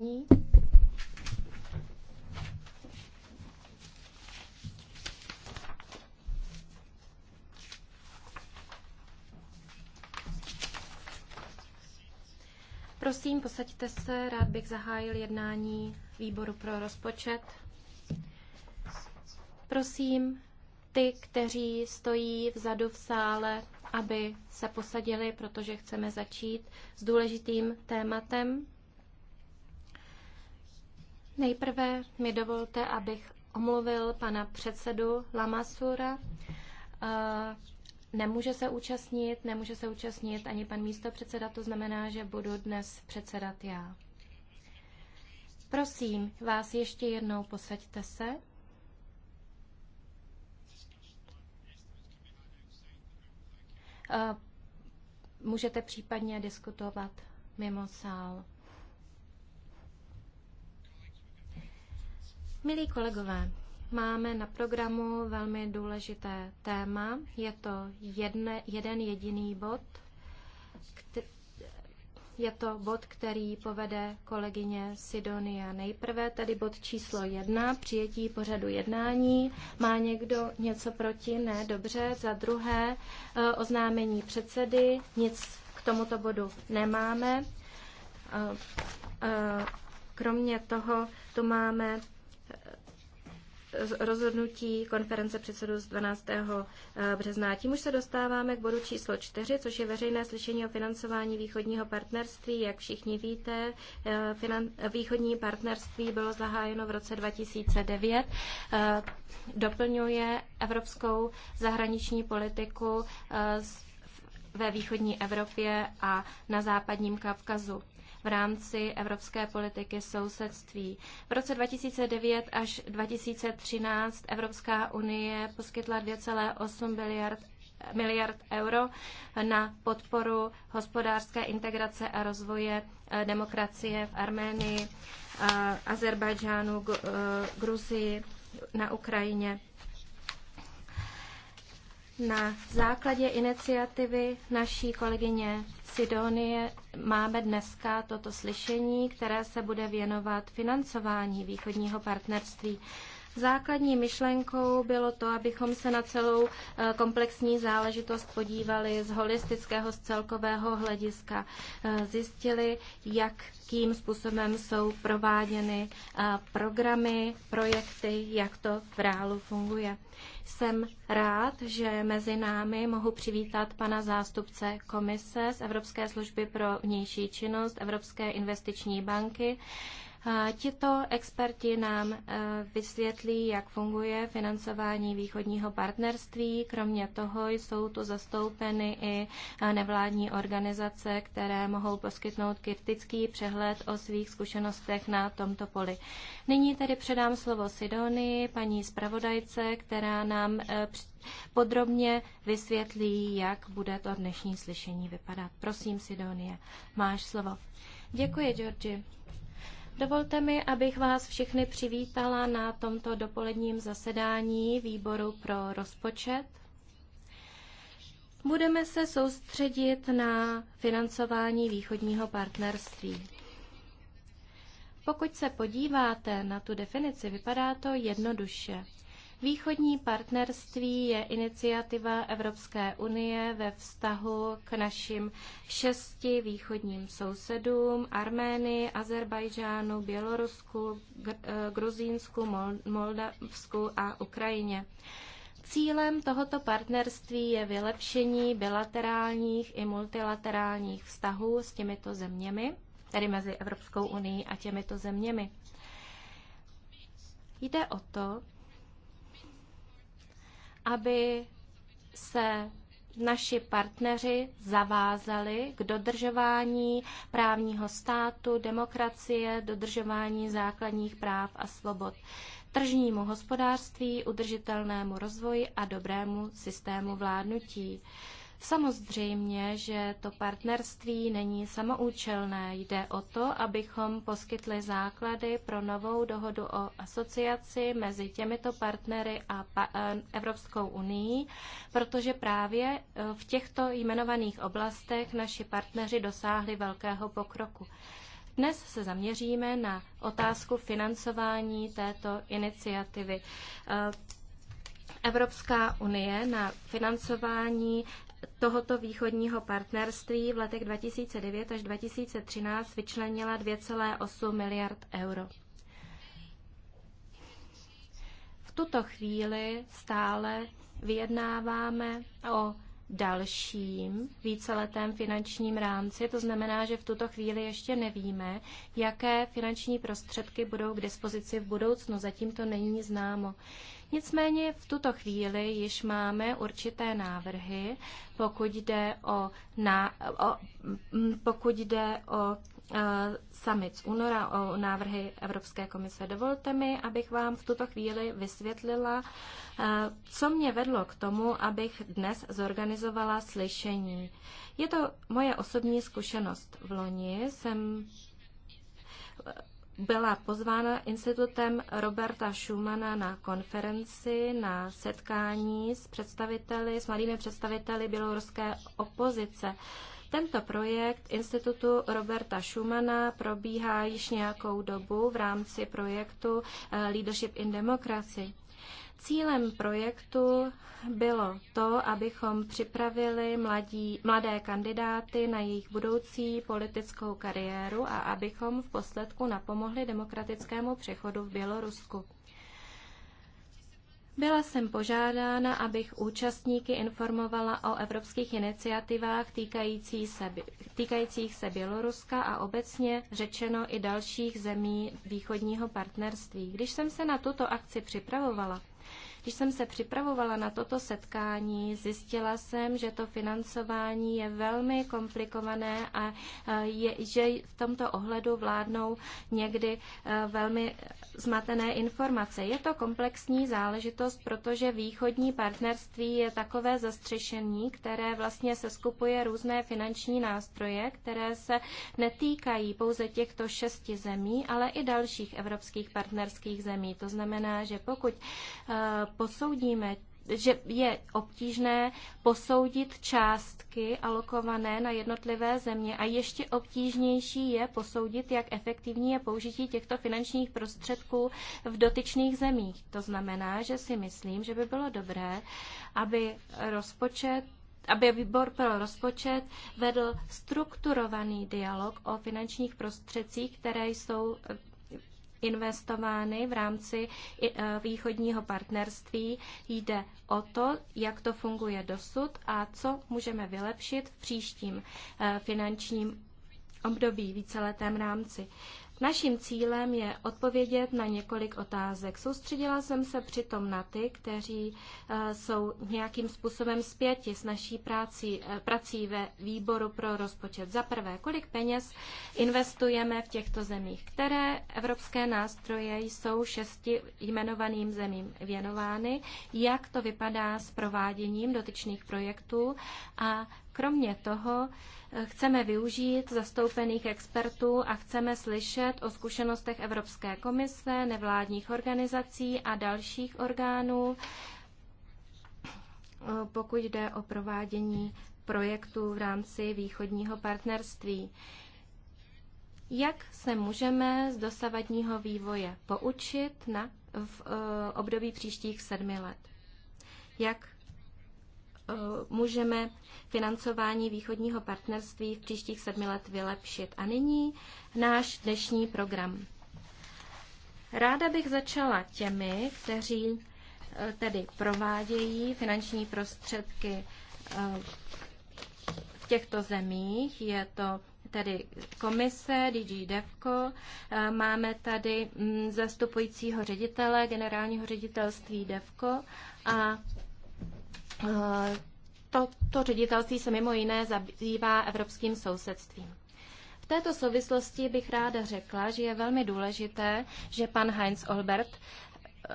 Ní. Prosím, posaďte se, rád bych zahájil jednání výboru pro rozpočet. Prosím ty, kteří stojí vzadu v sále, aby se posadili, protože chceme začít s důležitým tématem. Nejprve mi dovolte, abych omluvil pana předsedu Lamasura. Eh, nemůže se účastnit, nemůže se účastnit ani pan místo předseda, to znamená, že budu dnes předsedat já. Prosím, vás ještě jednou posaďte se. Eh, můžete případně diskutovat mimo sál. Milí kolegové, máme na programu velmi důležité téma. Je to jedne, jeden jediný bod. Který, je to bod, který povede kolegyně Sidonia. Nejprve tedy bod číslo jedna, přijetí pořadu jednání. Má někdo něco proti? Ne, dobře. Za druhé, e, oznámení předsedy. Nic k tomuto bodu nemáme. E, e, kromě toho tu máme rozhodnutí konference předsedů z 12. Eh, března. Tím už se dostáváme k bodu číslo 4, což je veřejné slyšení o financování východního partnerství. Jak všichni víte, eh, východní partnerství bylo zahájeno v roce 2009. Eh, doplňuje evropskou zahraniční politiku ve východní Evropě a na západním Kavkazu v rámci evropské politiky sousedství. V roce 2009 až 2013 Evropská unie poskytla 2,8 miliard miliard euro na podporu hospodářské integrace a rozvoje eh, demokracie v Arménii, eh, Azerbajdžánu, eh, Gruzii, na Ukrajině. Na základě iniciativy naší kolegyně Sidonie máme dneska toto slyšení, které se bude věnovat financování východního partnerství. Základní myšlenkou bylo to, abychom se na celou eh, komplexní záležitost podívali z holistického, z celkového hlediska. Eh, zjistili, jakým způsobem jsou prováděny eh, programy, projekty, jak to v reálu funguje. Jsem rád, že mezi námi mohu přivítat pana zástupce komise z Evropské služby pro vnější činnost Evropské investiční banky. Tito experti nám eh, vysvětlí, jak funguje financování východního partnerství. Kromě toho jsou tu zastoupeny i eh, nevládní organizace, které mohou poskytnout kritický přehled o svých zkušenostech na tomto poli. Nyní tedy předám slovo Sidonii, paní zpravodajce, která nám eh, podrobně vysvětlí, jak bude to dnešní slyšení vypadat. Prosím, Sidonie, máš slovo. Děkuji, Georgi. Dovolte mi, abych vás všechny přivítala na tomto dopoledním zasedání výboru pro rozpočet. Budeme se soustředit na financování východního partnerství. Pokud se podíváte na tu definici, vypadá to jednoduše. Východní partnerství je iniciativa Evropské unie ve vztahu k našim šesti východním sousedům Arménii, Azerbajdžánu, Bělorusku, eh, Gruzínsku, Moldavsku a Ukrajině. Cílem tohoto partnerství je vylepšení bilaterálních i multilaterálních vztahů s těmito zeměmi, tedy mezi Evropskou unii a těmito zeměmi. Jde o to, aby se naši partneři zavázali k dodržování právního státu, demokracie, dodržování základních práv a svobod, tržnímu hospodářství, udržitelnému rozvoji a dobrému systému vládnutí. Samozřejmě, že to partnerství není samoučelné. Jde o to, abychom poskytli základy pro novou dohodu o asociaci mezi těmito partnery a eh, Evropskou unii, protože právě eh, v těchto jmenovaných oblastech naši partneři dosáhli velkého pokroku. Dnes se zaměříme na otázku financování této iniciativy. Eh, Evropská unie na financování tohoto východního partnerství v letech 2009 až 2013 vyčlenila 2,8 miliard euro. V tuto chvíli stále vyjednáváme o dalším víceletém finančním rámci. To znamená, že v tuto chvíli ještě nevíme, jaké finanční prostředky budou k dispozici v budoucnu. Zatím to není známo. Nicméně v tuto chvíli již máme určité návrhy, pokud jde o, na, o, mm, pokud jde o e, summit z února o návrhy Evropské komise. Dovolte mi, abych vám v tuto chvíli vysvětlila, e, co mě vedlo k tomu, abych dnes zorganizovala slyšení. Je to moje osobní zkušenost. V loni jsem byla pozvána institutem Roberta Schumana na konferenci, na setkání s představiteli, s mladými představiteli běloruské opozice. Tento projekt Institutu Roberta Schumana probíhá již nějakou dobu v rámci projektu eh, Leadership in Democracy. Cílem projektu bylo to, abychom připravili mladí, mladé kandidáty na jejich budoucí politickou kariéru a abychom v posledku napomohli demokratickému přechodu v Bělorusku. Byla jsem požádána, abych účastníky informovala o evropských iniciativách týkající se, týkajících se Běloruska a obecně řečeno i dalších zemí východního partnerství. Když jsem se na tuto akci připravovala, když jsem se připravovala na toto setkání, zjistila jsem, že to financování je velmi komplikované a e, je, že v tomto ohledu vládnou někdy e, velmi zmatené informace. Je to komplexní záležitost, protože východní partnerství je takové zastřešení, které vlastně se skupuje různé finanční nástroje, které se netýkají pouze těchto šesti zemí, ale i dalších evropských partnerských zemí. To znamená, že pokud e, posoudíme, že je obtížné posoudit částky alokované na jednotlivé země a ještě obtížnější je posoudit, jak efektivní je použití těchto finančních prostředků v dotyčných zemích. To znamená, že si myslím, že by bylo dobré, aby rozpočet aby výbor pro rozpočet vedl strukturovaný dialog o finančních prostředcích, které jsou investovány v rámci e, východního partnerství. Jde o to, jak to funguje dosud a co můžeme vylepšit v příštím e, finančním období, víceletém rámci. Naším cílem je odpovědět na několik otázek. Soustředila jsem se přitom na ty, kteří eh, jsou nějakým způsobem zpěti s naší práci, eh, prací ve výboru pro rozpočet. Za prvé, kolik peněz investujeme v těchto zemích? Které evropské nástroje jsou šesti jmenovaným zemím věnovány? Jak to vypadá s prováděním dotyčných projektů? A Kromě toho eh, chceme využít zastoupených expertů a chceme slyšet o zkušenostech Evropské komise, nevládních organizací a dalších orgánů, eh, pokud jde o provádění projektů v rámci východního partnerství. Jak se můžeme z dosavadního vývoje poučit na, v, v eh, období příštích sedmi let? Jak Eh, můžeme financování východního partnerství v příštích sedmi let vylepšit. A nyní náš dnešní program. Ráda bych začala těmi, kteří eh, tedy provádějí finanční prostředky eh, v těchto zemích. Je to tedy komise DG DEVCO, máme tady mm, zastupujícího ředitele, generálního ředitelství DEVCO a Toto eh, ředitelství se mimo jiné zabývá evropským sousedstvím. V této souvislosti bych ráda řekla, že je velmi důležité, že pan Heinz Olbert eh,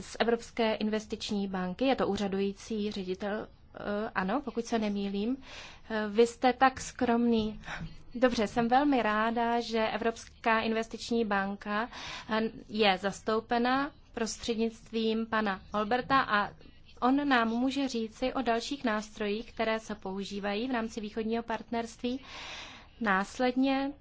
z Evropské investiční banky, je to úřadující ředitel, eh, ano, pokud se nemýlím, vy jste tak skromný. Dobře, jsem velmi ráda, že Evropská investiční banka je zastoupena prostřednictvím pana Olberta a on nám může říci o dalších nástrojích, které se používají v rámci východního partnerství. Následně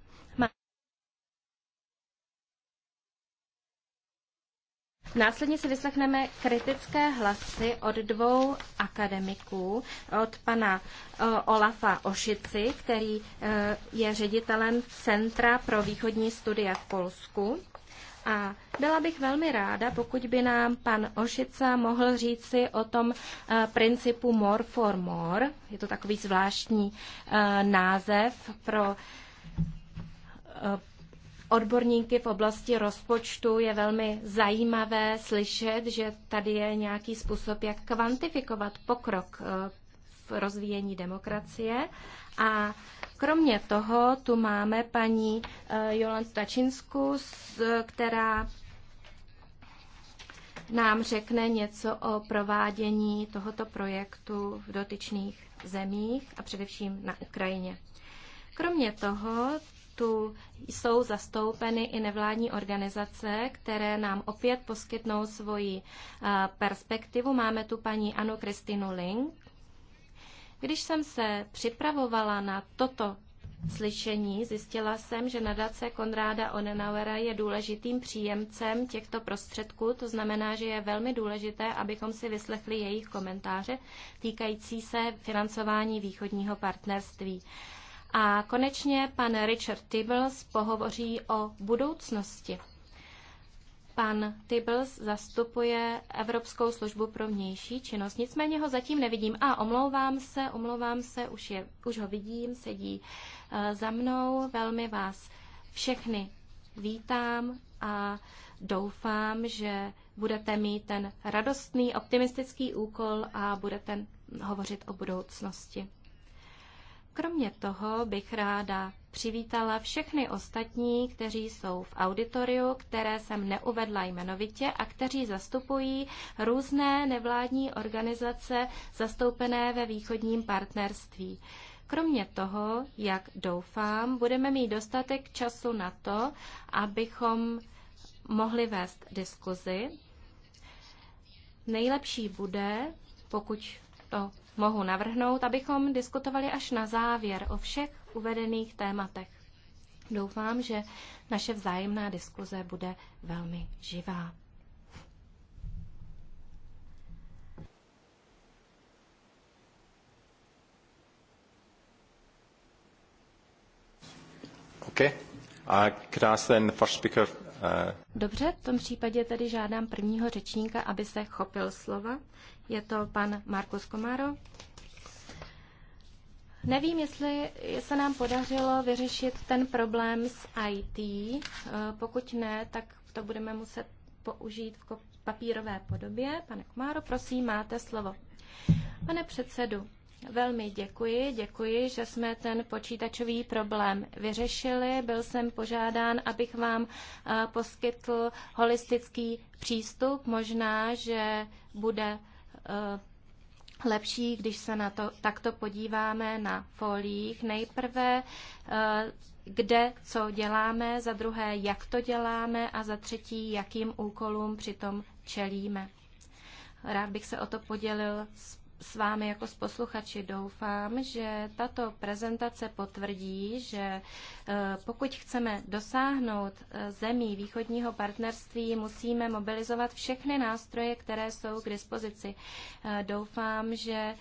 Následně si vyslechneme kritické hlasy od dvou akademiků, od pana eh, Olafa Ošici, který eh, je ředitelem Centra pro východní studia v Polsku a byla bych velmi ráda, pokud by nám pan Ošica mohl říci o tom eh, principu more for more. Je to takový zvláštní eh, název pro eh, odborníky v oblasti rozpočtu je velmi zajímavé slyšet, že tady je nějaký způsob, jak kvantifikovat pokrok v rozvíjení demokracie. A Kromě toho tu máme paní eh, Jolant Stačinsku, která nám řekne něco o provádění tohoto projektu v dotyčných zemích a především na Ukrajině. Kromě toho tu jsou zastoupeny i nevládní organizace, které nám opět poskytnou svoji eh, perspektivu. Máme tu paní Anu Kristinu Link, když jsem se připravovala na toto slyšení zjistila jsem, že nadace Konráda Onenauera je důležitým příjemcem těchto prostředků, to znamená, že je velmi důležité, abychom si vyslechli jejich komentáře týkající se financování východního partnerství. A konečně pan Richard Tibbles pohovoří o budoucnosti Pan Tibbles zastupuje Evropskou službu pro vnější činnost, nicméně ho zatím nevidím. A omlouvám se, omlouvám se, už, je, už ho vidím, sedí eh, za mnou. Velmi vás všechny vítám a doufám, že budete mít ten radostný, optimistický úkol a budete hovořit o budoucnosti. Kromě toho bych ráda přivítala všechny ostatní, kteří jsou v auditoriu, které jsem neuvedla jmenovitě a kteří zastupují různé nevládní organizace zastoupené ve východním partnerství. Kromě toho, jak doufám, budeme mít dostatek času na to, abychom mohli vést diskuzi. Nejlepší bude, pokud to mohu navrhnout, abychom diskutovali až na závěr o všech uvedených tématech. Doufám, že naše vzájemná diskuze bude velmi živá. Okay. Uh, A krásen first speaker, uh... Dobře, v tom případě tedy žádám prvního řečníka, aby se chopil slova. Je to pan Markus Komaro. Nevím, jestli se nám podařilo vyřešit ten problém s IT. Pokud ne, tak to budeme muset použít v papírové podobě. Pane Komáro, prosím, máte slovo. Pane předsedu, Velmi děkuji, děkuji, že jsme ten počítačový problém vyřešili. Byl jsem požádán, abych vám eh, poskytl holistický přístup. Možná, že bude Eh, lepší, když se na to takto podíváme na folích. Nejprve, eh, kde co děláme, za druhé, jak to děláme a za třetí, jakým úkolům přitom čelíme. Rád bych se o to podělil s s vámi jako s posluchači. Doufám, že tato prezentace potvrdí, že e, pokud chceme dosáhnout e, zemí východního partnerství, musíme mobilizovat všechny nástroje, které jsou k dispozici. E, doufám, že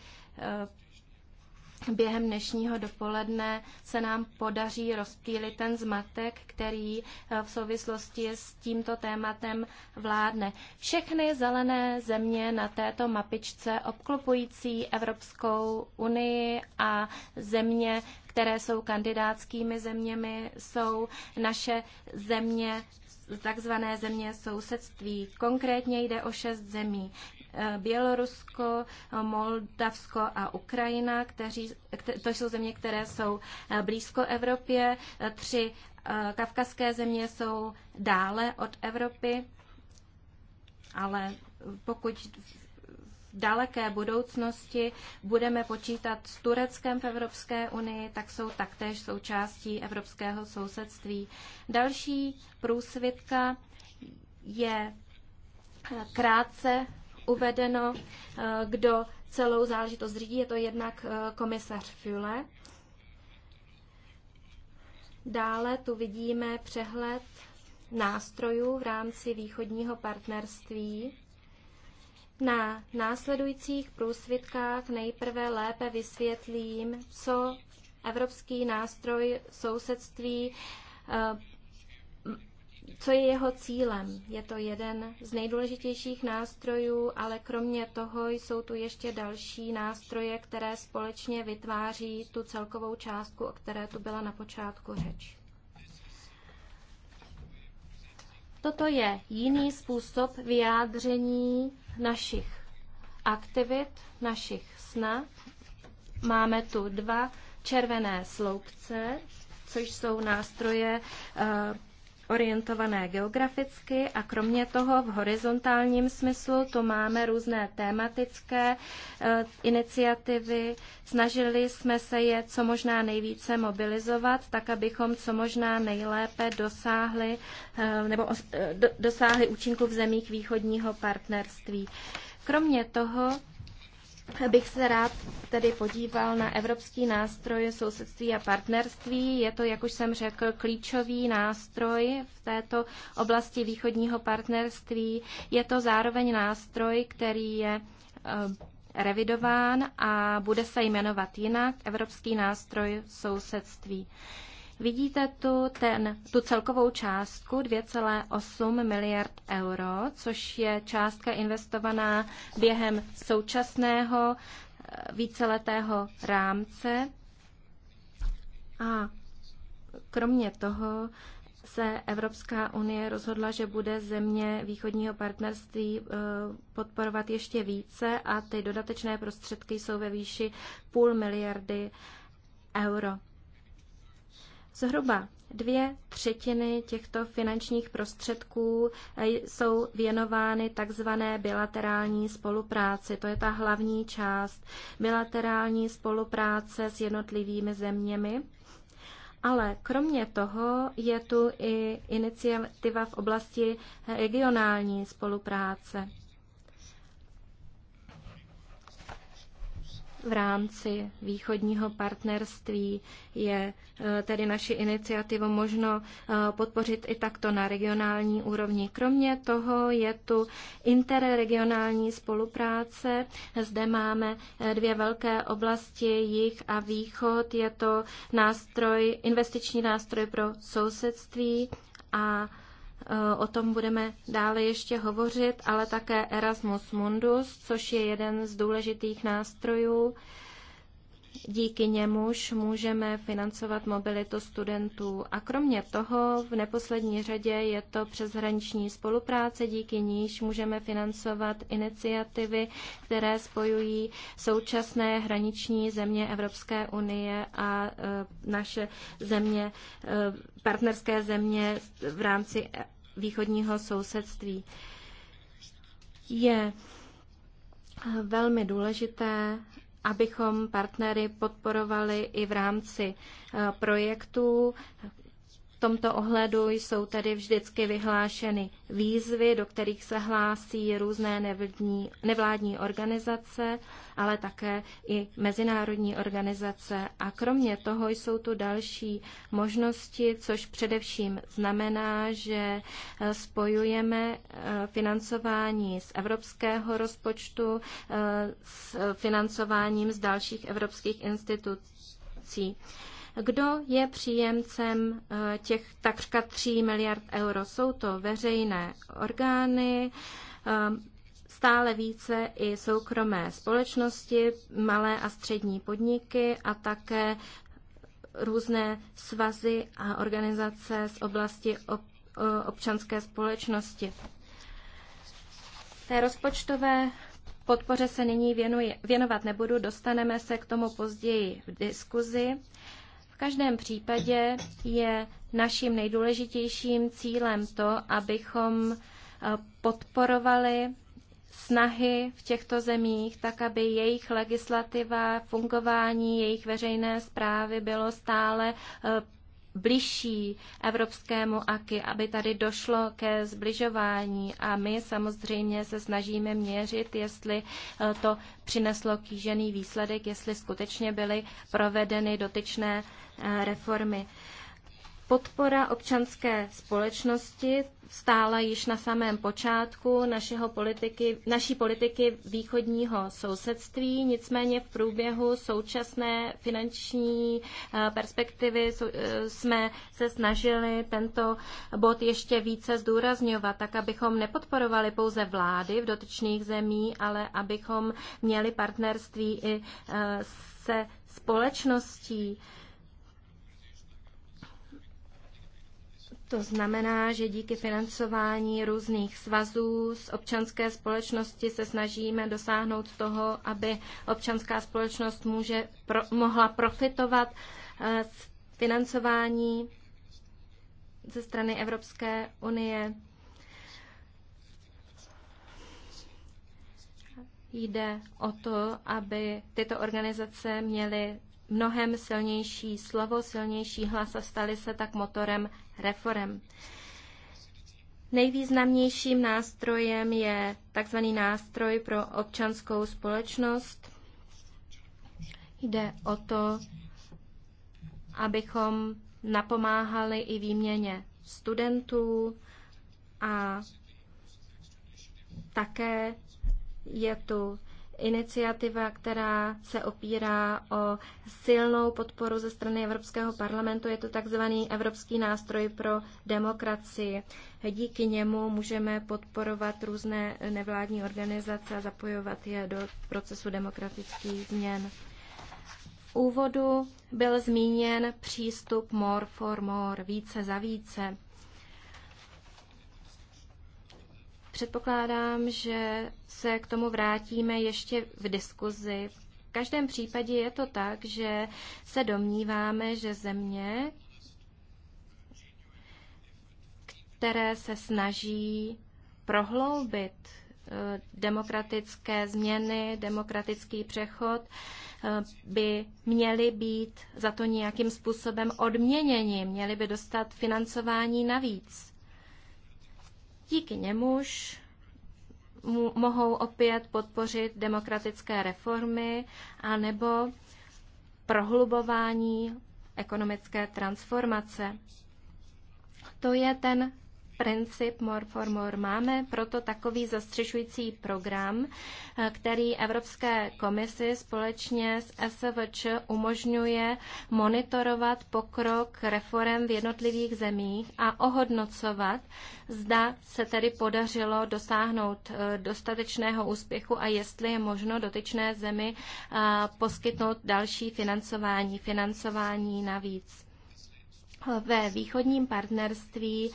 během dnešního dopoledne se nám podaří rozptýlit ten zmatek, který eh, v souvislosti s tímto tématem vládne. Všechny zelené země na této mapičce obklopující Evropskou unii a země, které jsou kandidátskými zeměmi, jsou naše země takzvané země sousedství. Konkrétně jde o šest zemí. Bělorusko, Moldavsko a Ukrajina, kteří, to jsou země, které jsou eh, blízko Evropě. Eh, tři eh, kavkazské země jsou dále od Evropy, ale pokud v daleké budoucnosti budeme počítat s Tureckem v Evropské unii, tak jsou taktéž součástí evropského sousedství. Další průsvitka je krátce uvedeno, eh, kdo celou záležitost řídí. Je to jednak eh, komisař Füle. Dále tu vidíme přehled nástrojů v rámci východního partnerství. Na následujících průsvitkách nejprve lépe vysvětlím, co Evropský nástroj sousedství eh, co je jeho cílem. Je to jeden z nejdůležitějších nástrojů, ale kromě toho jsou tu ještě další nástroje, které společně vytváří tu celkovou částku, o které tu byla na počátku řeč. Toto je jiný způsob vyjádření našich aktivit, našich snad. Máme tu dva červené sloupce, což jsou nástroje uh, orientované geograficky a kromě toho v horizontálním smyslu to máme různé tématické eh, iniciativy. Snažili jsme se je co možná nejvíce mobilizovat, tak abychom co možná nejlépe dosáhli eh, nebo eh, dosáhli účinku v zemích východního partnerství. Kromě toho bych se rád tedy podíval na evropský nástroj sousedství a partnerství. Je to, jak už jsem řekl, klíčový nástroj v této oblasti východního partnerství. Je to zároveň nástroj, který je eh, revidován a bude se jmenovat jinak Evropský nástroj sousedství. Vidíte tu, ten, tu celkovou částku 2,8 miliard euro, což je částka investovaná během současného eh, víceletého rámce. A kromě toho se Evropská unie rozhodla, že bude země východního partnerství eh, podporovat ještě více a ty dodatečné prostředky jsou ve výši půl miliardy euro. Zhruba dvě třetiny těchto finančních prostředků eh, jsou věnovány takzvané bilaterální spolupráci. To je ta hlavní část bilaterální spolupráce s jednotlivými zeměmi. Ale kromě toho je tu i iniciativa v oblasti regionální spolupráce. v rámci východního partnerství je eh, tedy naši iniciativu možno eh, podpořit i takto na regionální úrovni. Kromě toho je tu interregionální spolupráce. Zde máme eh, dvě velké oblasti, jich a východ. Je to nástroj, investiční nástroj pro sousedství a Eh, o tom budeme dále ještě hovořit, ale také Erasmus Mundus, což je jeden z důležitých nástrojů, díky němuž můžeme financovat mobilitu studentů. A kromě toho, v neposlední řadě je to přeshraniční spolupráce, díky níž můžeme financovat iniciativy, které spojují současné hraniční země Evropské unie a e, naše země, e, partnerské země v rámci východního sousedství. Je e, velmi důležité, abychom partnery podporovali i v rámci eh, projektů, tomto ohledu jsou tedy vždycky vyhlášeny výzvy, do kterých se hlásí různé nevládní, nevládní organizace, ale také i mezinárodní organizace. A kromě toho jsou tu další možnosti, což především znamená, že eh, spojujeme eh, financování z evropského rozpočtu eh, s financováním z dalších evropských institucí. Kdo je příjemcem eh, těch takřka 3 miliard euro? Jsou to veřejné orgány, eh, stále více i soukromé společnosti, malé a střední podniky a také různé svazy a organizace z oblasti eh, občanské společnosti. Té rozpočtové podpoře se nyní věnuji, věnovat nebudu, dostaneme se k tomu později v diskuzi každém případě je naším nejdůležitějším cílem to, abychom eh, podporovali snahy v těchto zemích, tak aby jejich legislativa, fungování jejich veřejné zprávy bylo stále eh, blížší evropskému AKY, aby tady došlo ke zbližování a my samozřejmě se snažíme měřit, jestli eh, to přineslo kýžený výsledek, jestli skutečně byly provedeny dotyčné Eh, reformy. Podpora občanské společnosti stála již na samém počátku našeho politiky, naší politiky východního sousedství, nicméně v průběhu současné finanční eh, perspektivy eh, jsme se snažili tento bod ještě více zdůrazňovat, tak abychom nepodporovali pouze vlády v dotyčných zemí, ale abychom měli partnerství i se společností. To znamená, že díky financování různých svazů z občanské společnosti se snažíme dosáhnout toho, aby občanská společnost může, pro, mohla profitovat eh, z financování ze strany Evropské unie. Jde o to, aby tyto organizace měly mnohem silnější slovo, silnější hlas a stali se tak motorem reform. Nejvýznamnějším nástrojem je tzv. nástroj pro občanskou společnost. Jde o to, abychom napomáhali i výměně studentů a také je tu iniciativa, která se opírá o silnou podporu ze strany Evropského parlamentu. Je to takzvaný Evropský nástroj pro demokracii. Díky němu můžeme podporovat různé nevládní organizace a zapojovat je do procesu demokratických změn. V úvodu byl zmíněn přístup more for more, více za více. Předpokládám, že se k tomu vrátíme ještě v diskuzi. V každém případě je to tak, že se domníváme, že země, které se snaží prohloubit eh, demokratické změny, demokratický přechod, eh, by měly být za to nějakým způsobem odměněni, měli by dostat financování navíc. Díky němuž mohou opět podpořit demokratické reformy a nebo prohlubování ekonomické transformace. To je ten princip More for More. Máme proto takový zastřešující program, eh, který Evropské komisi společně s SVČ umožňuje monitorovat pokrok reform v jednotlivých zemích a ohodnocovat, zda se tedy podařilo dosáhnout eh, dostatečného úspěchu a jestli je možno dotyčné zemi eh, poskytnout další financování, financování navíc. Ve východním partnerství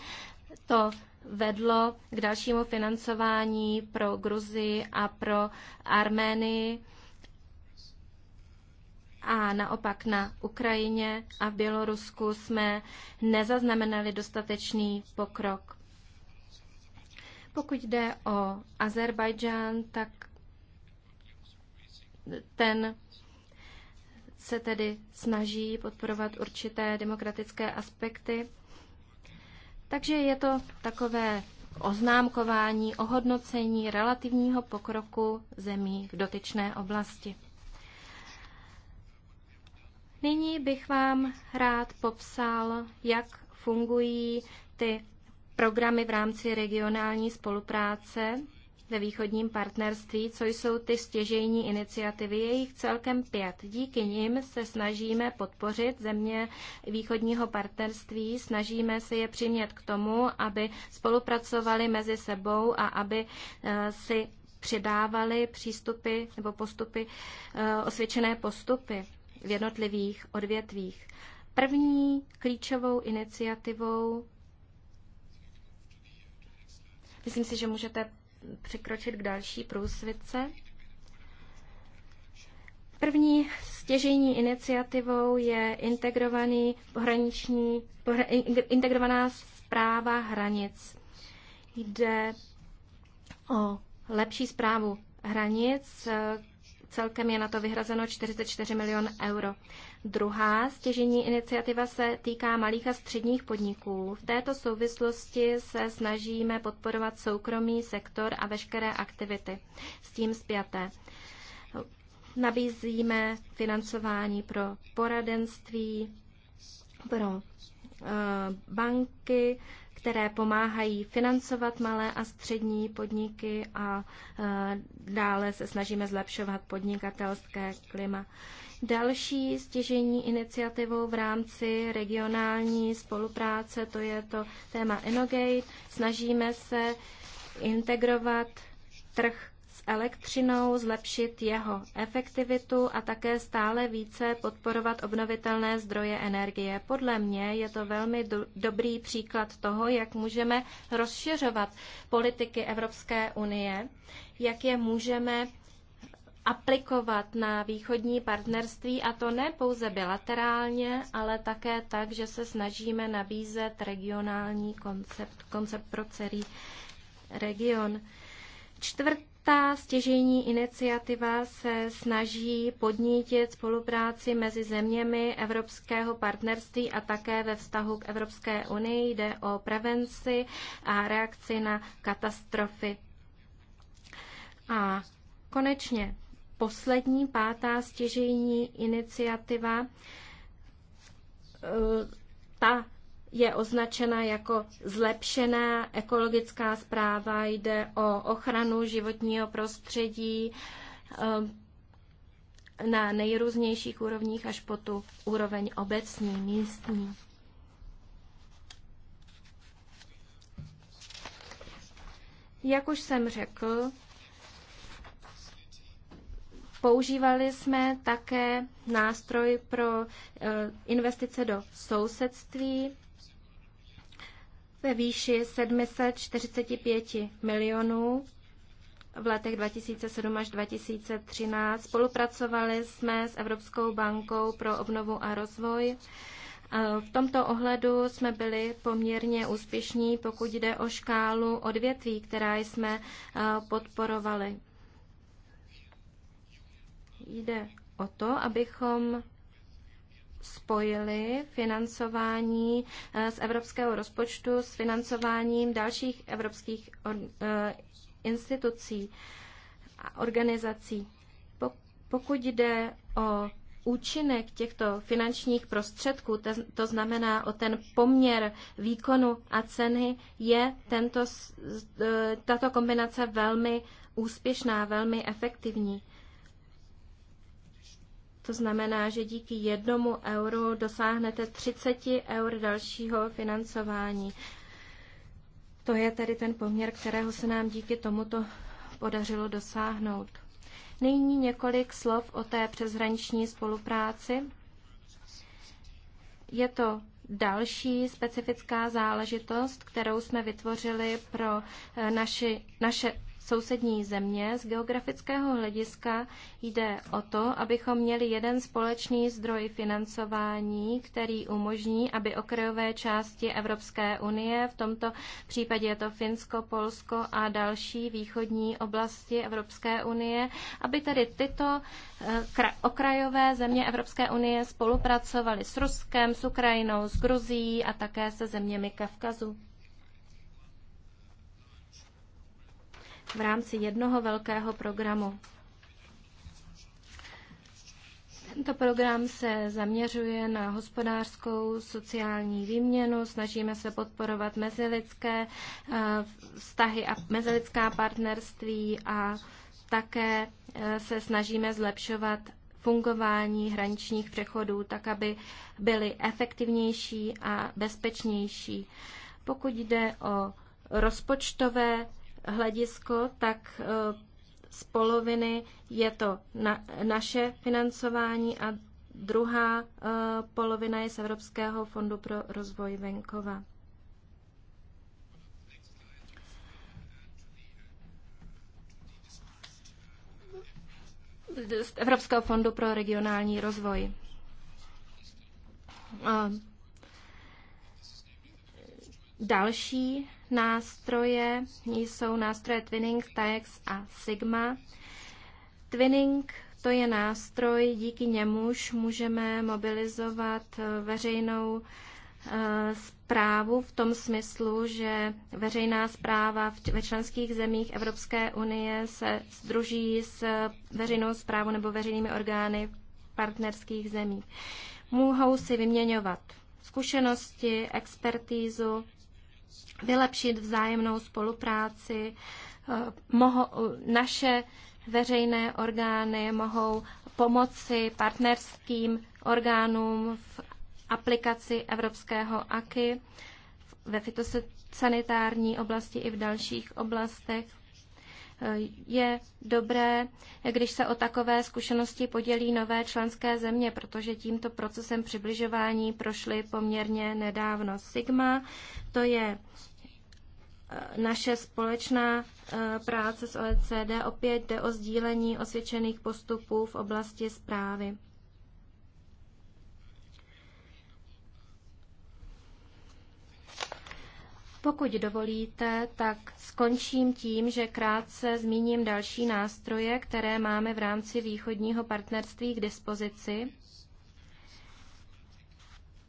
to vedlo k dalšímu financování pro Gruzii a pro Arménii a naopak na Ukrajině a v Bělorusku jsme nezaznamenali dostatečný pokrok. Pokud jde o Azerbajdžán, tak ten se tedy snaží podporovat určité demokratické aspekty takže je to takové oznámkování, ohodnocení relativního pokroku zemí v dotyčné oblasti. Nyní bych vám rád popsal, jak fungují ty programy v rámci regionální spolupráce ve východním partnerství, co jsou ty stěžejní iniciativy. Je jich celkem pět. Díky nim se snažíme podpořit země východního partnerství, snažíme se je přimět k tomu, aby spolupracovali mezi sebou a aby eh, si přidávali přístupy nebo postupy, eh, osvědčené postupy v jednotlivých odvětvích. První klíčovou iniciativou Myslím si, že můžete překročit k další průsvitce. První stěžení iniciativou je integrovaný pohraniční, pohra, integrovaná zpráva hranic. Jde o lepší zprávu hranic, Celkem je na to vyhrazeno 44 milion euro. Druhá stěžení iniciativa se týká malých a středních podniků. V této souvislosti se snažíme podporovat soukromý sektor a veškeré aktivity s tím zpěté. Nabízíme financování pro poradenství, pro eh, banky, které pomáhají financovat malé a střední podniky a e, dále se snažíme zlepšovat podnikatelské klima. Další stěžení iniciativou v rámci regionální spolupráce, to je to téma Inogate. Snažíme se integrovat trh elektřinou, zlepšit jeho efektivitu a také stále více podporovat obnovitelné zdroje energie. Podle mě je to velmi do- dobrý příklad toho, jak můžeme rozšiřovat politiky Evropské unie, jak je můžeme aplikovat na východní partnerství a to ne pouze bilaterálně, ale také tak, že se snažíme nabízet regionální koncept, koncept pro celý region. Čtvrt, ta stěžení iniciativa se snaží podnítit spolupráci mezi zeměmi Evropského partnerství a také ve vztahu k Evropské unii. Jde o prevenci a reakci na katastrofy. A konečně poslední, pátá stěžení iniciativa e, ta je označena jako zlepšená ekologická zpráva, jde o ochranu životního prostředí eh, na nejrůznějších úrovních až po tu úroveň obecní, místní. Jak už jsem řekl, používali jsme také nástroj pro eh, investice do sousedství, ve výši 745 milionů v letech 2007 až 2013. Spolupracovali jsme s Evropskou bankou pro obnovu a rozvoj. V tomto ohledu jsme byli poměrně úspěšní, pokud jde o škálu odvětví, která jsme podporovali. Jde o to, abychom spojili financování eh, z evropského rozpočtu s financováním dalších evropských eh, institucí a organizací. Pokud jde o účinek těchto finančních prostředků, to znamená o ten poměr výkonu a ceny, je tento, eh, tato kombinace velmi úspěšná, velmi efektivní. To znamená, že díky jednomu euru dosáhnete 30 eur dalšího financování. To je tedy ten poměr, kterého se nám díky tomuto podařilo dosáhnout. Nyní několik slov o té přeshraniční spolupráci. Je to další specifická záležitost, kterou jsme vytvořili pro naši, naše sousední země. Z geografického hlediska jde o to, abychom měli jeden společný zdroj financování, který umožní, aby okrajové části Evropské unie, v tomto případě je to Finsko, Polsko a další východní oblasti Evropské unie, aby tedy tyto eh, okrajové země Evropské unie spolupracovaly s Ruskem, s Ukrajinou, s Gruzií a také se zeměmi Kavkazu. v rámci jednoho velkého programu. Tento program se zaměřuje na hospodářskou sociální výměnu, snažíme se podporovat mezilidské eh, vztahy a mezilidská partnerství a také eh, se snažíme zlepšovat fungování hraničních přechodů, tak aby byly efektivnější a bezpečnější. Pokud jde o rozpočtové hledisko, tak eh, z poloviny je to na, naše financování a druhá eh, polovina je z Evropského fondu pro rozvoj venkova. z Evropského fondu pro regionální rozvoj. Eh, další nástroje jsou nástroje Twinning, TAEX a Sigma. Twinning to je nástroj, díky němuž můžeme mobilizovat eh, veřejnou zprávu eh, v tom smyslu, že veřejná zpráva ve členských zemích Evropské unie se združí s veřejnou zprávou nebo veřejnými orgány partnerských zemí. Mohou si vyměňovat zkušenosti, expertízu, vylepšit vzájemnou spolupráci. Eh, Moho, eh, naše veřejné orgány mohou pomoci partnerským orgánům v aplikaci evropského AKY ve fitosanitární oblasti i v dalších oblastech je dobré, když se o takové zkušenosti podělí nové členské země, protože tímto procesem přibližování prošly poměrně nedávno. Sigma to je eh, naše společná eh, práce s OECD opět jde o sdílení osvědčených postupů v oblasti zprávy. Pokud dovolíte, tak skončím tím, že krátce zmíním další nástroje, které máme v rámci východního partnerství k dispozici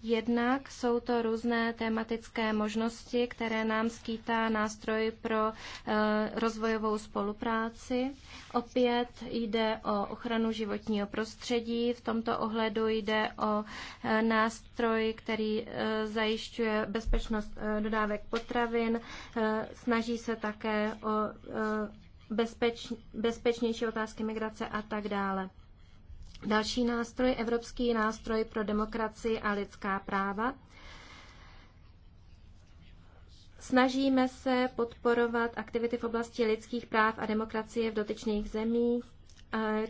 Jednak jsou to různé tematické možnosti, které nám skýtá nástroj pro eh, rozvojovou spolupráci. Opět jde o ochranu životního prostředí. V tomto ohledu jde o eh, nástroj, který eh, zajišťuje bezpečnost dodávek potravin. Snaží se také o bezpečnější otázky migrace a tak dále. Další nástroj, Evropský nástroj pro demokracii a lidská práva. Snažíme se podporovat aktivity v oblasti lidských práv a demokracie v dotyčných zemích.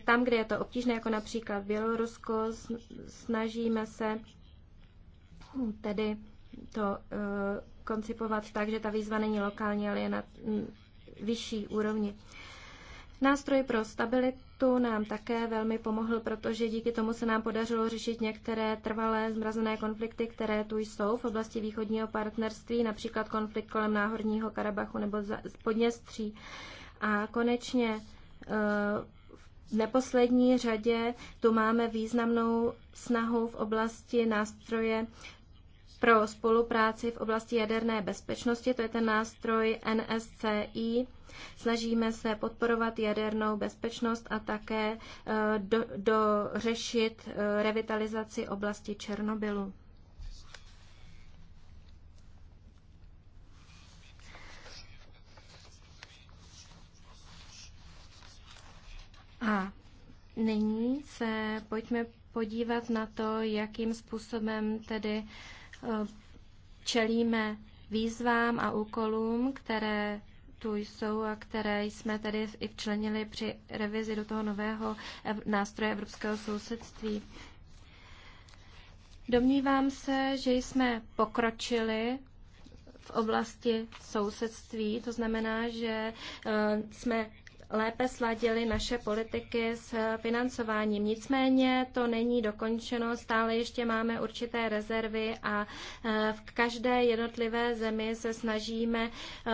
Tam, kde je to obtížné, jako například Bělorusko, snažíme se tedy to e, koncipovat tak, že ta výzva není lokální, ale je na vyšší úrovni. Nástroj pro stabilitu paktu nám také velmi pomohl, protože díky tomu se nám podařilo řešit některé trvalé zmrazené konflikty, které tu jsou v oblasti východního partnerství, například konflikt kolem Náhorního Karabachu nebo Podněstří. A konečně eh, v neposlední řadě tu máme významnou snahu v oblasti nástroje pro spolupráci v oblasti jaderné bezpečnosti, to je ten nástroj NSCI. Snažíme se podporovat jadernou bezpečnost a také eh, do, dořešit eh, revitalizaci oblasti Černobylu. A nyní se pojďme podívat na to, jakým způsobem tedy uh, Eh, čelíme výzvám a úkolům, které tu jsou a které jsme tedy i včlenili při revizi do toho nového nástroje evropského sousedství. Domnívám se, že jsme pokročili v oblasti sousedství, to znamená, že eh, jsme lépe sladili naše politiky s financováním. Nicméně to není dokončeno, stále ještě máme určité rezervy a eh, v každé jednotlivé zemi se snažíme eh,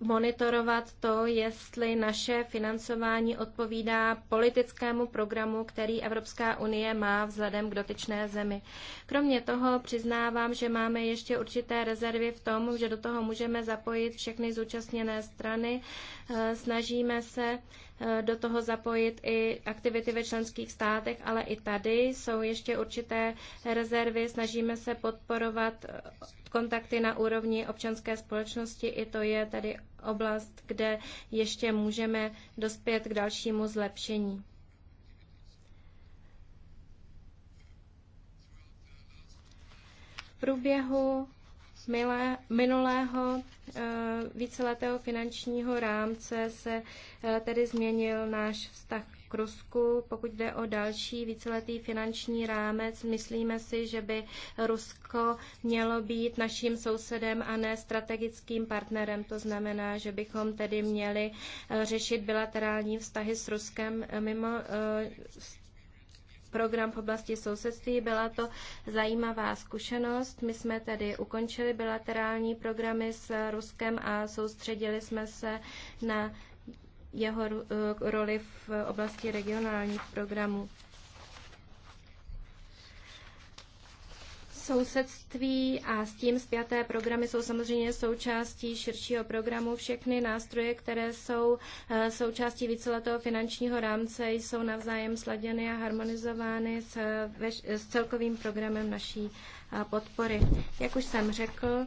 monitorovat to, jestli naše financování odpovídá politickému programu, který Evropská unie má vzhledem k dotyčné zemi. Kromě toho přiznávám, že máme ještě určité rezervy v tom, že do toho můžeme zapojit všechny zúčastněné strany. Eh, snažíme se eh, do toho zapojit i aktivity ve členských státech, ale i tady jsou ještě určité rezervy. Snažíme se podporovat eh, kontakty na úrovni občanské společnosti. I to je tady oblast, kde ještě můžeme dospět k dalšímu zlepšení. V průběhu milé, minulého eh, víceletého finančního rámce se eh, tedy změnil náš vztah k Rusku. Pokud jde o další víceletý finanční rámec, myslíme si, že by Rusko mělo být naším sousedem a ne strategickým partnerem. To znamená, že bychom tedy měli eh, řešit bilaterální vztahy s Ruskem eh, mimo eh, program v oblasti sousedství. Byla to zajímavá zkušenost. My jsme tedy ukončili bilaterální programy s Ruskem a soustředili jsme se na jeho eh, roli v oblasti regionálních programů. Sousedství a s tím zpěté programy jsou samozřejmě součástí širšího programu. Všechny nástroje, které jsou eh, součástí víceletého finančního rámce, jsou navzájem sladěny a harmonizovány s, eh, s celkovým programem naší podpory. Jak už jsem řekl,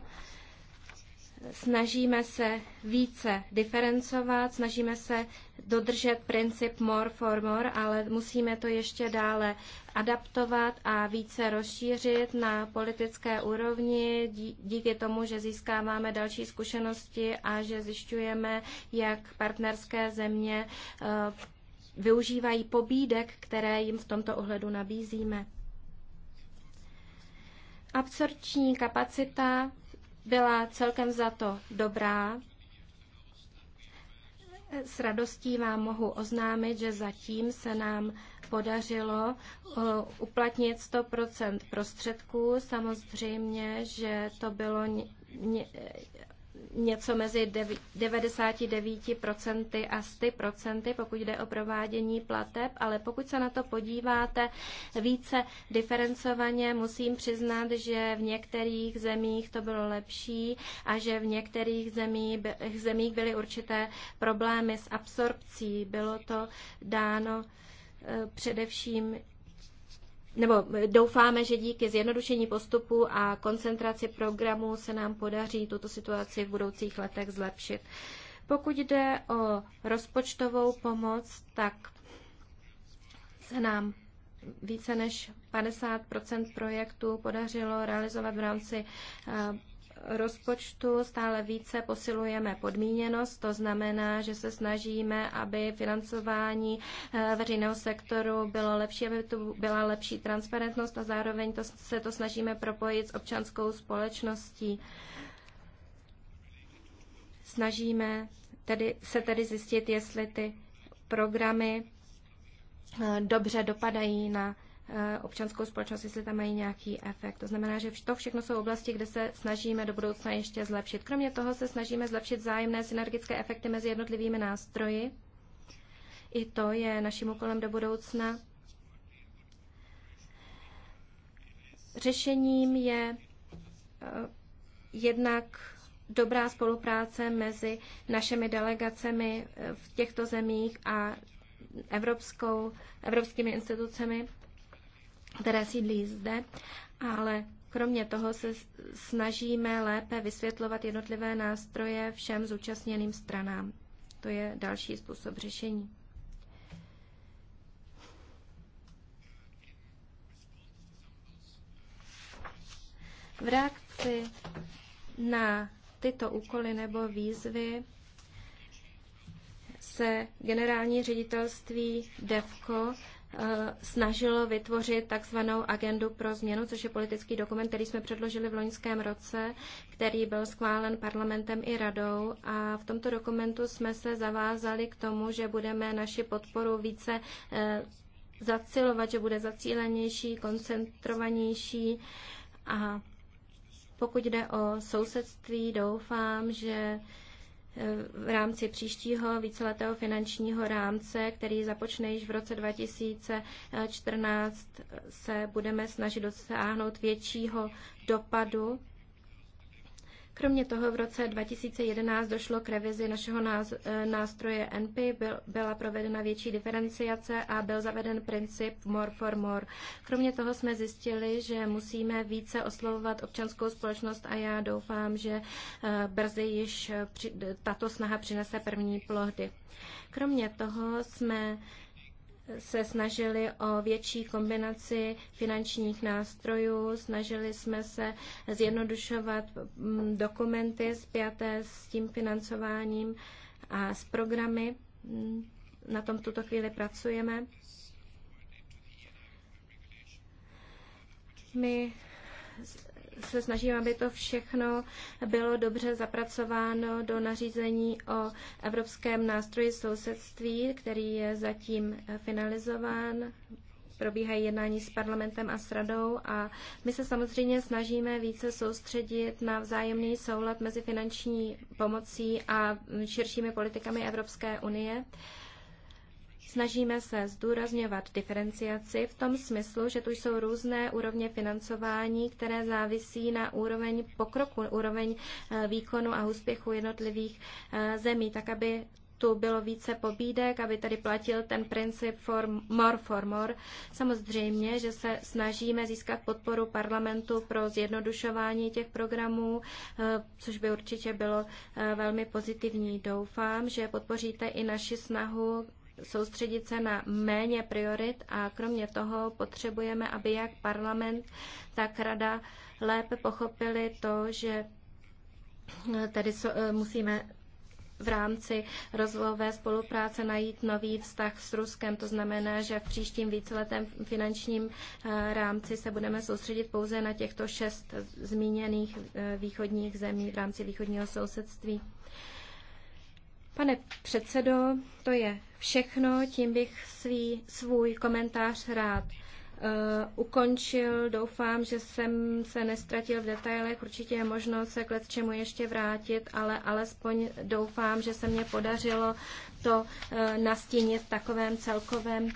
snažíme se více diferencovat, snažíme se dodržet princip more for more, ale musíme to ještě dále adaptovat a více rozšířit na politické úrovni díky tomu, že získáváme další zkušenosti a že zjišťujeme, jak partnerské země eh, využívají pobídek, které jim v tomto ohledu nabízíme. Absorpční kapacita byla celkem za to dobrá. S radostí vám mohu oznámit, že zatím se nám podařilo eh, uplatnit 100% prostředků. Samozřejmě, že to bylo něco mezi 99% a 100%, pokud jde o provádění plateb, ale pokud se na to podíváte více diferencovaně, musím přiznat, že v některých zemích to bylo lepší a že v některých zemích, zemích byly určité problémy s absorpcí. Bylo to dáno eh, především nebo doufáme, že díky zjednodušení postupu a koncentraci programu se nám podaří tuto situaci v budoucích letech zlepšit. Pokud jde o rozpočtovou pomoc, tak se nám více než 50 projektů podařilo realizovat v rámci eh, rozpočtu stále více posilujeme podmíněnost, to znamená, že se snažíme, aby financování eh, veřejného sektoru bylo lepší, aby tu byla lepší transparentnost a zároveň to, se to snažíme propojit s občanskou společností. Snažíme tedy, se tedy zjistit, jestli ty programy eh, dobře dopadají na Eh, občanskou společnost, jestli tam mají nějaký efekt. To znamená, že to všechno jsou oblasti, kde se snažíme do budoucna ještě zlepšit. Kromě toho se snažíme zlepšit zájemné synergické efekty mezi jednotlivými nástroji. I to je naším úkolem do budoucna. Řešením je eh, jednak dobrá spolupráce mezi našimi delegacemi eh, v těchto zemích a evropskou, evropskými institucemi které sídlí zde, ale kromě toho se snažíme lépe vysvětlovat jednotlivé nástroje všem zúčastněným stranám. To je další způsob řešení. V reakci na tyto úkoly nebo výzvy se generální ředitelství DEVCO Eh, snažilo vytvořit takzvanou agendu pro změnu, což je politický dokument, který jsme předložili v loňském roce, který byl schválen parlamentem i radou. A v tomto dokumentu jsme se zavázali k tomu, že budeme naši podporu více eh, zacilovat, že bude zacílenější, koncentrovanější a pokud jde o sousedství, doufám, že v rámci příštího víceletého finančního rámce, který započne již v roce 2014, se budeme snažit dosáhnout většího dopadu Kromě toho v roce 2011 došlo k revizi našeho eh, nástroje NP, byla provedena větší diferenciace a byl zaveden princip more for more. Kromě toho jsme zjistili, že musíme více oslovovat občanskou společnost a já doufám, že eh, brzy již tato snaha přinese první plody. Kromě toho jsme se snažili o větší kombinaci finančních nástrojů, snažili jsme se zjednodušovat mm, dokumenty zpěté s tím financováním a s programy. Mm, na tom tuto chvíli pracujeme. My se snažím, aby to všechno bylo dobře zapracováno do nařízení o Evropském nástroji sousedství, který je zatím finalizován. Probíhají jednání s parlamentem a s radou a my se samozřejmě snažíme více soustředit na vzájemný soulad mezi finanční pomocí a širšími politikami Evropské unie. Uh, Snažíme se zdůrazňovat diferenciaci v tom smyslu, že tu jsou různé úrovně financování, které závisí na úroveň pokroku, úroveň eh, výkonu a úspěchu jednotlivých eh, zemí, tak aby tu bylo více pobídek, aby tady platil ten princip for more for more. Samozřejmě, že se snažíme získat podporu parlamentu pro zjednodušování těch programů, eh, což by určitě bylo velmi pozitivní. Doufám, že podpoříte i naši snahu soustředit se na méně priorit a kromě toho potřebujeme, aby jak parlament, tak rada lépe pochopili to, že eh, tady eh, musíme v rámci rozvojové spolupráce najít nový vztah s Ruskem. To znamená, že v příštím víceletém finančním eh, rámci se budeme soustředit pouze na těchto šest zmíněných východních zemí v rámci východního sousedství. Pane předsedo, to je všechno. Tím bych svý, svůj komentář rád uh, ukončil. Doufám, že jsem se nestratil v detailech. Určitě je možno se k čemu ještě vrátit, ale alespoň doufám, že se mě podařilo to uh, nastínit v takovém celkovém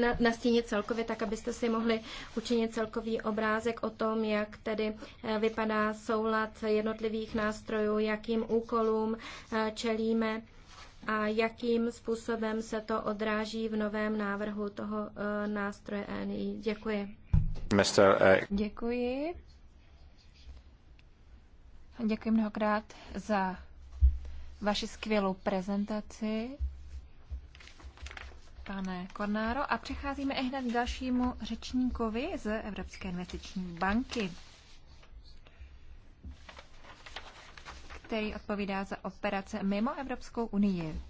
na nastínit celkově, tak abyste si mohli učinit celkový obrázek o tom, jak tedy eh, vypadá soulad jednotlivých nástrojů, jakým úkolům eh, čelíme a jakým způsobem se to odráží v novém návrhu toho eh, nástroje ENI. Děkuji. E. Děkuji. Děkuji mnohokrát za vaši skvělou prezentaci pane Kornáro. A přecházíme i hned k dalšímu řečníkovi z Evropské investiční banky, který odpovídá za operace mimo Evropskou unii.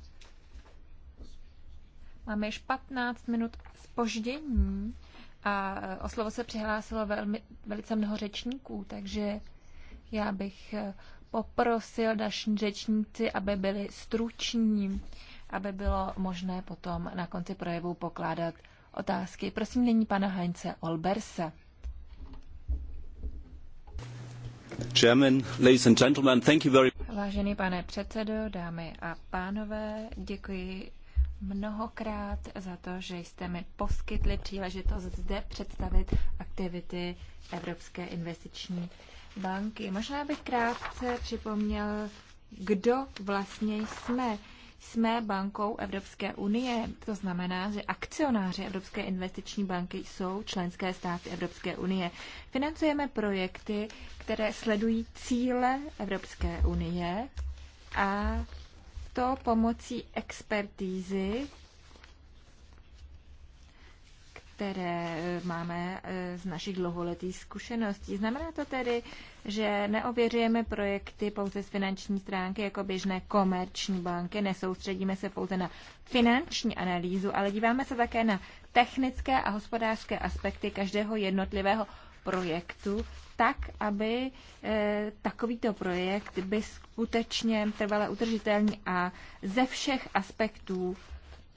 Máme již 15 minut spoždění a o slovo se přihlásilo velmi, velice mnoho řečníků, takže já bych poprosil další řečníci, aby byli struční aby bylo možné potom na konci projevu pokládat otázky. Prosím nyní pana Heinze Olbersa. Chairman, ladies and gentlemen, thank you very... Vážený pane předsedo, dámy a pánové, děkuji mnohokrát za to, že jste mi poskytli příležitost zde představit aktivity Evropské investiční banky. Možná bych krátce připomněl, kdo vlastně jsme. Jsme bankou Evropské unie, to znamená, že akcionáři Evropské investiční banky jsou členské státy Evropské unie. Financujeme projekty, které sledují cíle Evropské unie a to pomocí expertízy, které eh, máme eh, z našich dlouholetých zkušeností. Znamená to tedy, že neověřujeme projekty pouze z finanční stránky jako běžné komerční banky, nesoustředíme se pouze na finanční analýzu, ale díváme se také na technické a hospodářské aspekty každého jednotlivého projektu, tak, aby e, takovýto projekt byl skutečně trvale udržitelný a ze všech aspektů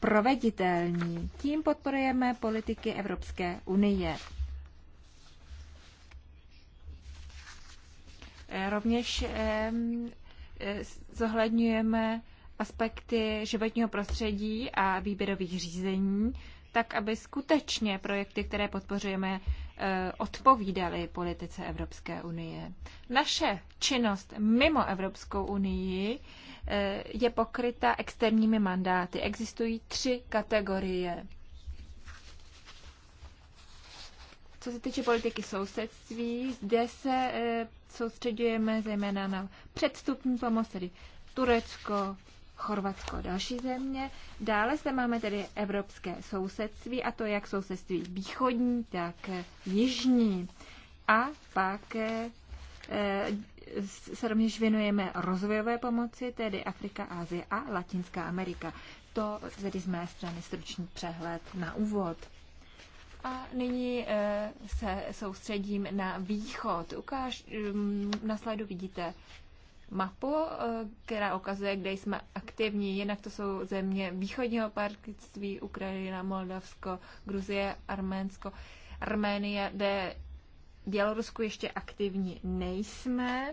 proveditelní. Tím podporujeme politiky Evropské unie. Rovněž e, zohledňujeme aspekty životního prostředí a výběrových řízení, tak aby skutečně projekty, které podpořujeme, e, odpovídaly politice Evropské unie. Naše činnost mimo Evropskou unii Eh, je pokryta externími mandáty. Existují tři kategorie. Co se týče politiky sousedství, zde se eh, soustředujeme zejména na předstupní pomoc, tedy Turecko, Chorvatsko, další země. Dále zde máme tedy evropské sousedství, a to jak sousedství východní, tak jižní. A pak eh, se rovněž věnujeme rozvojové pomoci, tedy Afrika, Asie a Latinská Amerika. To tedy z mé strany stručný přehled na úvod. A nyní eh, se soustředím na východ. Ukáž, mm, na slajdu vidíte mapu, eh, která ukazuje, kde jsme aktivní. Jinak to jsou země východního partnerství, Ukrajina, Moldavsko, Gruzie, Arménsko, Arménie, kde Bělorusku ještě aktivní nejsme.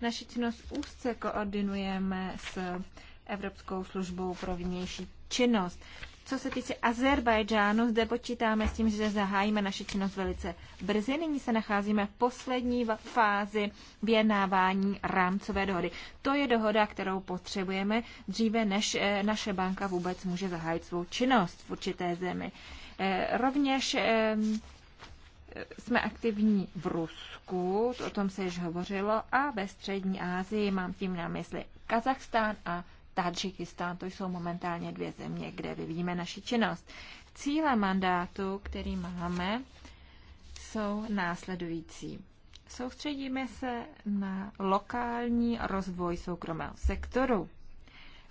Naši činnost úzce koordinujeme s Evropskou službou pro vnější činnost. Co se týče Azerbajdžánu, zde počítáme s tím, že zahájíme naši činnost velice brzy. Nyní se nacházíme v poslední fázi vyjednávání rámcové dohody. To je dohoda, kterou potřebujeme dříve, než eh, naše banka vůbec může zahájit svou činnost v určité zemi. Eh, rovněž jsme aktivní v Rusku, o tom se již hovořilo, a ve Střední Asii mám tím na mysli Kazachstán a Tadžikistán. To jsou momentálně dvě země, kde vyvíjíme naši činnost. Cíle mandátu, který máme, jsou následující. Soustředíme se na lokální rozvoj soukromého sektoru.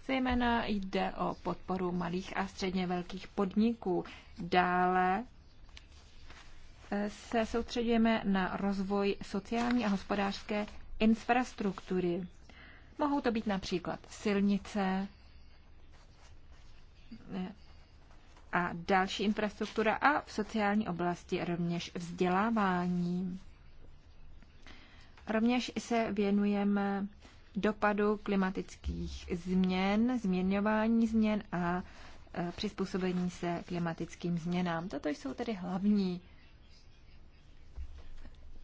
Zejména jde o podporu malých a středně velkých podniků. Dále se soustředujeme na rozvoj sociální a hospodářské infrastruktury. Mohou to být například silnice eh, a další infrastruktura a v sociální oblasti rovněž vzdělávání. Rovněž se věnujeme dopadu klimatických změn, změňování změn a eh, přizpůsobení se klimatickým změnám. Toto jsou tedy hlavní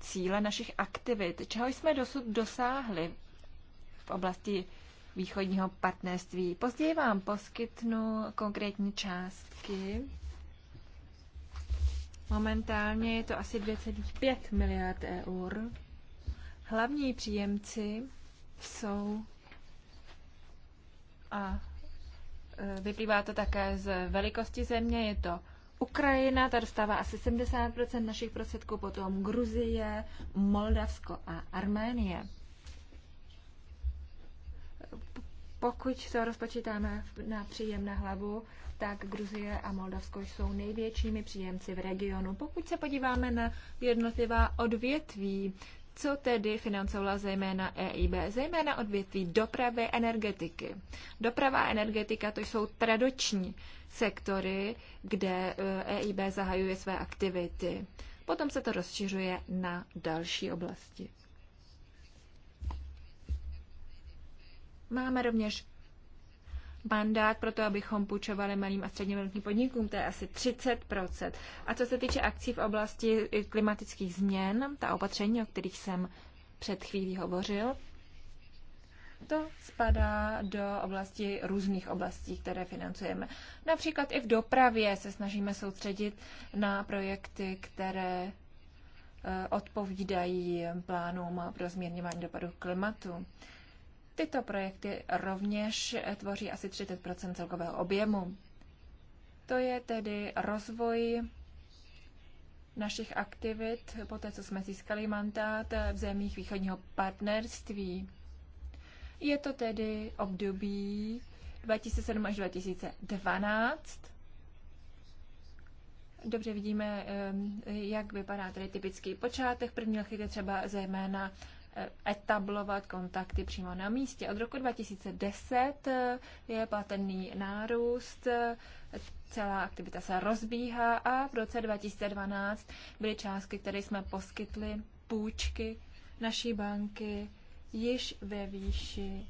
cíle našich aktivit, čeho jsme dosud dosáhli v oblasti východního partnerství. Později vám poskytnu konkrétní částky. Momentálně je to asi 2,5 miliard eur. Hlavní příjemci jsou a e, vyplývá to také z velikosti země, je to Ukrajina, ta dostává asi 70% našich prostředků, potom Gruzie, Moldavsko a Arménie. Pokud to rozpočítáme na příjem na hlavu, tak Gruzie a Moldavsko jsou největšími příjemci v regionu. Pokud se podíváme na jednotlivá odvětví, co tedy financovala zejména EIB, zejména odvětví dopravy energetiky. Doprava a energetika to jsou tradiční sektory, kde EIB eh, e zahajuje své aktivity. Potom se to rozšiřuje na další oblasti. Máme rovněž mandát pro to, abychom půjčovali malým a středně velkým podnikům, to je asi 30%. A co se týče akcí v oblasti klimatických změn, ta opatření, o kterých jsem před chvílí hovořil, to spadá do oblasti různých oblastí, které financujeme. Například i v dopravě se snažíme soustředit na projekty, které eh, odpovídají plánům pro změrňování dopadu klimatu. Tyto projekty rovněž tvoří asi 30 celkového objemu. To je tedy rozvoj našich aktivit, po té, co jsme získali mandát v zemích východního partnerství. Je to tedy období 2007 až 2012. Dobře vidíme, eh, jak vypadá tedy typický počátek. První lchy je třeba zejména etablovat kontakty přímo na místě. Od roku 2010 eh, je patrný nárůst, eh, celá aktivita se rozbíhá a v roce 2012 byly částky, které jsme poskytli, půjčky naší banky již ve výši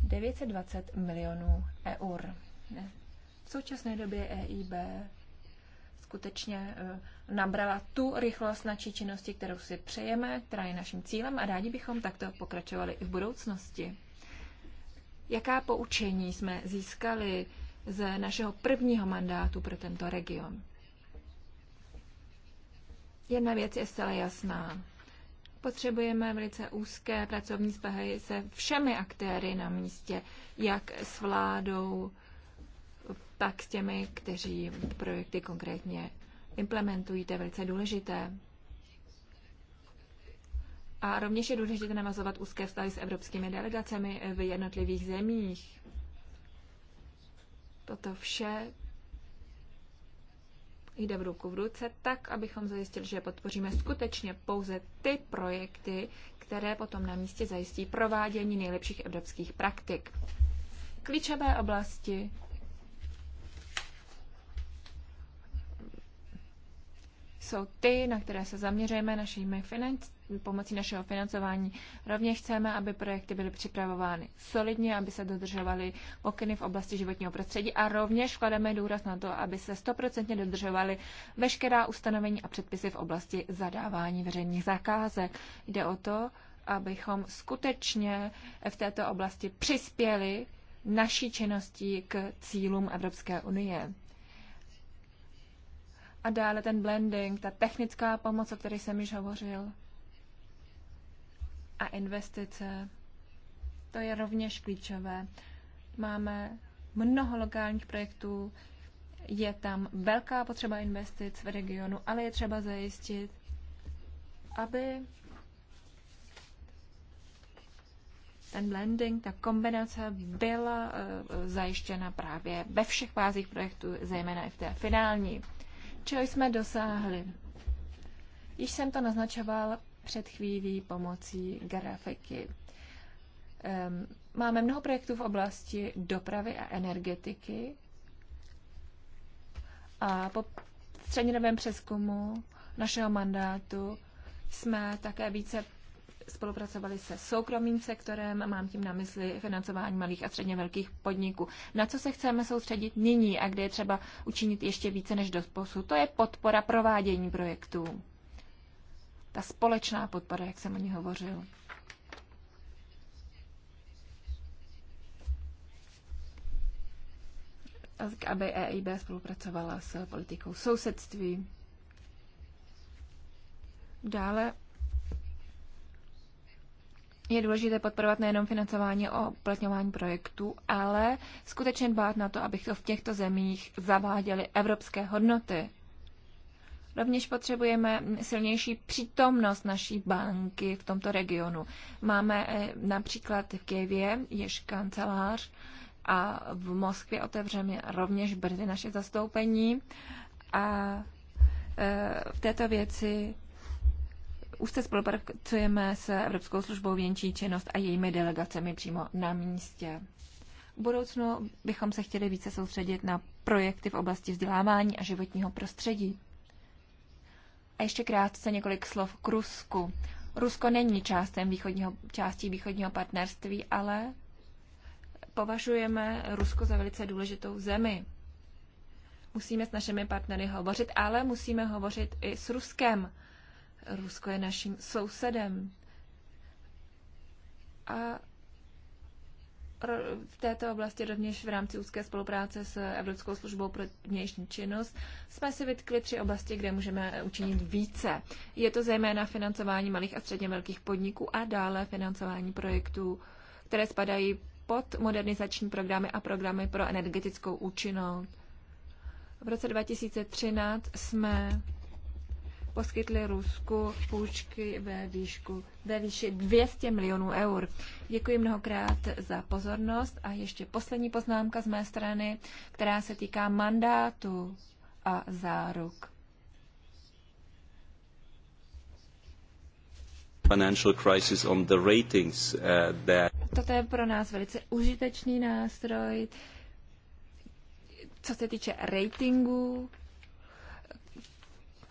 920 milionů eur. V současné době EIB skutečně eh, nabrala tu rychlost naší činnosti, kterou si přejeme, která je naším cílem a rádi bychom takto pokračovali i v budoucnosti. Jaká poučení jsme získali z našeho prvního mandátu pro tento region? Jedna věc je zcela jasná. Potřebujeme velice úzké pracovní spahy se všemi aktéry na místě, jak s vládou, tak s těmi, kteří projekty konkrétně implementují. To je velice důležité. A rovněž je důležité namazovat úzké vztahy s evropskými delegacemi v jednotlivých zemích. Toto vše jde v ruku v ruce tak, abychom zajistili, že podpoříme skutečně pouze ty projekty, které potom na místě zajistí provádění nejlepších evropských praktik. Klíčové oblasti jsou ty, na které se zaměřujeme našimi financ- pomocí našeho financování. Rovněž chceme, aby projekty byly připravovány solidně, aby se dodržovaly pokyny v oblasti životního prostředí a rovněž vklademe důraz na to, aby se stoprocentně dodržovaly veškerá ustanovení a předpisy v oblasti zadávání veřejných zakázek. Jde o to, abychom skutečně v této oblasti přispěli naší činností k cílům Evropské unie. A dále ten blending, ta technická pomoc, o které jsem již hovořil. A investice. To je rovněž klíčové. Máme mnoho lokálních projektů, je tam velká potřeba investic v regionu, ale je třeba zajistit, aby ten blending, ta kombinace byla eh, zajištěna právě ve všech fázích projektu, zejména i v té finální čeho jsme dosáhli. Již jsem to naznačoval před chvílí pomocí grafiky. Máme mnoho projektů v oblasti dopravy a energetiky a po střednědobém přeskumu našeho mandátu jsme také více spolupracovali se soukromým sektorem, mám tím na mysli financování malých a středně velkých podniků. Na co se chceme soustředit nyní a kde je třeba učinit ještě více než do posud, to je podpora provádění projektů. Ta společná podpora, jak jsem o ní hovořil. aby EIB spolupracovala s politikou sousedství. Dále je důležité podporovat nejenom financování a oplatňování projektů, ale skutečně dbát na to, abych to v těchto zemích zaváděli evropské hodnoty. Rovněž potřebujeme silnější přítomnost naší banky v tomto regionu. Máme eh, například v Kijevě jež kancelář a v Moskvě otevřeme rovněž brzy naše zastoupení a eh, v této věci Úzce spolupracujeme s Evropskou službou věnčí činnost a jejími delegacemi přímo na místě. V budoucnu bychom se chtěli více soustředit na projekty v oblasti vzdělávání a životního prostředí. A ještě krátce několik slov k Rusku. Rusko není částem východního, částí východního partnerství, ale považujeme Rusko za velice důležitou zemi. Musíme s našimi partnery hovořit, ale musíme hovořit i s Ruskem. Rusko je naším sousedem. A v této oblasti rovněž v rámci úzké spolupráce s Evropskou službou pro vnější činnost jsme si vytkli tři oblasti, kde můžeme učinit více. Je to zejména financování malých a středně velkých podniků a dále financování projektů, které spadají pod modernizační programy a programy pro energetickou účinnost. V roce 2013 jsme poskytli Rusku půjčky ve, výšku, ve výši 200 milionů eur. Děkuji mnohokrát za pozornost a ještě poslední poznámka z mé strany, která se týká mandátu a záruk. financial crisis on the ratings uh, that Toto je pro nás velice užitečný nástroj, co se týče ratingů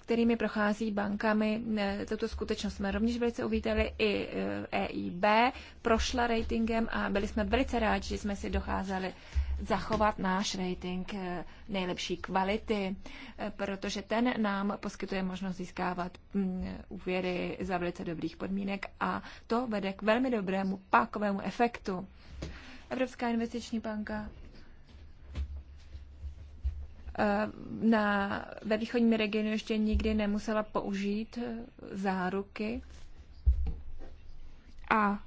kterými prochází bankami. Tuto skutečnost jsme rovněž velice uvítali. I EIB e prošla ratingem a byli jsme velice rádi, že jsme si docházeli zachovat náš rating e, nejlepší kvality, e, protože ten nám poskytuje možnost získávat mm, úvěry za velice dobrých podmínek a to vede k velmi dobrému pákovému efektu. Evropská investiční banka Eh, na, ve východním regionu ještě nikdy nemusela použít eh, záruky. A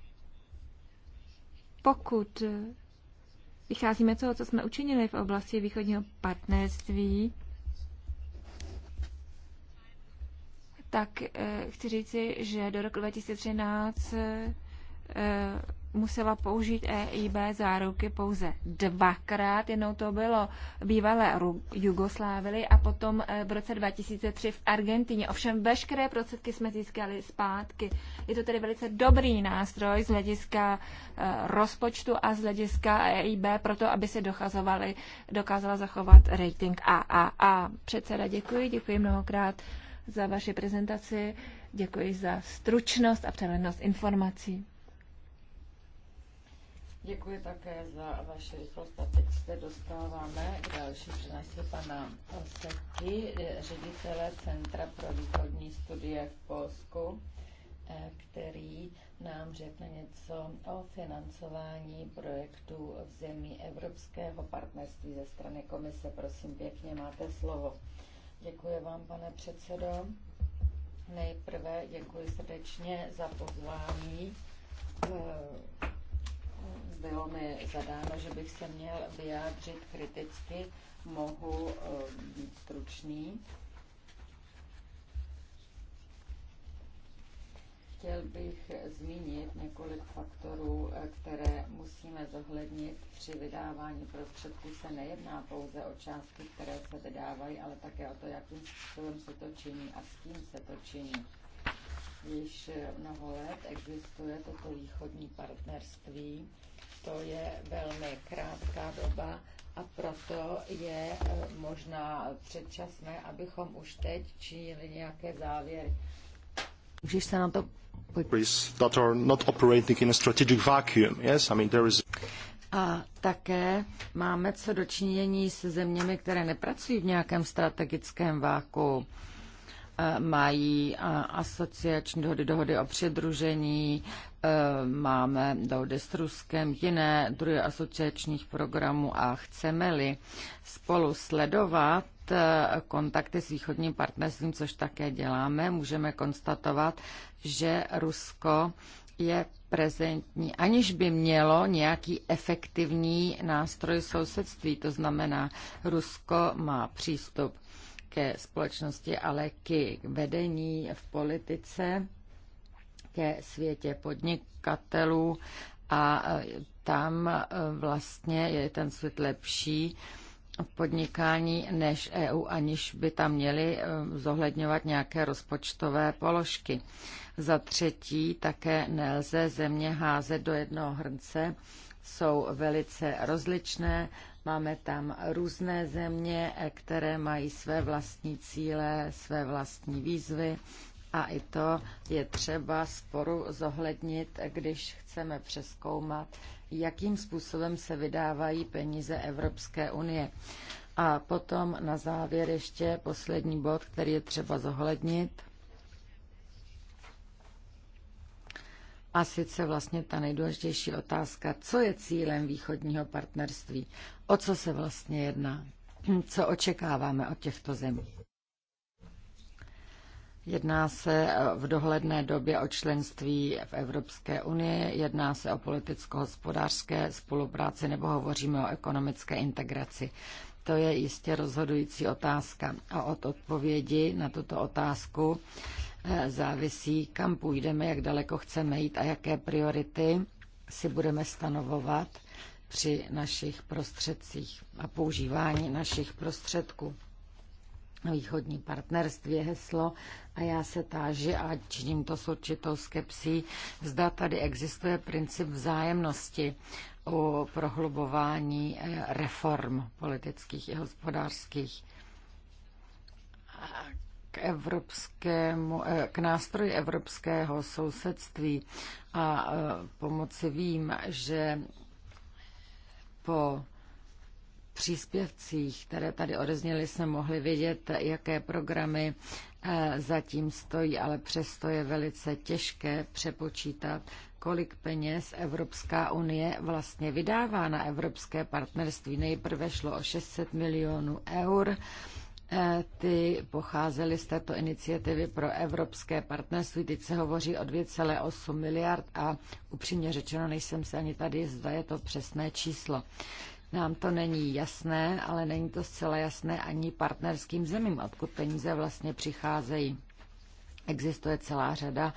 pokud eh, vycházíme toho, co jsme učinili v oblasti východního partnerství, tak chci říci, že do roku 2013 musela použít EIB záruky pouze dvakrát, jednou to bylo bývalé Jugoslávily a potom eh, v roce 2003 v Argentině. Ovšem veškeré prostředky jsme získali zpátky. Je to tedy velice dobrý nástroj z hlediska eh, rozpočtu a z hlediska EIB proto, aby se dochazovali, dokázala zachovat rating AAA. Předseda, děkuji, děkuji mnohokrát za vaši prezentaci, děkuji za stručnost a přehlednost informací. Děkuji také za vaši rychlost a teď se dostáváme k další přednášce pana Oseky, eh, ředitele Centra pro východní studie v Polsku, eh, který nám řekne něco o financování projektů v zemí Evropského partnerství ze strany komise. Prosím, pěkně máte slovo. Děkuji vám, pane předsedo. Nejprve děkuji srdečně za pozvání eh, bylo mi zadáno, že bych se měl vyjádřit kriticky, mohu eh, být stručný. Chtěl bych zmínit několik faktorů, eh, které musíme zohlednit při vydávání prostředků. Se nejedná pouze o částky, které se vydávají, ale také o to, jakým způsobem se to činí a s kým se to činí. Již mnoho let existuje toto východní partnerství to je velmi krátká doba a proto je eh, možná předčasné, abychom už teď činili nějaké závěry. Můžeš se na to that are not operating in a strategic vacuum. Yes, I mean there is a také máme co dočinění se zeměmi, které nepracují v nějakém strategickém váku. Eh, mají eh, asociační dohody, dohody o přidružení, Eh, máme dohody s Ruskem, jiné druhy asociačních programů a chceme-li spolu sledovat eh, kontakty s východním partnerstvím, což také děláme, můžeme konstatovat, že Rusko je prezentní, aniž by mělo nějaký efektivní nástroj sousedství. To znamená, Rusko má přístup ke společnosti, ale k vedení v politice také světě podnikatelů a e, tam e, vlastně je ten svět lepší podnikání než EU, aniž by tam měli e, zohledňovat nějaké rozpočtové položky. Za třetí také nelze země házet do jednoho hrnce, jsou velice rozličné. Máme tam různé země, které mají své vlastní cíle, své vlastní výzvy a i to je třeba sporu zohlednit, když chceme přeskoumat, jakým způsobem se vydávají peníze Evropské unie. A potom na závěr ještě poslední bod, který je třeba zohlednit. A sice vlastně ta nejdůležitější otázka, co je cílem východního partnerství, o co se vlastně jedná, co očekáváme od těchto zemí. Jedná se v dohledné době o členství v Evropské unii, jedná se o politicko-hospodářské spolupráci nebo hovoříme o ekonomické integraci. To je jistě rozhodující otázka. A od odpovědi na tuto otázku eh, závisí, kam půjdeme, jak daleko chceme jít a jaké priority si budeme stanovovat při našich prostředcích a používání našich prostředků východní partnerství je heslo a já se táži a činím to s určitou skepsí, zda tady existuje princip vzájemnosti o prohlubování eh, reform politických i hospodářských k, evropskému, eh, k nástroji evropského sousedství a eh, pomoci vím, že po příspěvcích, které tady odezněly, se mohli vidět, jaké programy eh, zatím stojí, ale přesto je velice těžké přepočítat, kolik peněz Evropská unie vlastně vydává na evropské partnerství. Nejprve šlo o 600 milionů eur, eh, ty pocházely z této iniciativy pro evropské partnerství. Teď se hovoří o 2,8 miliard a upřímně řečeno nejsem se ani tady, zda je to přesné číslo. Nám to není jasné, ale není to zcela jasné ani partnerským zemím, odkud peníze vlastně přicházejí. Existuje celá řada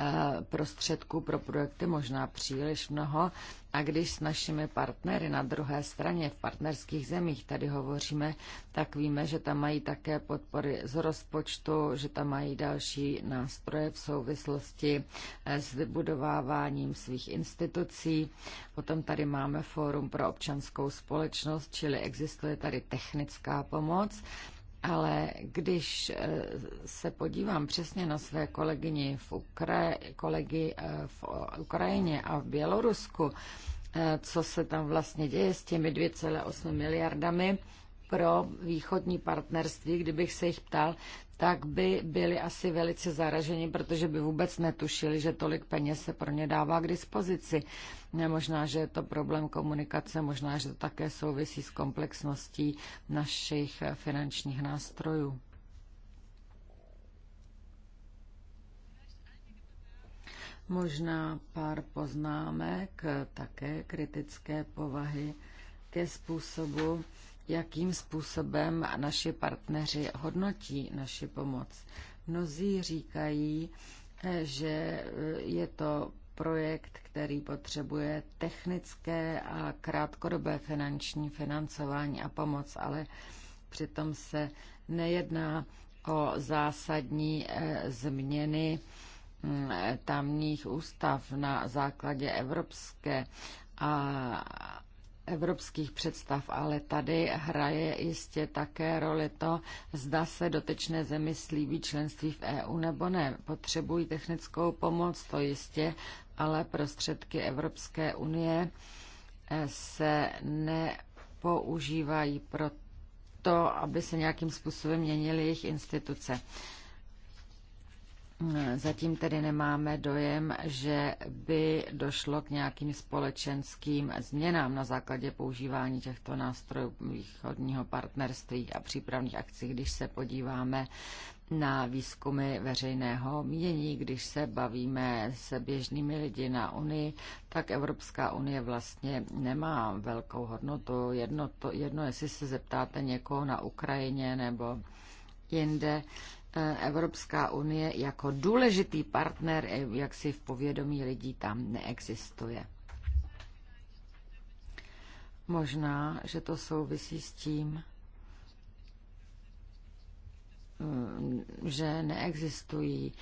eh, prostředků pro projekty, možná příliš mnoho. A když s našimi partnery na druhé straně v partnerských zemích tady hovoříme, tak víme, že tam mají také podpory z rozpočtu, že tam mají další nástroje v souvislosti eh, s vybudováváním svých institucí. Potom tady máme Fórum pro občanskou společnost, čili existuje tady technická pomoc. Ale když eh, se podívám přesně na své kolegyni v, Ukra- kolegy eh, v Ukrajině a v Bělorusku, eh, co se tam vlastně děje s těmi 2,8 miliardami pro východní partnerství, kdybych se jich ptal, tak by byli asi velice zaraženi, protože by vůbec netušili, že tolik peněz se pro ně dává k dispozici. Možná, že je to problém komunikace, možná, že to také souvisí s komplexností našich finančních nástrojů. Možná pár poznámek také kritické povahy ke způsobu, jakým způsobem naši partneři hodnotí naši pomoc. Mnozí říkají, eh, že eh, je to projekt, který potřebuje technické a krátkodobé finanční financování a pomoc, ale přitom se nejedná o zásadní eh, změny mm, tamních ústav na základě evropské a evropských představ, ale tady hraje jistě také roli to, zda se dotečné zemi slíbí členství v EU nebo ne. Potřebují technickou pomoc, to jistě, ale prostředky Evropské unie eh, se nepoužívají pro to, aby se nějakým způsobem měnily jejich instituce. Zatím tedy nemáme dojem, že by došlo k nějakým společenským změnám na základě používání těchto nástrojů východního partnerství a přípravných akcí, když se podíváme na výzkumy veřejného mínění, když se bavíme se běžnými lidi na Unii, tak Evropská unie vlastně nemá velkou hodnotu. Jedno, to, jedno jestli se zeptáte někoho na Ukrajině nebo jinde, E, Evropská unie jako důležitý partner, e, jak si v povědomí lidí tam neexistuje. Možná, že to souvisí s tím, e, že neexistují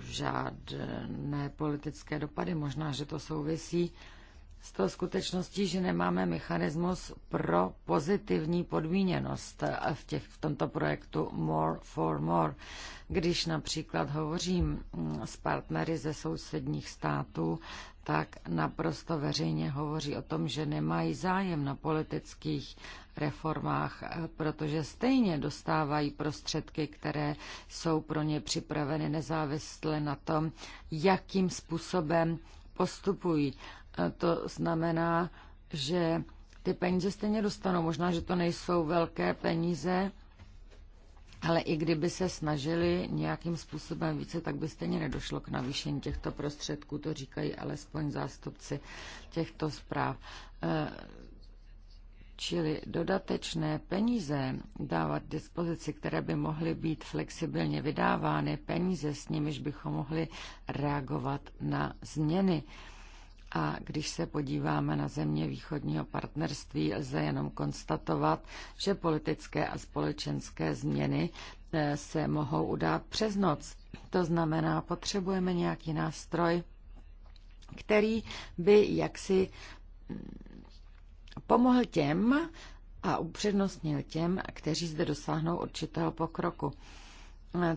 žádné politické dopady. Možná, že to souvisí s tou skutečností, že nemáme mechanismus pro pozitivní podmíněnost v, těch, v tomto projektu More for More. Když například hovořím mm, s partnery ze sousedních států, tak naprosto veřejně hovoří o tom, že nemají zájem na politických reformách, protože stejně dostávají prostředky, které jsou pro ně připraveny nezávisle na tom, jakým způsobem postupují. To znamená, že ty peníze stejně dostanou. Možná, že to nejsou velké peníze, ale i kdyby se snažili nějakým způsobem více, tak by stejně nedošlo k navýšení těchto prostředků, to říkají alespoň zástupci těchto zpráv. E, čili dodatečné peníze dávat dispozici, které by mohly být flexibilně vydávány, peníze, s nimiž bychom mohli reagovat na změny a když se podíváme na země východního partnerství, lze jenom konstatovat, že politické a společenské změny eh, se mohou udát přes noc. To znamená, potřebujeme nějaký nástroj, který by jaksi mm, pomohl těm a upřednostnil těm, kteří zde dosáhnou určitého pokroku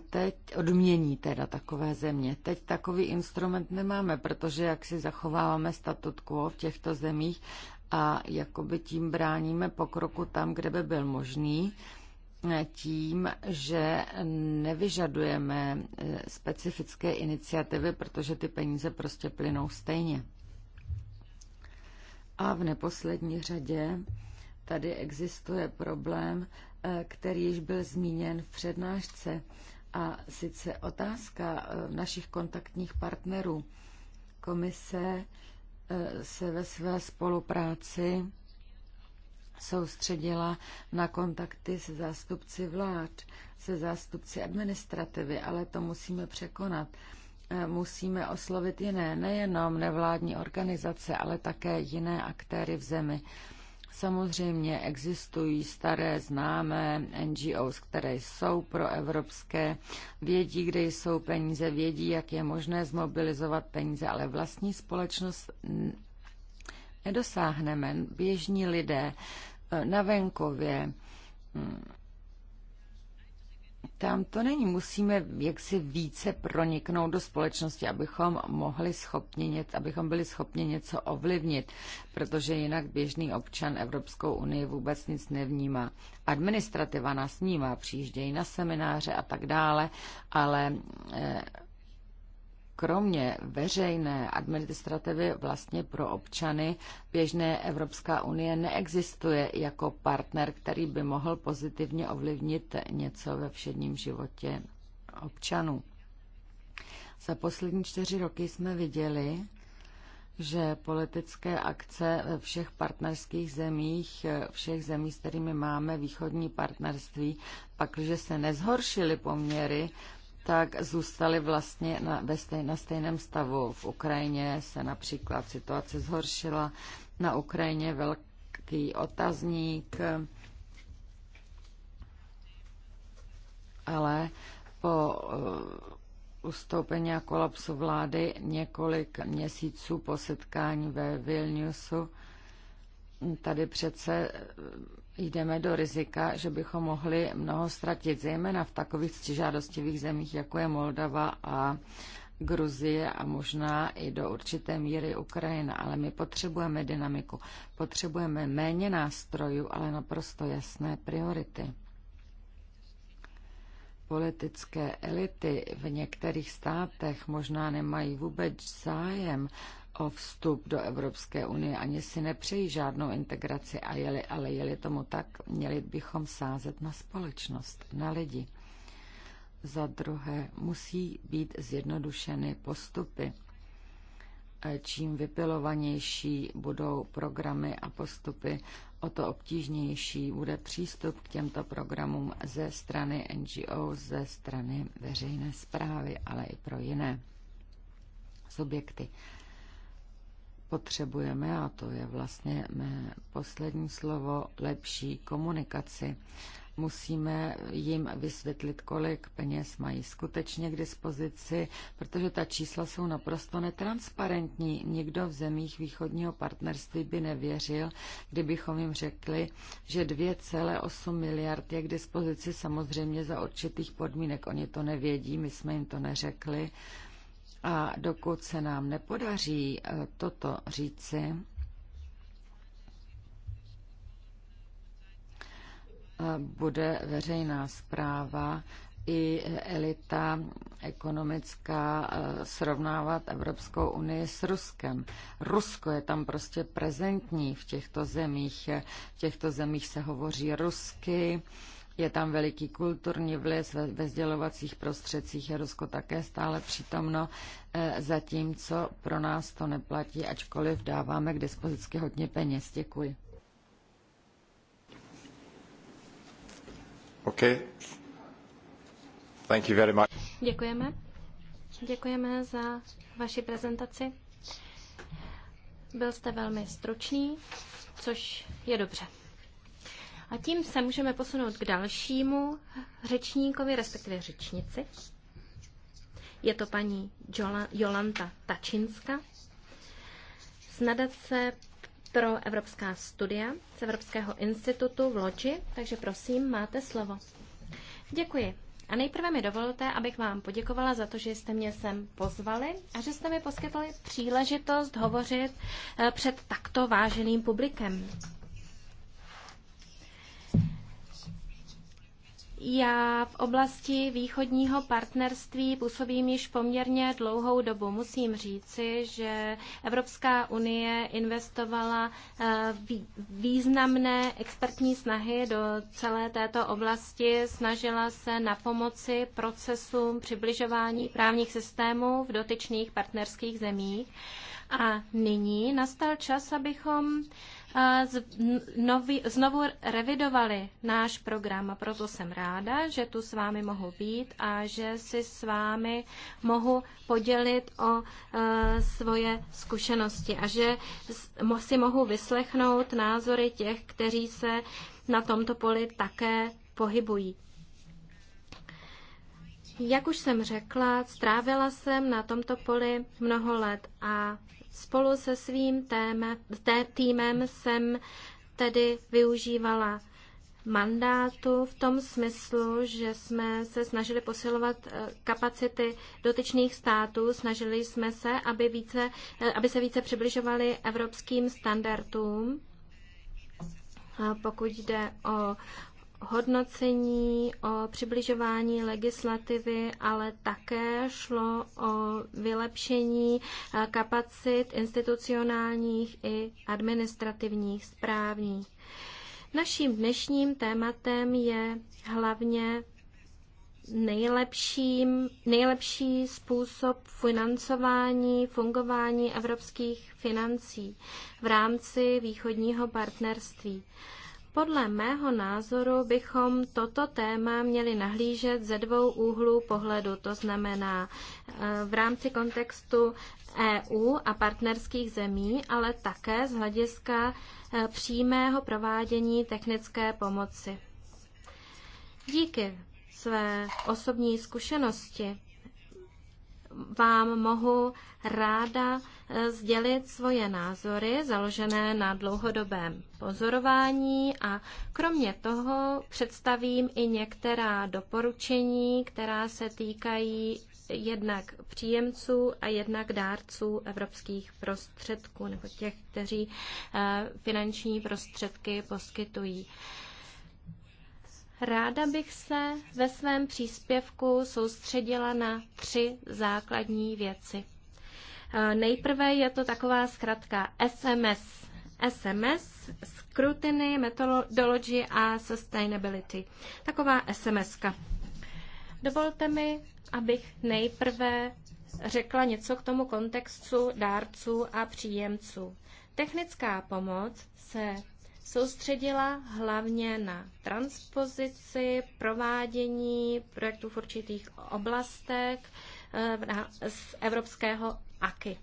teď odmění teda takové země. Teď takový instrument nemáme, protože jak si zachováváme statut quo v těchto zemích a jakoby tím bráníme pokroku tam, kde by byl možný, eh, tím, že nevyžadujeme eh, specifické iniciativy, protože ty peníze prostě plynou stejně. A v neposlední řadě tady existuje problém, Eh, který již byl zmíněn v přednášce, a sice otázka eh, našich kontaktních partnerů. Komise eh, se ve své spolupráci soustředila na kontakty se zástupci vlád, se zástupci administrativy, ale to musíme překonat. Musíme oslovit jiné, nejenom nevládní organizace, ale také jiné aktéry v zemi. Samozřejmě existují staré známé NGOs, které jsou proevropské, vědí, kde jsou peníze, vědí, jak je možné zmobilizovat peníze, ale vlastní společnost nedosáhneme. Běžní lidé eh, na venkově hm, tam to není. Musíme jaksi více proniknout do společnosti, abychom mohli schopni něco, abychom byli schopni něco ovlivnit, protože jinak běžný občan Evropskou unii vůbec nic nevnímá. Administrativa nás vnímá, přijíždějí na semináře a tak dále, ale eh, kromě veřejné administrativy vlastně pro občany běžné Evropská unie neexistuje jako partner, který by mohl pozitivně ovlivnit něco ve všedním životě občanů. Za poslední čtyři roky jsme viděli, že politické akce ve všech partnerských zemích, všech zemí, s kterými máme východní partnerství, pakliže se nezhoršily poměry, tak zůstaly vlastně na, ve stej, na stejném stavu. V Ukrajině se například situace zhoršila, na Ukrajině velký otazník, ale po eh, ustoupení a kolapsu vlády několik měsíců po setkání ve Vilniusu. Tady přece jdeme do rizika, že bychom mohli mnoho ztratit, zejména v takových stěžádostivých zemích, jako je Moldava a Gruzie a možná i do určité míry Ukrajina, ale my potřebujeme dynamiku. Potřebujeme méně nástrojů, ale naprosto jasné priority. Politické elity v některých státech možná nemají vůbec zájem o vstup do Evropské unie, ani si nepřejí žádnou integraci, a jeli, ale jeli tomu tak, měli bychom sázet na společnost, na lidi. Za druhé, musí být zjednodušeny postupy. Čím vypilovanější budou programy a postupy, o to obtížnější bude přístup k těmto programům ze strany NGO, ze strany veřejné zprávy, ale i pro jiné subjekty potřebujeme, a to je vlastně mé poslední slovo, lepší komunikaci. Musíme jim vysvětlit, kolik peněz mají skutečně k dispozici, protože ta čísla jsou naprosto netransparentní. Nikdo v zemích východního partnerství by nevěřil, kdybychom jim řekli, že 2,8 miliard je k dispozici samozřejmě za určitých podmínek. Oni to nevědí, my jsme jim to neřekli a dokud se nám nepodaří eh, toto říci, eh, bude veřejná zpráva i elita ekonomická eh, srovnávat Evropskou unii s Ruskem. Rusko je tam prostě prezentní v těchto zemích. V těchto zemích se hovoří rusky, je tam veliký kulturní vliv ve, sdělovacích prostředcích, je Rusko také stále přítomno, e, zatímco pro nás to neplatí, ačkoliv dáváme k dispozici hodně peněz. Děkuji. Okay. Thank you very much. Děkujeme. Děkujeme za vaši prezentaci. Byl jste velmi stručný, což je dobře. A tím se můžeme posunout k dalšímu řečníkovi, respektive řečnici. Je to paní Jolanta Tačinska z nadace pro evropská studia z Evropského institutu v Loči. takže prosím, máte slovo. Děkuji. A nejprve mi dovolte, abych vám poděkovala za to, že jste mě sem pozvali a že jste mi poskytli příležitost hovořit eh, před takto váženým publikem. Já v oblasti východního partnerství působím již poměrně dlouhou dobu. Musím říci, že Evropská unie investovala eh, významné expertní snahy do celé této oblasti, snažila se na pomoci procesům přibližování právních systémů v dotyčných partnerských zemích. A nyní nastal čas, abychom nový, znovu revidovali náš program a proto jsem ráda, že tu s vámi mohu být a že si s vámi mohu podělit o e, svoje zkušenosti a že si mohu vyslechnout názory těch, kteří se na tomto poli také pohybují. Jak už jsem řekla, strávila jsem na tomto poli mnoho let a Spolu se svým téma, té týmem jsem tedy využívala mandátu v tom smyslu, že jsme se snažili posilovat eh, kapacity dotyčných států, snažili jsme se, aby, více, eh, aby se více přibližovali evropským standardům, pokud jde o hodnocení, o přibližování legislativy, ale také šlo o vylepšení eh, kapacit institucionálních i administrativních správních. Naším dnešním tématem je hlavně nejlepším, nejlepší způsob financování, fungování evropských financí v rámci východního partnerství. Podle mého názoru bychom toto téma měli nahlížet ze dvou úhlů pohledu, to znamená eh, v rámci kontextu EU a partnerských zemí, ale také z hlediska eh, přímého provádění technické pomoci. Díky své osobní zkušenosti vám mohu ráda eh, sdělit svoje názory založené na dlouhodobém pozorování a kromě toho představím i některá doporučení, která se týkají jednak příjemců a jednak dárců evropských prostředků nebo těch, kteří eh, finanční prostředky poskytují. Ráda bych se ve svém příspěvku soustředila na tři základní věci. Eh, nejprve je to taková zkratka SMS. SMS, Scrutiny, Methodology a Sustainability. Taková SMS. -ka. Dovolte mi, abych nejprve řekla něco k tomu kontextu dárců a příjemců. Technická pomoc se soustředila hlavně na transpozici, provádění projektů v určitých oblastech eh, z evropského AKY.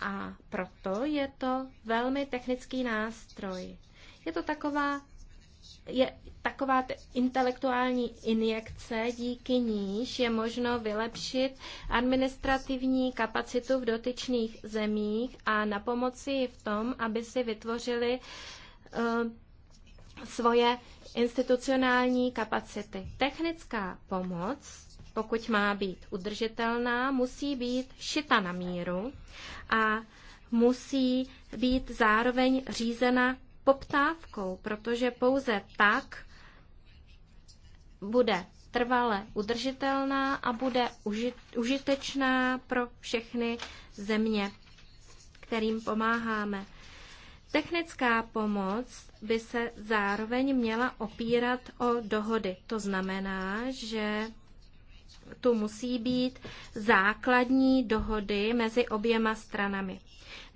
A proto je to velmi technický nástroj. Je to taková je taková intelektuální injekce, díky níž je možno vylepšit administrativní kapacitu v dotyčných zemích a na pomoci v tom, aby si vytvořili uh, svoje institucionální kapacity. Technická pomoc, pokud má být udržitelná, musí být šita na míru a musí být zároveň řízena poptávkou, protože pouze tak bude trvale udržitelná a bude užitečná pro všechny země, kterým pomáháme. Technická pomoc by se zároveň měla opírat o dohody. To znamená, že tu musí být základní dohody mezi oběma stranami.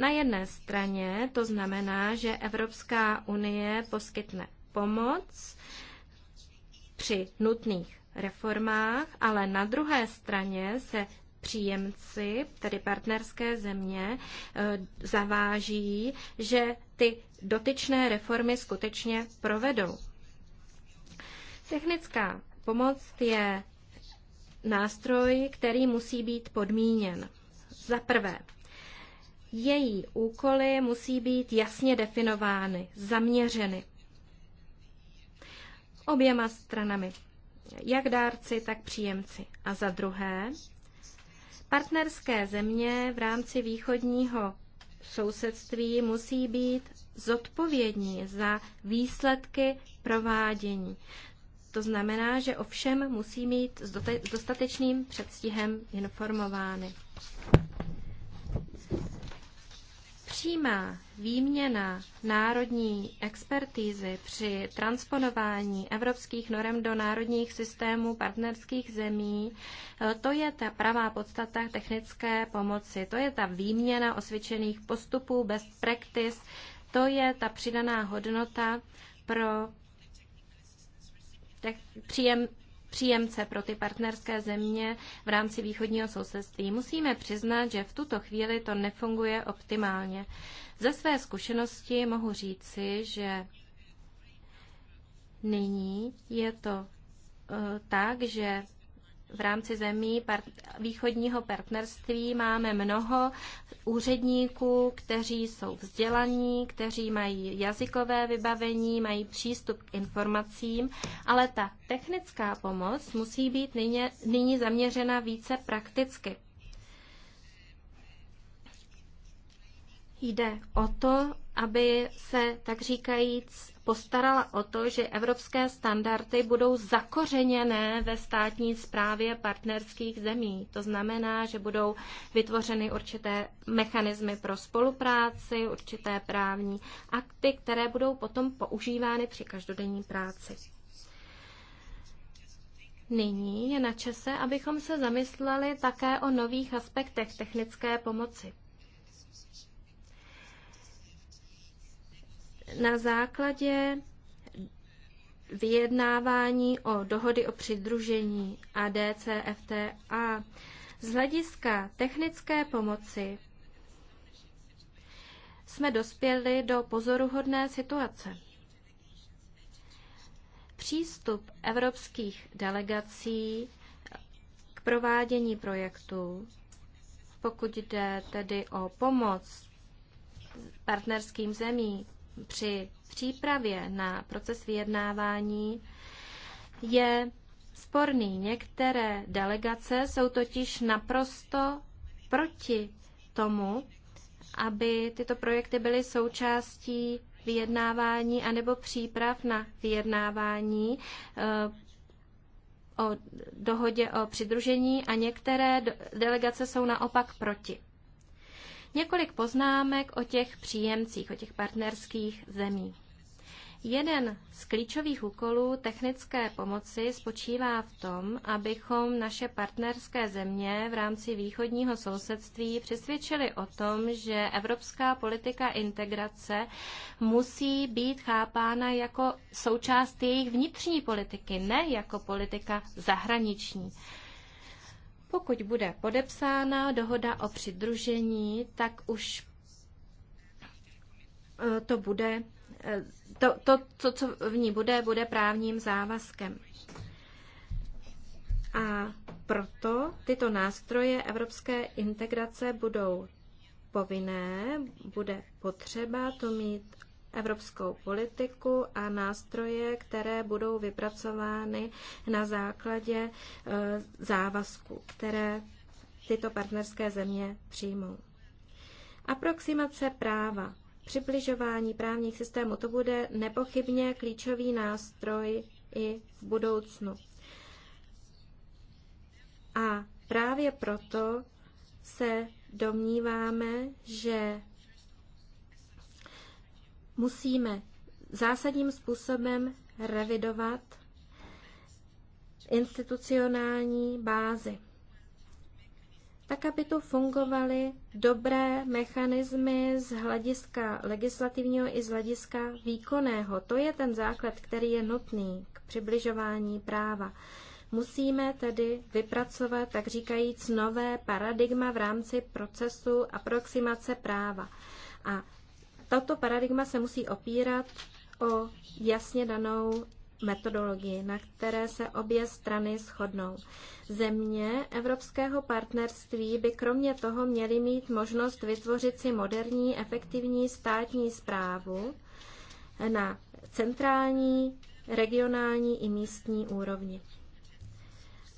Na jedné straně to znamená, že Evropská unie poskytne pomoc při nutných reformách, ale na druhé straně se příjemci, tedy partnerské země, eh, zaváží, že ty dotyčné reformy skutečně provedou. Technická pomoc je nástroj, který musí být podmíněn. Za prvé, její úkoly musí být jasně definovány, zaměřeny oběma stranami, jak dárci, tak příjemci. A za druhé, partnerské země v rámci východního sousedství musí být zodpovědní za výsledky provádění. To znamená, že o všem musí mít s dostatečným předstihem informovány. Přímá výměna národní expertízy při transponování evropských norem do národních systémů partnerských zemí, eh, to je ta pravá podstata technické pomoci. To je ta výměna osvědčených postupů, best practice, to je ta přidaná hodnota pro příjem, příjemce pro ty partnerské země v rámci východního sousedství. Musíme přiznat, že v tuto chvíli to nefunguje optimálně. Ze své zkušenosti mohu říci, že nyní je to eh, tak, že v rámci zemí part, východního partnerství máme mnoho úředníků, kteří jsou vzdělaní, kteří mají jazykové vybavení, mají přístup k informacím, ale ta technická pomoc musí být nyně, nyní zaměřena více prakticky. Jde o to, aby se, tak říkajíc, postarala o to, že evropské standardy budou zakořeněné ve státní správě partnerských zemí. To znamená, že budou vytvořeny určité mechanismy pro spolupráci, určité právní akty, které budou potom používány při každodenní práci. Nyní je na čase, abychom se zamysleli také o nových aspektech technické pomoci. na základě vyjednávání o dohody o přidružení a DCFTA. Z hlediska technické pomoci jsme dospěli do pozoruhodné situace. Přístup evropských delegací k provádění projektu, pokud jde tedy o pomoc partnerským zemím, při přípravě na proces vyjednávání je sporný. Některé delegace jsou totiž naprosto proti tomu, aby tyto projekty byly součástí vyjednávání anebo příprav na vyjednávání eh, o dohodě o přidružení a některé delegace jsou naopak proti. Několik poznámek o těch příjemcích, o těch partnerských zemí. Jeden z klíčových úkolů technické pomoci spočívá v tom, abychom naše partnerské země v rámci východního sousedství přesvědčili o tom, že evropská politika integrace musí být chápána jako součást jejich vnitřní politiky, ne jako politika zahraniční. Pokud bude podepsána dohoda o přidružení, tak už e, to bude, e, to, to, to co v ní bude, bude právním závazkem. A proto tyto nástroje evropské integrace budou povinné, bude potřeba to mít evropskou politiku a nástroje, které budou vypracovány na základě e, závazků, které tyto partnerské země přijmou. Aproximace práva, přibližování právních systémů, to bude nepochybně klíčový nástroj i v budoucnu. A právě proto se domníváme, že musíme zásadním způsobem revidovat institucionální bázy. tak aby tu fungovaly dobré mechanismy z hlediska legislativního i z hlediska výkonného. To je ten základ, který je nutný k přibližování práva. Musíme tedy vypracovat, tak říkajíc, nové paradigma v rámci procesu aproximace práva. A tato paradigma se musí opírat o jasně danou metodologii, na které se obě strany shodnou. Země evropského partnerství by kromě toho měly mít možnost vytvořit si moderní, efektivní státní zprávu na centrální, regionální i místní úrovni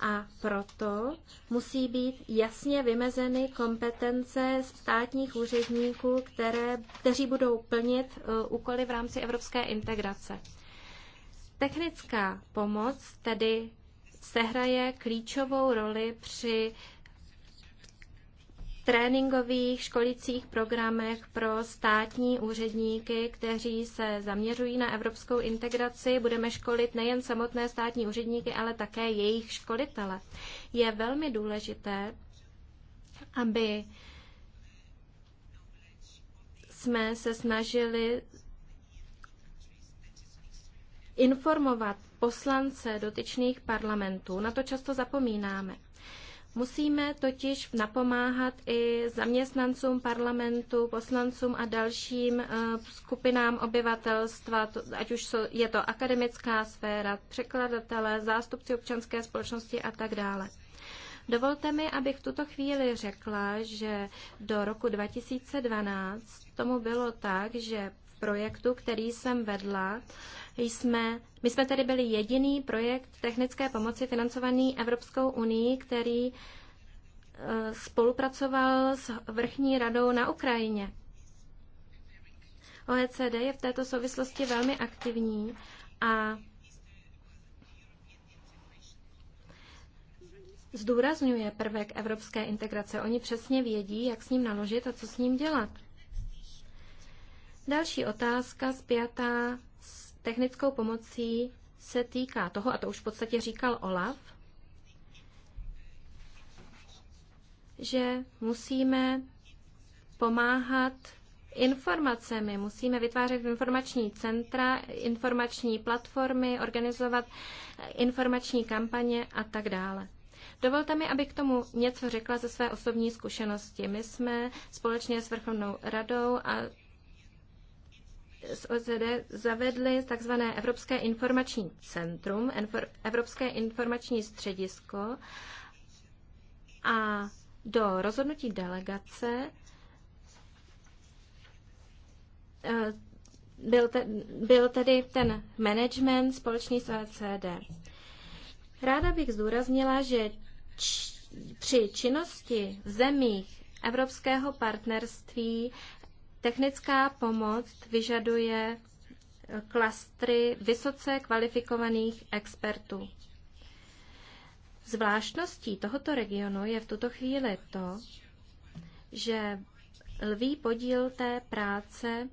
a proto musí být jasně vymezeny kompetence státních úředníků, které, kteří budou plnit e, úkoly v rámci evropské integrace. Technická pomoc tedy sehraje klíčovou roli při tréninkových školicích programech pro státní úředníky, kteří se zaměřují na evropskou integraci. Budeme školit nejen samotné státní úředníky, ale také jejich školitele. Je velmi důležité, aby jsme se snažili informovat poslance dotyčných parlamentů. Na to často zapomínáme. Musíme totiž napomáhat i zaměstnancům parlamentu, poslancům a dalším eh, skupinám obyvatelstva, ať už je to akademická sféra, překladatelé, zástupci občanské společnosti a tak dále. Dovolte mi, abych v tuto chvíli řekla, že do roku 2012 tomu bylo tak, že v projektu, který jsem vedla, jsme, my jsme tedy byli jediný projekt technické pomoci financovaný Evropskou unii, který e, spolupracoval s vrchní radou na Ukrajině. OECD je v této souvislosti velmi aktivní a zdůrazňuje prvek evropské integrace. Oni přesně vědí, jak s ním naložit a co s ním dělat. Další otázka zpětá technickou pomocí se týká toho, a to už v podstatě říkal Olaf, že musíme pomáhat informacemi, musíme vytvářet informační centra, informační platformy, organizovat informační kampaně a tak dále. Dovolte mi, aby k tomu něco řekla ze své osobní zkušenosti. My jsme společně s Vrchovnou radou a z OZD zavedli takzvané Evropské informační centrum, Evropské informační středisko a do rozhodnutí delegace eh, byl, te, byl tedy ten management společný s OECD. Ráda bych zdůraznila, že či, při činnosti v zemích Evropského partnerství Technická pomoc vyžaduje eh, klastry vysoce kvalifikovaných expertů. Zvláštností tohoto regionu je v tuto chvíli to, že lví podíl té práce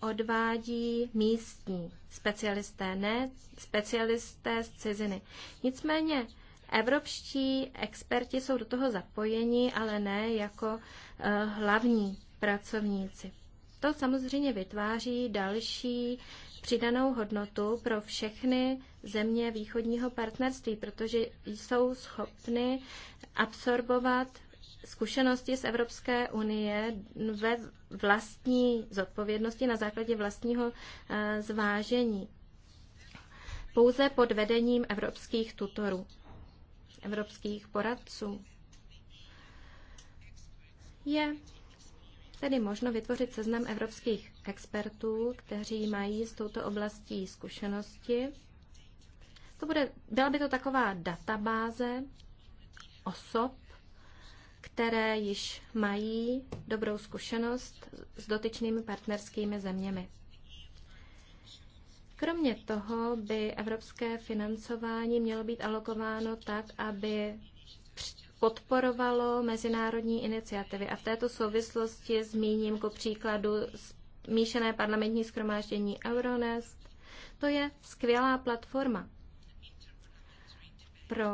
odvádí místní specialisté, ne specialisté z ciziny. Nicméně evropští experti jsou do toho zapojeni, ale ne jako eh, hlavní pracovníci. To samozřejmě vytváří další přidanou hodnotu pro všechny země východního partnerství, protože jsou schopny absorbovat zkušenosti z Evropské unie ve vlastní zodpovědnosti na základě vlastního eh, zvážení. Pouze pod vedením evropských tutorů, evropských poradců. Je tedy možno vytvořit seznam evropských expertů, kteří mají s touto oblastí zkušenosti. To bude, byla by to taková databáze osob, které již mají dobrou zkušenost s dotyčnými partnerskými zeměmi. Kromě toho by evropské financování mělo být alokováno tak, aby podporovalo mezinárodní iniciativy. A v této souvislosti zmíním ku příkladu smíšené parlamentní schromáždění Euronest. To je skvělá platforma pro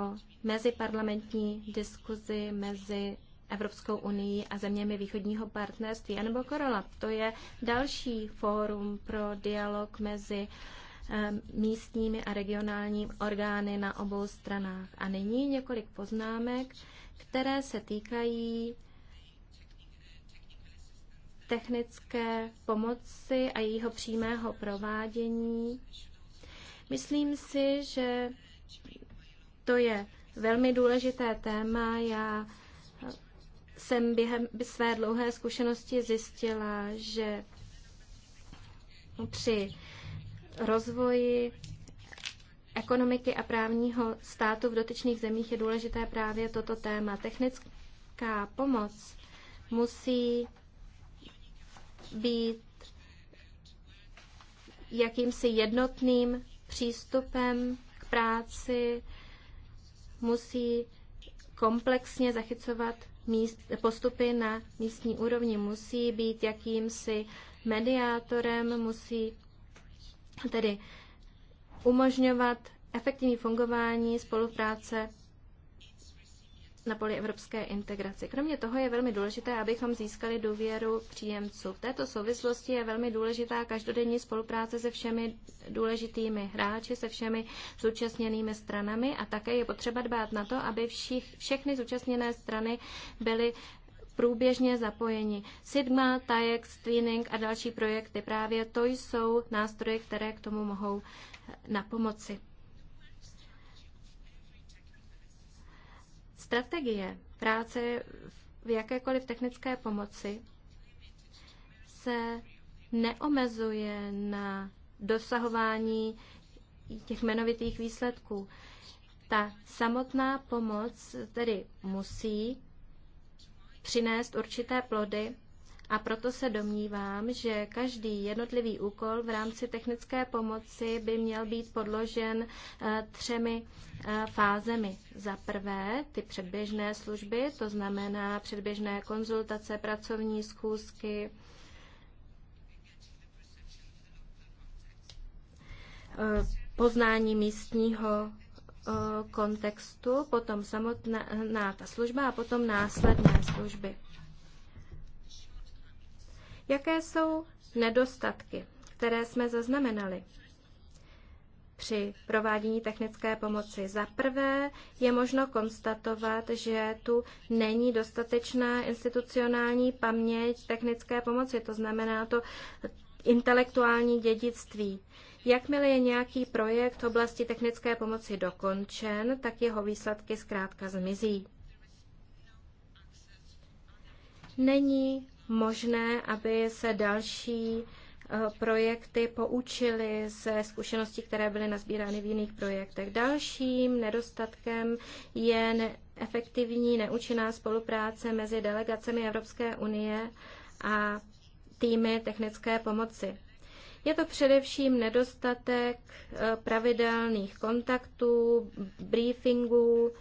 meziparlamentní diskuzi mezi Evropskou unii a zeměmi východního partnerství. anebo nebo Korola, to je další fórum pro dialog mezi uh, Eh, místními a regionálními orgány na obou stranách. A nyní několik poznámek, které se týkají technické pomoci a jejího přímého provádění. Myslím si, že to je velmi důležité téma. Já eh, jsem během své dlouhé zkušenosti zjistila, že při rozvoji ekonomiky a právního státu v dotyčných zemích je důležité právě toto téma. Technická pomoc musí být jakýmsi jednotným přístupem k práci, musí komplexně zachycovat míst, postupy na místní úrovni, musí být jakýmsi mediátorem, musí tedy umožňovat efektivní fungování spolupráce na poli evropské integrace. Kromě toho je velmi důležité, abychom získali důvěru příjemců. V této souvislosti je velmi důležitá každodenní spolupráce se všemi důležitými hráči, se všemi zúčastněnými stranami a také je potřeba dbát na to, aby všich, všechny zúčastněné strany byly průběžně zapojeni. Sigma, TAEX, Twinning a další projekty. Právě to jsou nástroje, které k tomu mohou eh, na pomoci. Strategie práce v jakékoliv technické pomoci se neomezuje na dosahování těch jmenovitých výsledků. Ta samotná pomoc tedy musí přinést určité plody a proto se domnívám, že každý jednotlivý úkol v rámci technické pomoci by měl být podložen eh, třemi eh, fázemi. Za prvé ty předběžné služby, to znamená předběžné konzultace, pracovní schůzky, eh, poznání místního Eh, kontextu, potom samotná ta služba a potom následné služby. Jaké jsou nedostatky, které jsme zaznamenali? při provádění technické pomoci. Za prvé je možno konstatovat, že tu není dostatečná institucionální paměť technické pomoci, to znamená to intelektuální dědictví. Jakmile je nějaký projekt v oblasti technické pomoci dokončen, tak jeho výsledky zkrátka zmizí. Není možné, aby se další eh, projekty poučily ze zkušeností, které byly nazbírány v jiných projektech. Dalším nedostatkem je efektivní neúčinná spolupráce mezi delegacemi Evropské unie a týmy technické pomoci. Je to především nedostatek eh, pravidelných kontaktů, briefingů,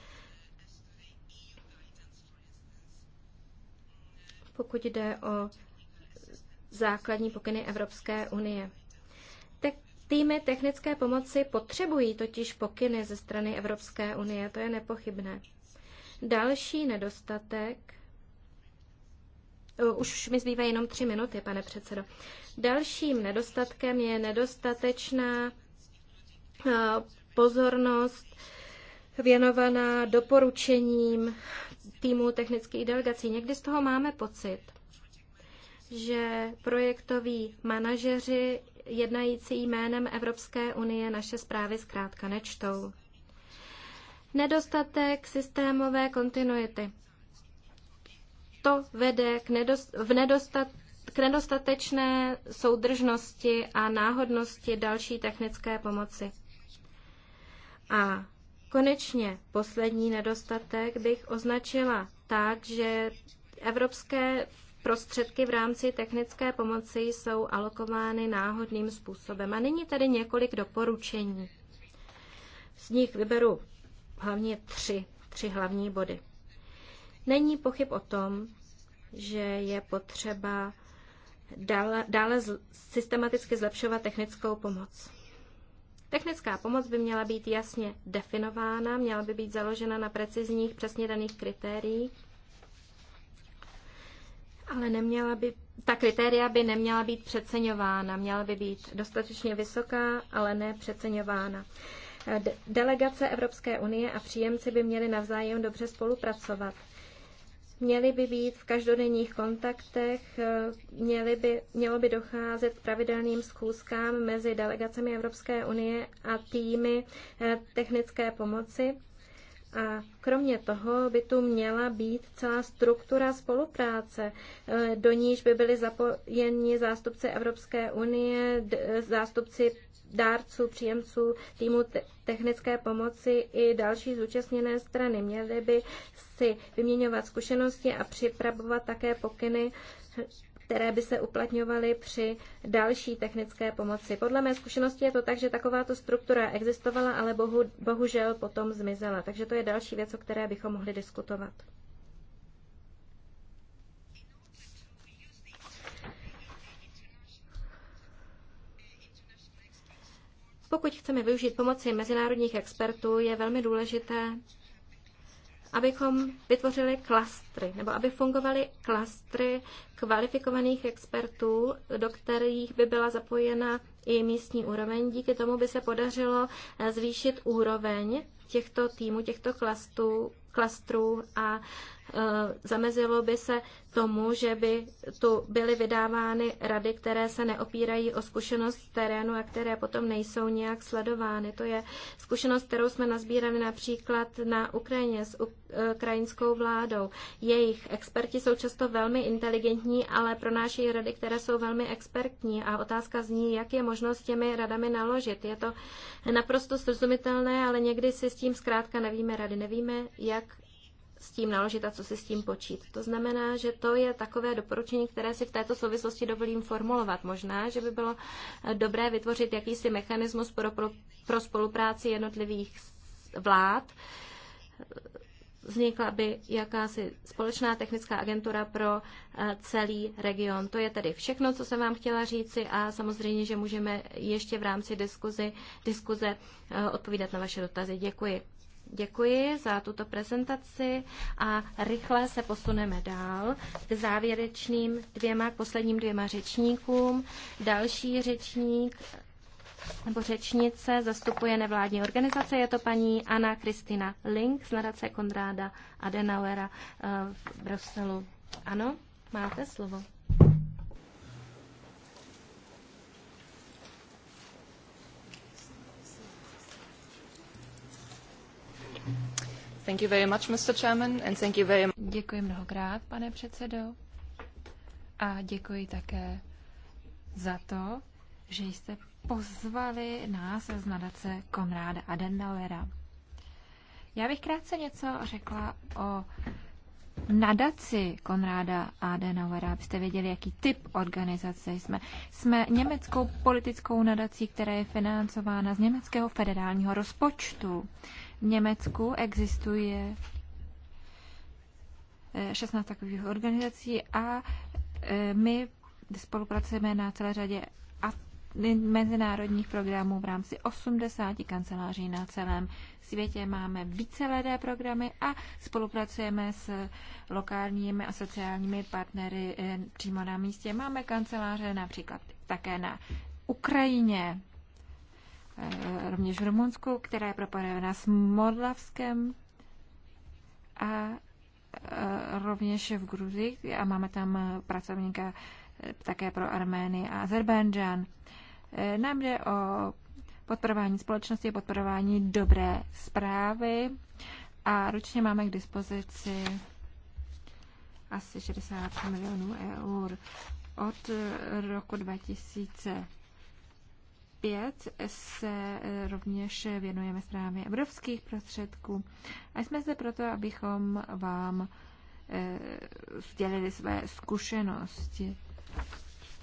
pokud jde o základní pokyny Evropské unie. Týmy technické pomoci potřebují totiž pokyny ze strany Evropské unie, to je nepochybné. Další nedostatek Eh, už mi zbývají jenom tři minuty, pane předsedo. Dalším nedostatkem je nedostatečná eh, pozornost věnovaná doporučením týmu technických delegací. Někdy z toho máme pocit, že projektoví manažeři jednající jménem Evropské unie naše zprávy zkrátka nečtou. Nedostatek systémové kontinuity to vede k, nedost, v nedostat, k nedostatečné soudržnosti a náhodnosti další technické pomoci. A konečně poslední nedostatek bych označila tak, že evropské Prostředky v rámci technické pomoci jsou alokovány náhodným způsobem. A nyní tady několik doporučení. Z nich vyberu hlavně tři, tři hlavní body. Není pochyb o tom, že je potřeba dále, dále systematicky zlepšovat technickou pomoc. Technická pomoc by měla být jasně definována, měla by být založena na precizních, přesně daných kritériích, ale neměla by, ta kritéria by neměla být přeceňována, měla by být dostatečně vysoká, ale ne přeceňována. De delegace Evropské unie a příjemci by měli navzájem dobře spolupracovat. Měly by být v každodenních kontaktech, eh, měly by, mělo by docházet k pravidelným schůzkám mezi delegacemi Evropské unie a týmy eh, technické pomoci. A kromě toho by tu měla být celá struktura spolupráce, eh, do níž by byli zapojeni zástupci Evropské unie, zástupci dárců, příjemců týmu technické pomoci i další zúčastněné strany. Měly by si vyměňovat zkušenosti a připravovat také pokyny které by se uplatňovaly při další technické pomoci. Podle mé zkušenosti je to tak, že takováto struktura existovala, ale bohu, bohužel potom zmizela. Takže to je další věc, o které bychom mohli diskutovat. Pokud chceme využít pomoci mezinárodních expertů, je velmi důležité, abychom vytvořili klastry, nebo aby fungovaly klastry kvalifikovaných expertů, do kterých by byla zapojena i místní úroveň. Díky tomu by se podařilo eh, zvýšit úroveň těchto týmů, těchto klastů, klastrů a Eh, zamezilo by se tomu, že by tu byly vydávány rady, které se neopírají o zkušenost z terénu a které potom nejsou nějak sledovány. To je zkušenost, kterou jsme nazbírali například na Ukrajině s eh, ukrajinskou vládou. Jejich experti jsou často velmi inteligentní, ale pronášejí rady, které jsou velmi expertní a otázka zní, jak je možno s těmi radami naložit. Je to naprosto srozumitelné, ale někdy si s tím zkrátka nevíme rady. Nevíme, jak s tím naložit a co si s tím počít. To znamená, že to je takové doporučení, které si v této souvislosti dovolím formulovat. Možná, že by bylo eh, dobré vytvořit jakýsi mechanismus pro, pro, pro spolupráci jednotlivých vlád. Vznikla by jakási společná technická agentura pro eh, celý region. To je tedy všechno, co jsem vám chtěla říci a samozřejmě, že můžeme ještě v rámci diskuzi, diskuze eh, odpovídat na vaše dotazy. Děkuji. Děkuji za tuto prezentaci a rychle se posuneme dál k závěrečným dvěma, k posledním dvěma řečníkům. Další řečník nebo řečnice zastupuje nevládní organizace. Je to paní Anna Kristina Link z nadace Konráda Adenauera eh, v Bruselu. Ano, máte slovo. Děkuji mnohokrát, pane předsedo. A děkuji také za to, že jste pozvali nás z nadace Konráda Adenauera. Já bych krátce něco řekla o nadaci Konráda Adenauera, abyste věděli, jaký typ organizace jsme. Jsme německou politickou nadací, která je financována z německého federálního rozpočtu. Německu existuje 16 eh, takových organizací a eh, my spolupracujeme na celé řadě mezinárodních programů v rámci 80 kanceláří na celém světě. Máme víceledé programy a spolupracujeme s lokálními a sociálními partnery eh, přímo na místě. Máme kanceláře například také na Ukrajině. Eh, rovněž v Rumunsku, která je propojená s Modlavskem a eh, rovněž v Gruzii a máme tam pracovníka eh, také pro Arménii a Azerbajdžán. Nám jde o podporování společnosti, podporování dobré zprávy a ručně máme k dispozici asi 60 milionů eur od roku 2000 5 se eh, rovněž věnujeme správě evropských prostředků a jsme zde proto, abychom vám eh, sdělili své zkušenosti.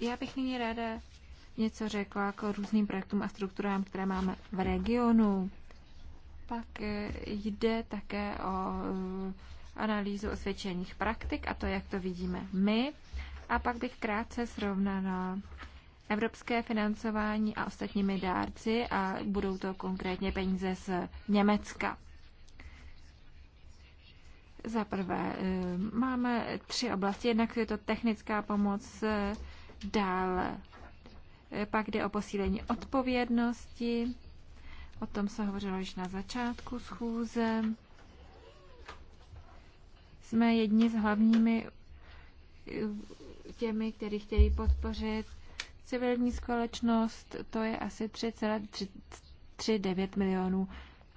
Já bych nyní ráda něco řekla k různým projektům a strukturám, které máme v regionu. Pak eh, jde také o analýzu osvědčených praktik a to, jak to vidíme my. A pak bych krátce srovnala evropské financování a ostatními dárci a budou to konkrétně peníze z Německa. Za prvé, eh, máme tři oblasti. Jednak je to technická pomoc, eh, dále eh, pak jde o posílení odpovědnosti, o tom se hovořilo již na začátku schůze. Jsme jedni z hlavními těmi, kteří chtějí podpořit civilní společnost, to je asi 3,39 milionů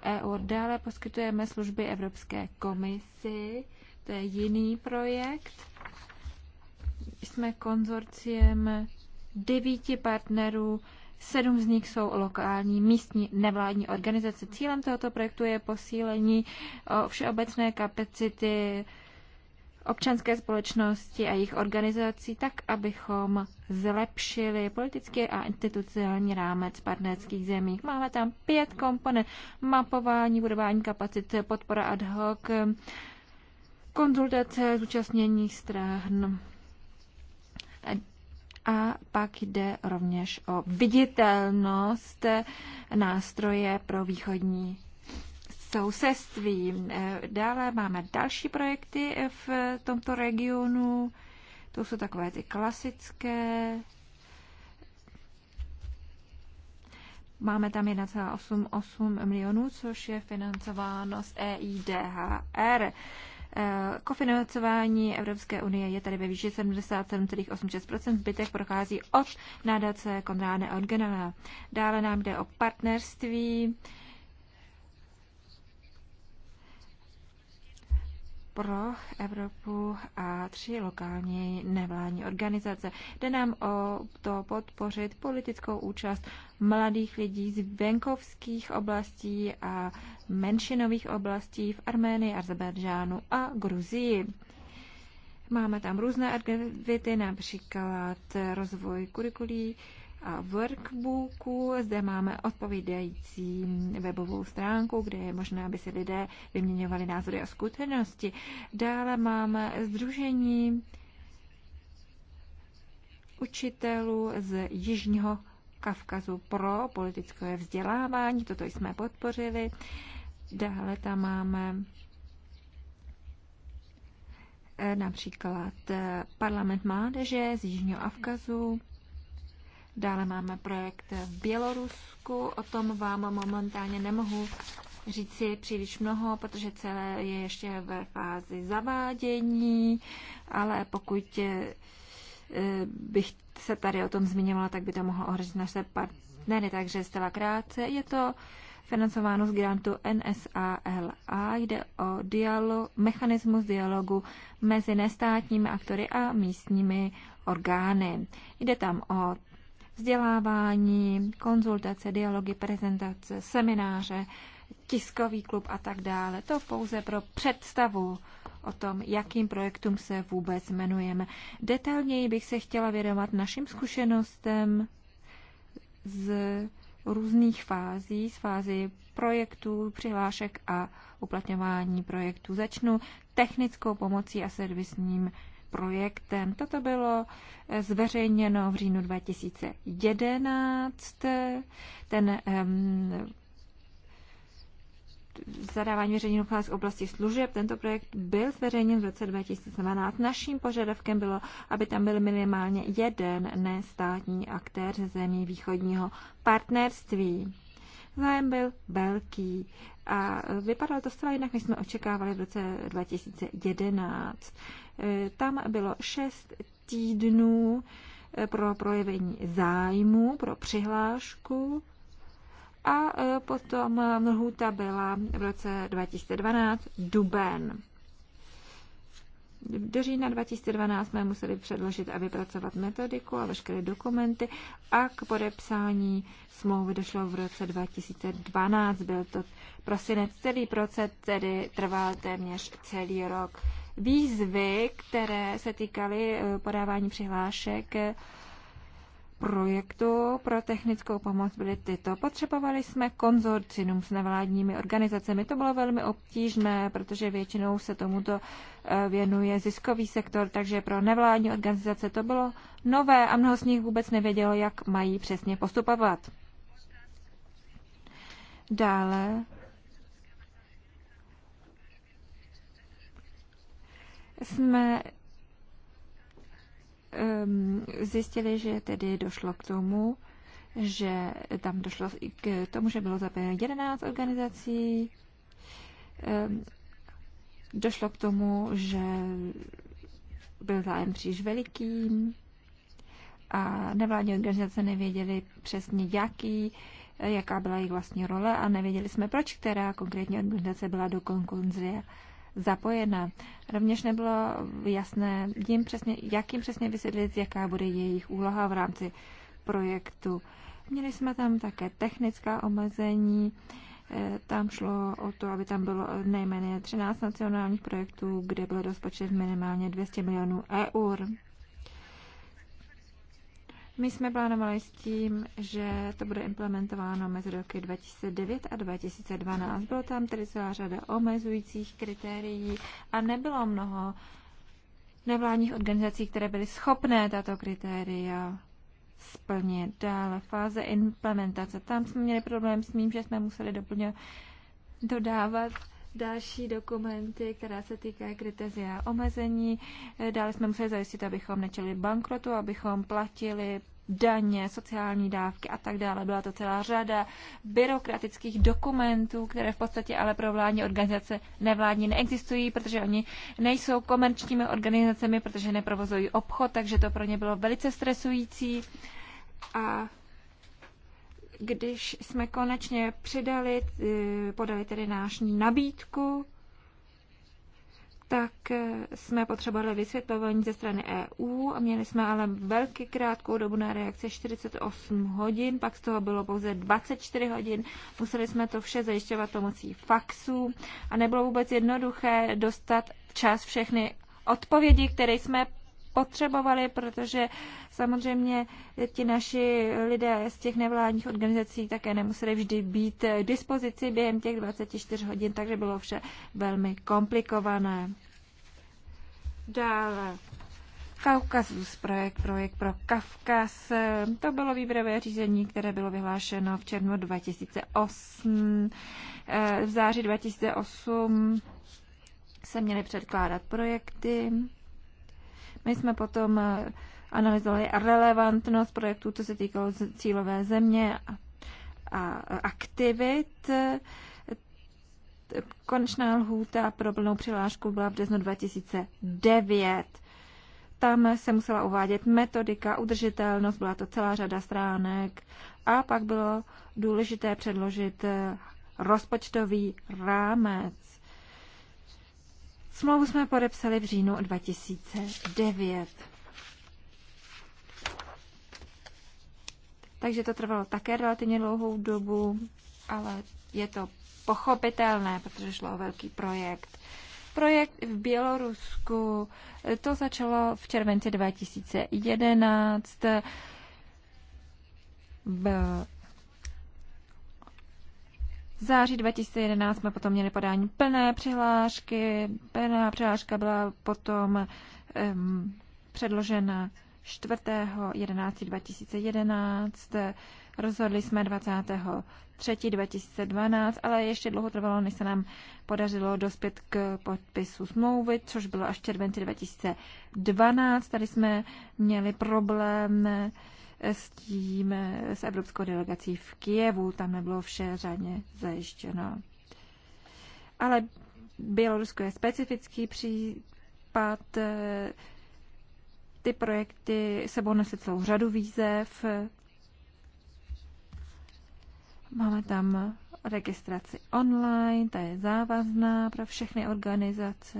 eur. Dále poskytujeme služby Evropské komisi, to je jiný projekt. Jsme konzorciem devíti partnerů, sedm z nich jsou lokální místní nevládní organizace. Cílem tohoto projektu je posílení všeobecné kapacity občanské společnosti a jejich organizací tak, abychom zlepšili politický a institucionální rámec partnerských zemí. Máme tam pět komponent. Mapování, budování kapacit, podpora ad hoc, konzultace zúčastnění stran. A pak jde rovněž o viditelnost nástroje pro východní sousedství. Eh, dále máme další projekty eh, v tomto regionu. To jsou takové ty klasické. Máme tam 1,88 milionů, což je financováno z EIDHR. Eh, kofinancování Evropské unie je tady ve výši 77,86%, zbytek prochází od nadace Konráda Organela. Dále nám jde o partnerství pro Evropu a tři lokální nevládní organizace. Jde nám o to podpořit politickou účast mladých lidí z venkovských oblastí a menšinových oblastí v Arménii, Azerbajdžánu a Gruzii. Máme tam různé aktivity, například rozvoj kurikulí, workbooku. Zde máme odpovídající webovou stránku, kde je možné, aby si lidé vyměňovali názory a zkušenosti. Dále máme združení učitelů z Jižního Kavkazu pro politické vzdělávání. Toto jsme podpořili. Dále tam máme eh, například eh, parlament mládeže z Jižního Afkazu. Dále máme projekt v Bělorusku, o tom vám momentálně nemohu říci příliš mnoho, protože celé je ještě ve fázi zavádění, ale pokud eh, bych se tady o tom zmiňovala, tak by to mohlo ohrozit naše partnery, takže zcela krátce. Je to financováno z grantu NSALA. Jde o dialog, mechanismus dialogu mezi nestátními aktory a místními orgány. Jde tam o vzdělávání, konzultace, dialogy, prezentace, semináře, tiskový klub a tak dále. To pouze pro představu o tom, jakým projektům se vůbec jmenujeme. Detailněji bych se chtěla věnovat našim zkušenostem z různých fází, z fázy projektů, přihlášek a uplatňování projektů. Začnu technickou pomocí a servisním projektem. Toto bylo eh, zveřejněno v říjnu 2011. Ten um, zadávání veřejných docházek v oblasti služeb. Tento projekt byl zveřejněn v roce 2012. Naším požadavkem bylo, aby tam byl minimálně jeden nestátní aktér ze zemí východního partnerství. Zájem byl velký a vypadalo to zcela jinak, než jsme očekávali v roce 2011. Eh, tam bylo šest týdnů eh, pro projevení zájmu, pro přihlášku a eh, potom lhůta byla v roce 2012 duben. Do října 2012 jsme museli předložit a vypracovat metodiku a veškeré dokumenty a k podepsání smlouvy došlo v roce 2012. Byl to prosinec, celý proces tedy trval téměř celý rok výzvy, které se týkaly eh, podávání přihlášek eh, projektu pro technickou pomoc byly tyto. Potřebovali jsme konzorcinum s nevládními organizacemi. To bylo velmi obtížné, protože většinou se tomuto eh, věnuje ziskový sektor, takže pro nevládní organizace to bylo nové a mnoho z nich vůbec nevědělo, jak mají přesně postupovat. Dále jsme ehm, zjistili, že tedy došlo k tomu, že tam došlo i k tomu, že bylo zapojeno 11 organizací. Ehm, došlo k tomu, že byl zájem příliš veliký a nevládní organizace nevěděli přesně jaký, jaká byla jejich vlastní role a nevěděli jsme, proč která konkrétní organizace byla do konkurzie zapojena. Rovněž nebylo jasné jim přesně, jak jim přesně vysvětlit, jaká bude jejich úloha v rámci projektu. Měli jsme tam také technická omezení, eh, tam šlo o to, aby tam bylo nejméně 13 nacionálních projektů, kde byl rozpočet minimálně 200 milionů eur. My jsme plánovali s tím, že to bude implementováno mezi roky 2009 a 2012. Bylo tam tedy celá řada omezujících kritérií a nebylo mnoho nevládních organizací, které byly schopné tato kritéria splnit. Dále fáze implementace. Tam jsme měli problém s tím, že jsme museli doplňovat dodávat další dokumenty, která se týkají kritizia a omezení. Eh, dále jsme museli zajistit, abychom nečeli bankrotu, abychom platili daně, sociální dávky a tak dále. Byla to celá řada byrokratických dokumentů, které v podstatě ale pro vládní organizace nevládní neexistují, protože oni nejsou komerčními organizacemi, protože neprovozují obchod, takže to pro ně bylo velice stresující. A když jsme konečně přidali, eh, podali tedy náš nabídku, tak eh, jsme potřebovali vysvětlování ze strany EU a měli jsme ale velký krátkou dobu na reakce 48 hodin, pak z toho bylo pouze 24 hodin, museli jsme to vše zajišťovat pomocí faxů a nebylo vůbec jednoduché dostat čas všechny odpovědi, které jsme potřebovali, protože samozřejmě ti naši lidé z těch nevládních organizací také nemuseli vždy být k dispozici během těch 24 hodin, takže bylo vše velmi komplikované. Dále. Kaukazus projekt, projekt pro Kavkaz. To bylo výběrové řízení, které bylo vyhlášeno v červnu 2008. Eh, v září 2008 se měly předkládat projekty. My jsme potom eh, analyzovali relevantnost projektů, co se týkalo cílové země a aktivit. Konečná lhůta pro plnou přihlášku byla v březnu 2009. Tam se musela uvádět metodika, udržitelnost, byla to celá řada stránek a pak bylo důležité předložit eh, rozpočtový rámec. Smlouvu jsme podepsali v říjnu 2009. Takže to trvalo také relativně dlouhou dobu, ale je to pochopitelné, protože šlo o velký projekt. Projekt v Bělorusku, to začalo v červenci 2011 září 2011 jsme potom měli podání plné přihlášky. Plná přihláška byla potom um, předložena 4. 11. 2011. Rozhodli jsme 3. 2012, ale ještě dlouho trvalo, než se nám podařilo dospět k podpisu smlouvy, což bylo až červenci 2012. Tady jsme měli problém s tím, s evropskou delegací v Kijevu. Tam nebylo vše řádně zajištěno. Ale Bělorusko je specifický případ. Ty projekty sebou nesly celou řadu výzev. Máme tam registraci online, ta je závazná pro všechny organizace.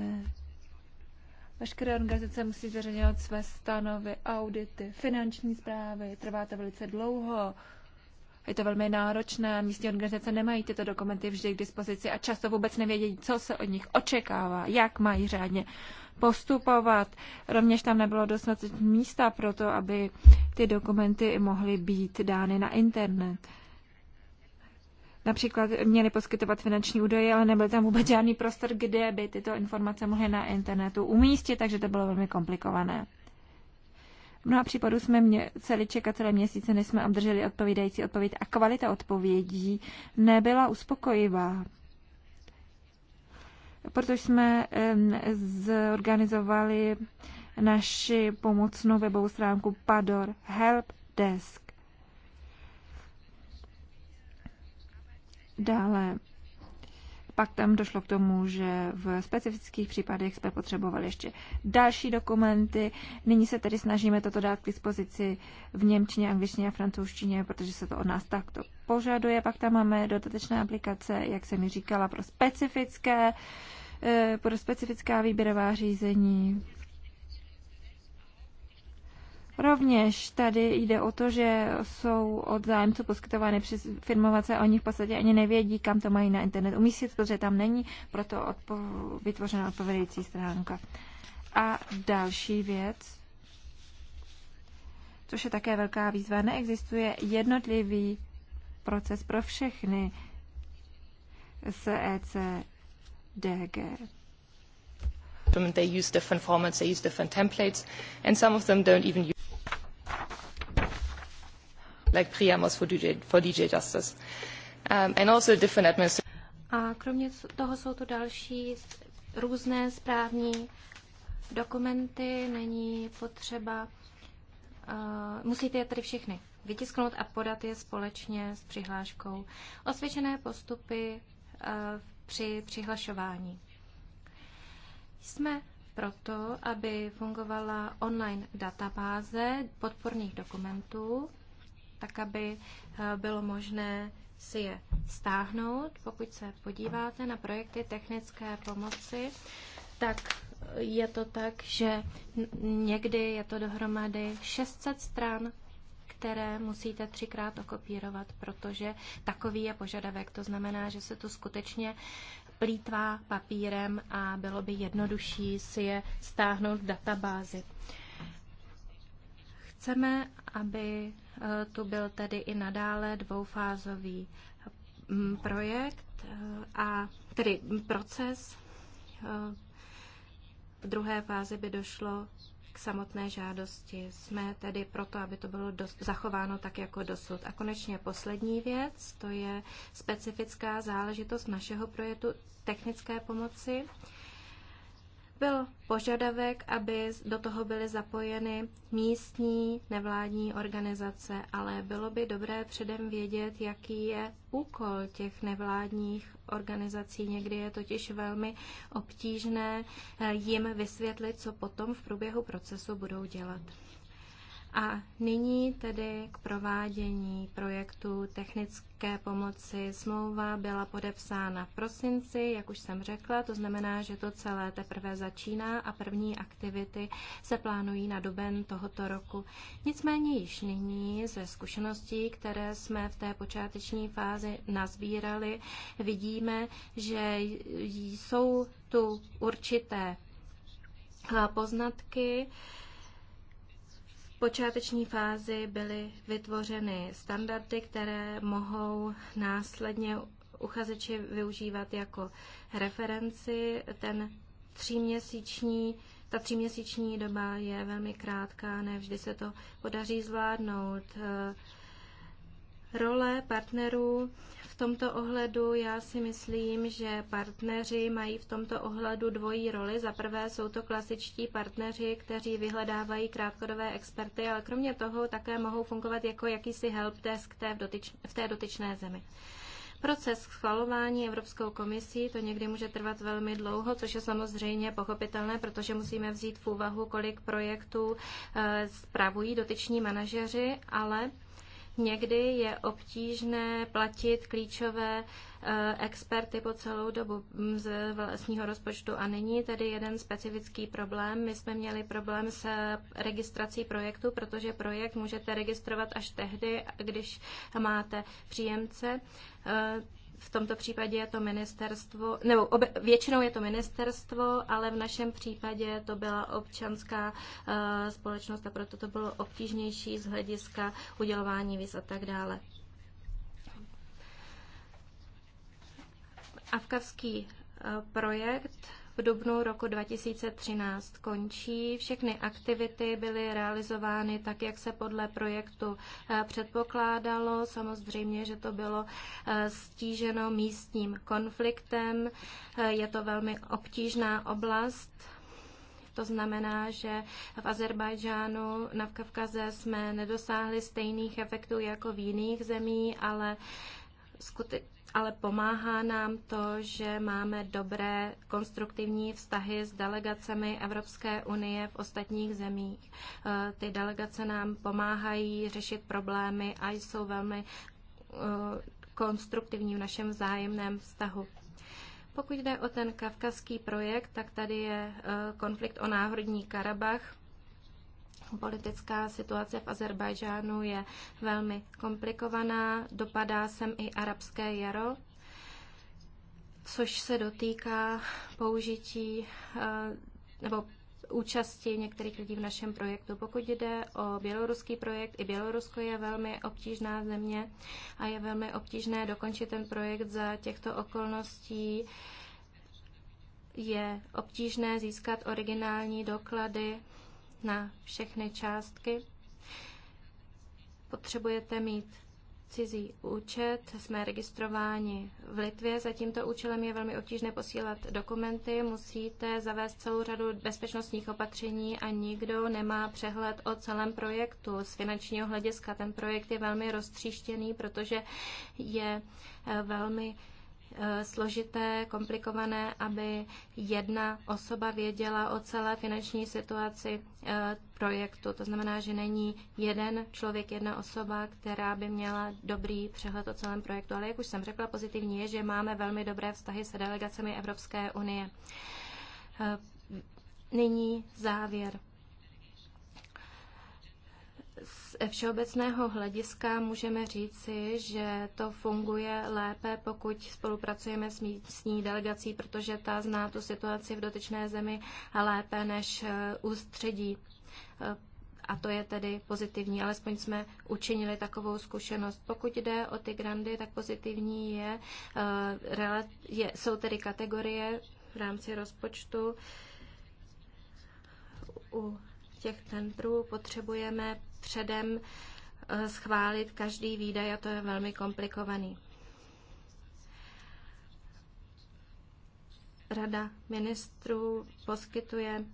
Veškeré organizace musí zveřejňovat své stanovy, audity, finanční zprávy, trvá to velice dlouho. Je to velmi náročné, místní organizace nemají tyto dokumenty vždy k dispozici a často vůbec nevědí, co se od nich očekává, jak mají řádně postupovat. Rovněž tam nebylo dostatek místa pro to, aby ty dokumenty mohly být dány na internet například měli poskytovat finanční údaje, ale nebyl tam vůbec žádný prostor, kde by tyto informace mohly na internetu umístit, takže to bylo velmi komplikované. V mnoha případů jsme mě, celý čekat celé měsíce, než jsme obdrželi odpovídající odpověď a kvalita odpovědí nebyla uspokojivá. Protože jsme zorganizovali naši pomocnou webovou stránku Pador Help Desk. Dále pak tam došlo k tomu, že v specifických případech jsme potřebovali ještě další dokumenty. Nyní se tedy snažíme toto dát k dispozici v Němčině, angličtině a francouzštině, protože se to od nás takto požaduje. Pak tam máme dodatečné aplikace, jak jsem mi říkala, pro specifické eh, pro specifická výběrová řízení, Rovněž tady jde o to, že jsou od zájemců poskytovány přes firmovace a oni v podstatě ani nevědí, kam to mají na internet umístit, protože tam není proto odpo- vytvořena odpovědající stránka. A další věc, což je také velká výzva, neexistuje jednotlivý proces pro všechny SEC DG. they use different formats they use different templates and some of them don't even like Priamos for DJ, for DJ Justice. Um, and also different administrative... A kromě toho jsou tu další různé správní dokumenty, není potřeba, uh, musíte je tady všechny vytisknout a podat je společně s přihláškou. Osvědčené postupy uh, při přihlašování. Jsme proto, aby fungovala online databáze podporných dokumentů tak aby eh, bylo možné si je stáhnout. Pokud se podíváte na projekty technické pomoci, tak je to tak, že někdy je to dohromady 600 stran, které musíte třikrát okopírovat, protože takový je požadavek. To znamená, že se to skutečně plítvá papírem a bylo by jednodušší si je stáhnout v databázi. Chceme, aby eh, tu byl tedy i nadále dvoufázový hm, projekt eh, a tedy proces. V eh, druhé fázi by došlo k samotné žádosti. Jsme tedy proto, aby to bylo dost, zachováno tak jako dosud. A konečně poslední věc, to je specifická záležitost našeho projektu technické pomoci byl požadavek, aby do toho byly zapojeny místní nevládní organizace, ale bylo by dobré předem vědět, jaký je úkol těch nevládních organizací. Někdy je totiž velmi obtížné eh, jim vysvětlit, co potom v průběhu procesu budou dělat. A nyní tedy k provádění projektu technické pomoci. Smlouva byla podepsána v prosinci, jak už jsem řekla, to znamená, že to celé teprve začíná a první aktivity se plánují na duben tohoto roku. Nicméně již nyní ze zkušeností, které jsme v té počáteční fázi nazbírali, vidíme, že jsou tu určité poznatky, počáteční fázi byly vytvořeny standardy, které mohou následně uchazeči využívat jako referenci. Ten tříměsíční, ta tříměsíční doba je velmi krátká, ne vždy se to podaří zvládnout. Role partnerů v tomto ohledu já si myslím, že partneři mají v tomto ohledu dvojí roli. Za prvé jsou to klasičtí partneři, kteří vyhledávají krátkodobé experty, ale kromě toho také mohou fungovat jako jakýsi helpdesk té v, dotyč, v té dotyčné zemi. Proces schvalování Evropskou komisí to někdy může trvat velmi dlouho, což je samozřejmě pochopitelné, protože musíme vzít v úvahu, kolik projektů eh, spravují dotyční manažeři, ale Někdy je obtížné platit klíčové eh, experty po celou dobu mm, z vlastního rozpočtu a není tedy jeden specifický problém. My jsme měli problém s registrací projektu, protože projekt můžete registrovat až tehdy, když máte příjemce. Eh, v tomto případě je to ministerstvo, nebo obe, většinou je to ministerstvo, ale v našem případě to byla občanská uh, společnost a proto to bylo obtížnější z hlediska udělování víz a tak dále. Afkavský eh, projekt v dubnu roku 2013 končí. Všechny aktivity byly realizovány tak, jak se podle projektu eh, předpokládalo. Samozřejmě, že to bylo eh, stíženo místním konfliktem. Eh, je to velmi obtížná oblast. To znamená, že v Azerbajdžánu na Kavkaze jsme nedosáhli stejných efektů jako v jiných zemí, ale skute- ale pomáhá nám to, že máme dobré konstruktivní vztahy s delegacemi Evropské unie v ostatních zemích. E, ty delegace nám pomáhají řešit problémy a jsou velmi e, konstruktivní v našem vzájemném vztahu. Pokud jde o ten kavkazský projekt, tak tady je e, konflikt o náhodní Karabach. Politická situace v Azerbajžánu je velmi komplikovaná, dopadá sem i arabské jaro, což se dotýká použití eh, nebo účasti některých lidí v našem projektu. Pokud jde o běloruský projekt, i Bělorusko je velmi obtížná země a je velmi obtížné dokončit ten projekt za těchto okolností. Je obtížné získat originální doklady na všechny částky. Potřebujete mít cizí účet. Jsme registrováni v Litvě. Za tímto účelem je velmi obtížné posílat dokumenty. Musíte zavést celou řadu bezpečnostních opatření a nikdo nemá přehled o celém projektu. Z finančního hlediska ten projekt je velmi roztříštěný, protože je eh, velmi Eh, složité, komplikované, aby jedna osoba věděla o celé finanční situaci eh, projektu. To znamená, že není jeden člověk, jedna osoba, která by měla dobrý přehled o celém projektu. Ale jak už jsem řekla, pozitivní je, že máme velmi dobré vztahy se delegacemi Evropské unie. Eh, nyní závěr z všeobecného hlediska můžeme říci, že to funguje lépe, pokud spolupracujeme s místní delegací, protože ta zná tu situaci v dotyčné zemi lépe než eh, ústředí. Eh, a to je tedy pozitivní, alespoň jsme učinili takovou zkušenost. Pokud jde o ty grandy, tak pozitivní je, eh, je jsou tedy kategorie v rámci rozpočtu. U těch tendrů potřebujeme předem eh, schválit každý výdaj a to je velmi komplikovaný. Rada ministrů poskytuje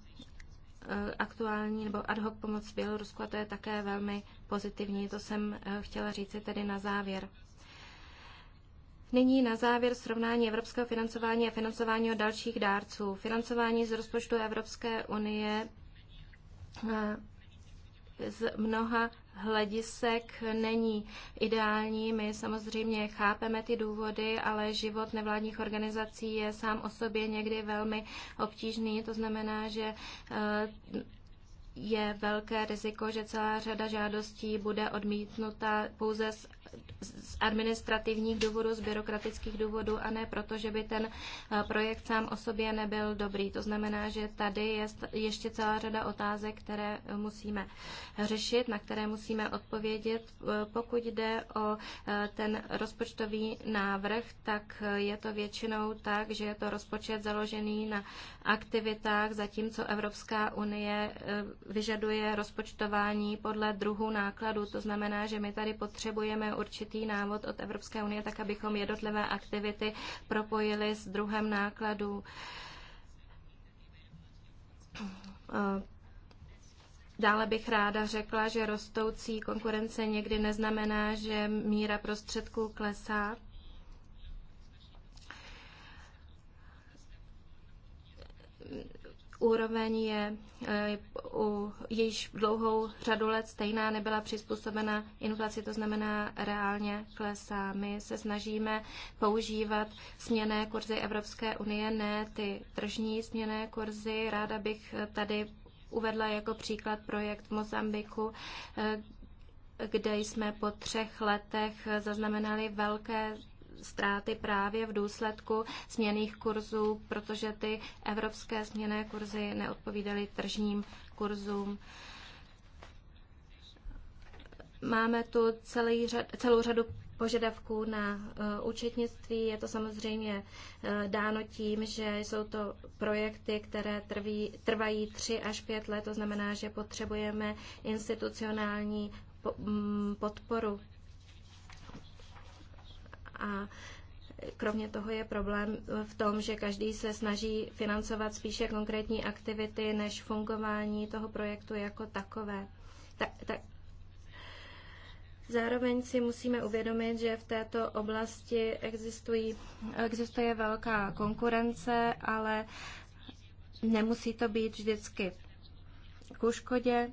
eh, aktuální nebo ad hoc pomoc Bělorusku a to je také velmi pozitivní. To jsem eh, chtěla říci tedy na závěr. Nyní na závěr srovnání evropského financování a financování od dalších dárců. Financování z rozpočtu Evropské unie z mnoha hledisek není ideální. My samozřejmě chápeme ty důvody, ale život nevládních organizací je sám o sobě někdy velmi obtížný. To znamená, že eh, je velké riziko, že celá řada žádostí bude odmítnuta pouze z z administrativních důvodů, z byrokratických důvodů a ne proto, že by ten eh, projekt sám o sobě nebyl dobrý. To znamená, že tady je ještě celá řada otázek, které eh, musíme řešit, na které musíme odpovědět. Eh, pokud jde o ten rozpočtový návrh, tak je to většinou tak, že je to rozpočet založený na aktivitách, zatímco Evropská unie vyžaduje rozpočtování podle druhu nákladů. To znamená, že my tady potřebujeme určitý návod od Evropské unie, tak abychom jednotlivé aktivity propojili s druhém nákladu. Eh, dále bych ráda řekla, že rostoucí konkurence někdy neznamená, že míra prostředků klesá. úroveň je eh, u již dlouhou řadu let stejná, nebyla přizpůsobena inflaci, to znamená reálně klesá. My se snažíme používat směné kurzy Evropské unie, ne ty tržní směné kurzy. Ráda bych tady uvedla jako příklad projekt v Mozambiku, eh, kde jsme po třech letech zaznamenali velké ztráty právě v důsledku směných kurzů, protože ty evropské směné kurzy neodpovídaly tržním kurzům. Máme tu celý řad, celou řadu požadavků na uh, účetnictví. Je to samozřejmě uh, dáno tím, že jsou to projekty, které trví, trvají tři až pět let, to znamená, že potřebujeme institucionální po, mm, podporu a kromě toho je problém v tom, že každý se snaží financovat spíše konkrétní aktivity než fungování toho projektu jako takové. Ta, ta, Zároveň si musíme uvědomit, že v této oblasti existují, existuje velká konkurence, ale nemusí to být vždycky ku škodě.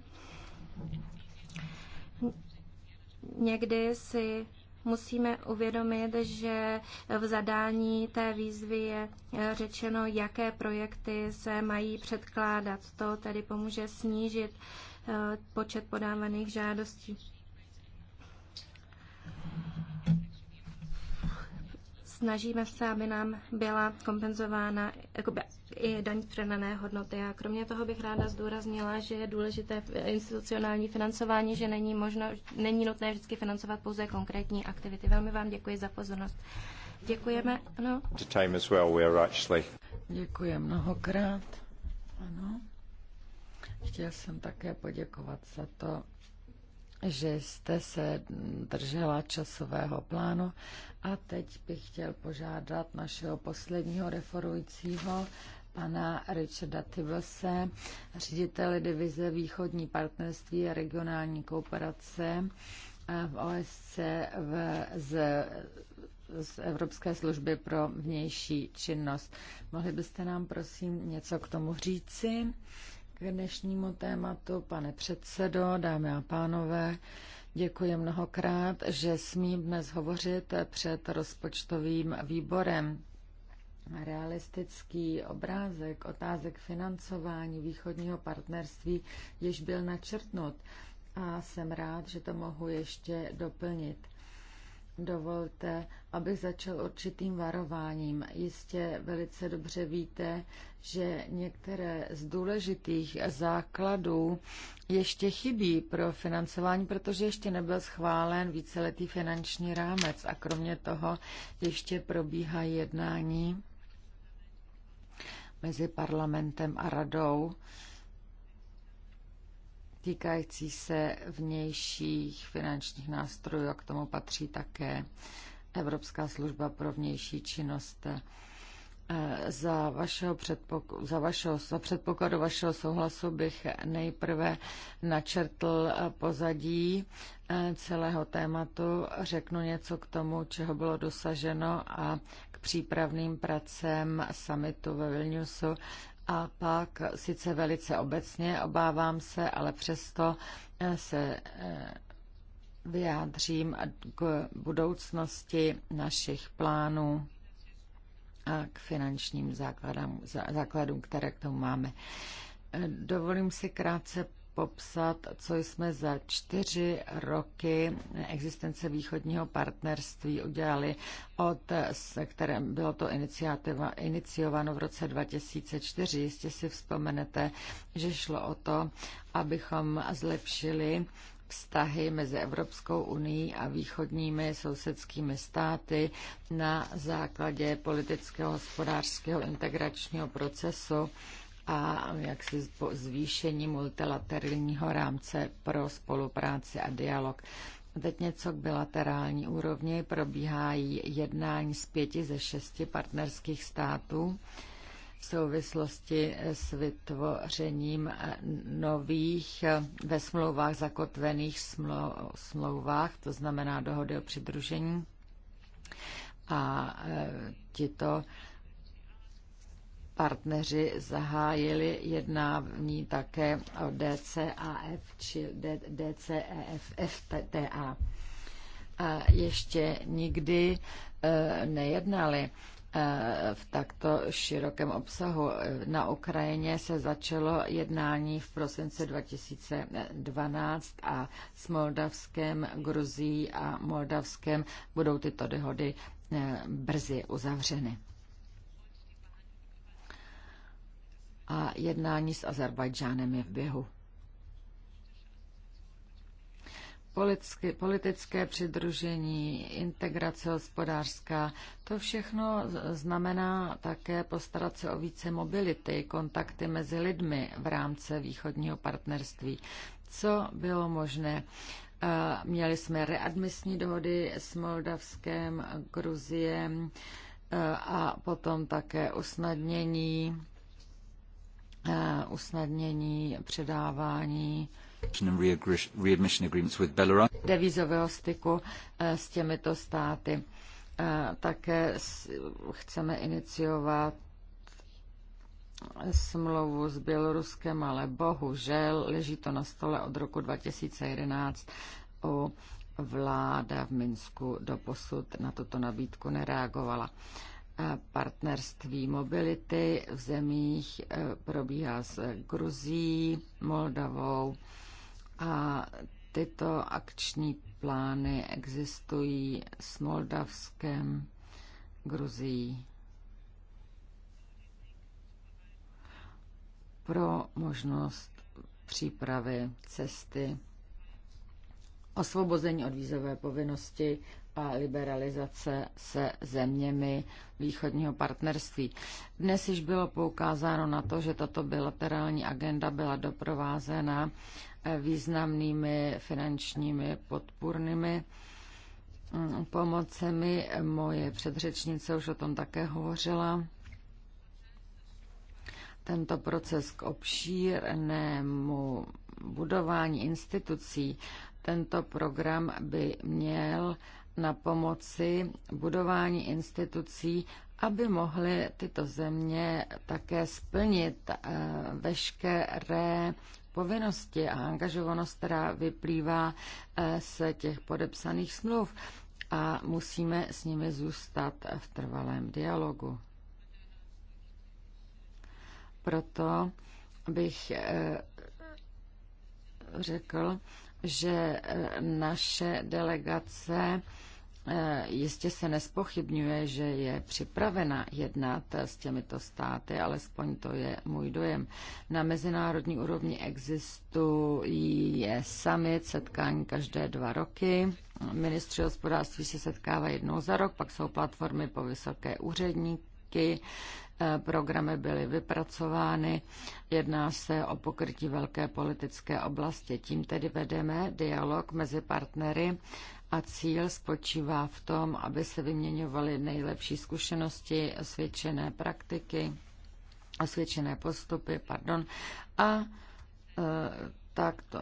Někdy si musíme uvědomit, že v zadání té výzvy je eh, řečeno, jaké projekty se mají předkládat. To tedy pomůže snížit eh, počet podávaných žádostí. snažíme se, aby nám byla kompenzována, i daň z přenané hodnoty. A kromě toho bych ráda zdůraznila, že je důležité institucionální financování, že není, možno, není nutné vždycky financovat pouze konkrétní aktivity. Velmi vám děkuji za pozornost. Děkujeme. Ano. Děkuji mnohokrát. Ano. Chtěl jsem také poděkovat za to, že jste se držela časového plánu a teď bych chtěl požádat našeho posledního referujícího, pana Richarda Tibblese, ředitele divize Východní partnerství a regionální kooperace eh, v OSC v, z, z Evropské služby pro vnější činnost. Mohli byste nám prosím něco k tomu říci? K dnešnímu tématu, pane předsedo, dámy a pánové, děkuji mnohokrát, že smím dnes hovořit před rozpočtovým výborem realistický obrázek otázek financování východního partnerství již byl načrtnut a jsem rád, že to mohu ještě doplnit. Dovolte, abych začal určitým varováním. Jistě velice dobře víte, že některé z důležitých základů ještě chybí pro financování, protože ještě nebyl schválen víceletý finanční rámec a kromě toho ještě probíhají jednání mezi parlamentem a radou týkající se vnějších finančních nástrojů a k tomu patří také Evropská služba pro vnější činnost. E, za, vašeho předpok- za, vašeho, za předpokladu vašeho souhlasu bych nejprve načrtl pozadí e, celého tématu, řeknu něco k tomu, čeho bylo dosaženo a přípravným pracem summitu ve Vilniusu a pak sice velice obecně obávám se, ale přesto eh, se eh, vyjádřím k budoucnosti našich plánů a k finančním základům, základům které k tomu máme. Eh, dovolím si krátce popsat, co jsme za čtyři roky existence východního partnerství udělali, od, kterém bylo to iniciováno v roce 2004. Jistě si vzpomenete, že šlo o to, abychom zlepšili vztahy mezi Evropskou unii a východními sousedskými státy na základě politického, hospodářského integračního procesu a jaksi zvýšení multilaterálního rámce pro spolupráci a dialog. Teď něco k bilaterální úrovni. Probíhají jednání z pěti ze šesti partnerských států v souvislosti s vytvořením nových ve smlouvách zakotvených smlouvách, to znamená dohody o přidružení. A e, tito partneři zahájili jednání také o DCAF či DCEFFTA. A ještě nikdy e, nejednali e, v takto širokém obsahu. Na Ukrajině se začalo jednání v prosince 2012 a s Moldavském, Gruzí a Moldavském budou tyto dohody e, brzy uzavřeny. a jednání s Azerbajdžánem je v běhu. Politické, politické přidružení, integrace hospodářská, to všechno znamená také postarat se o více mobility, kontakty mezi lidmi v rámci východního partnerství. Co bylo možné? Eh, měli jsme readmisní dohody s Moldavskem, Gruziem eh, a potom také usnadnění Eh, usnadnění předávání devizového styku eh, s těmito státy. Eh, také chceme iniciovat smlouvu s Běloruskem, ale bohužel leží to na stole od roku 2011 u vláda v Minsku doposud na tuto nabídku nereagovala partnerství mobility v zemích eh, probíhá s Gruzí, Moldavou a tyto akční plány existují s Moldavskem, Gruzí. Pro možnost přípravy cesty osvobození od vízové povinnosti a liberalizace se zeměmi východního partnerství. Dnes již bylo poukázáno na to, že tato bilaterální agenda byla doprovázena významnými finančními podpůrnými mm, pomocemi. Moje předřečnice už o tom také hovořila. Tento proces k obšírnému budování institucí, tento program by měl na pomoci budování institucí, aby mohly tyto země také splnit eh, veškeré povinnosti a angažovanost, která vyplývá eh, z těch podepsaných smluv a musíme s nimi zůstat v trvalém dialogu. Proto bych eh, řekl, že naše delegace Eh, jistě se nespochybňuje, že je připravena jednat s těmito státy, alespoň to je můj dojem. Na mezinárodní úrovni je summit, setkání každé dva roky. Ministři hospodářství se setkávají jednou za rok, pak jsou platformy po vysoké úředníky, eh, programy byly vypracovány. Jedná se o pokrytí velké politické oblasti. Tím tedy vedeme dialog mezi partnery a cíl spočívá v tom, aby se vyměňovaly nejlepší zkušenosti, osvědčené praktiky, osvědčené postupy, pardon, a e, tak to,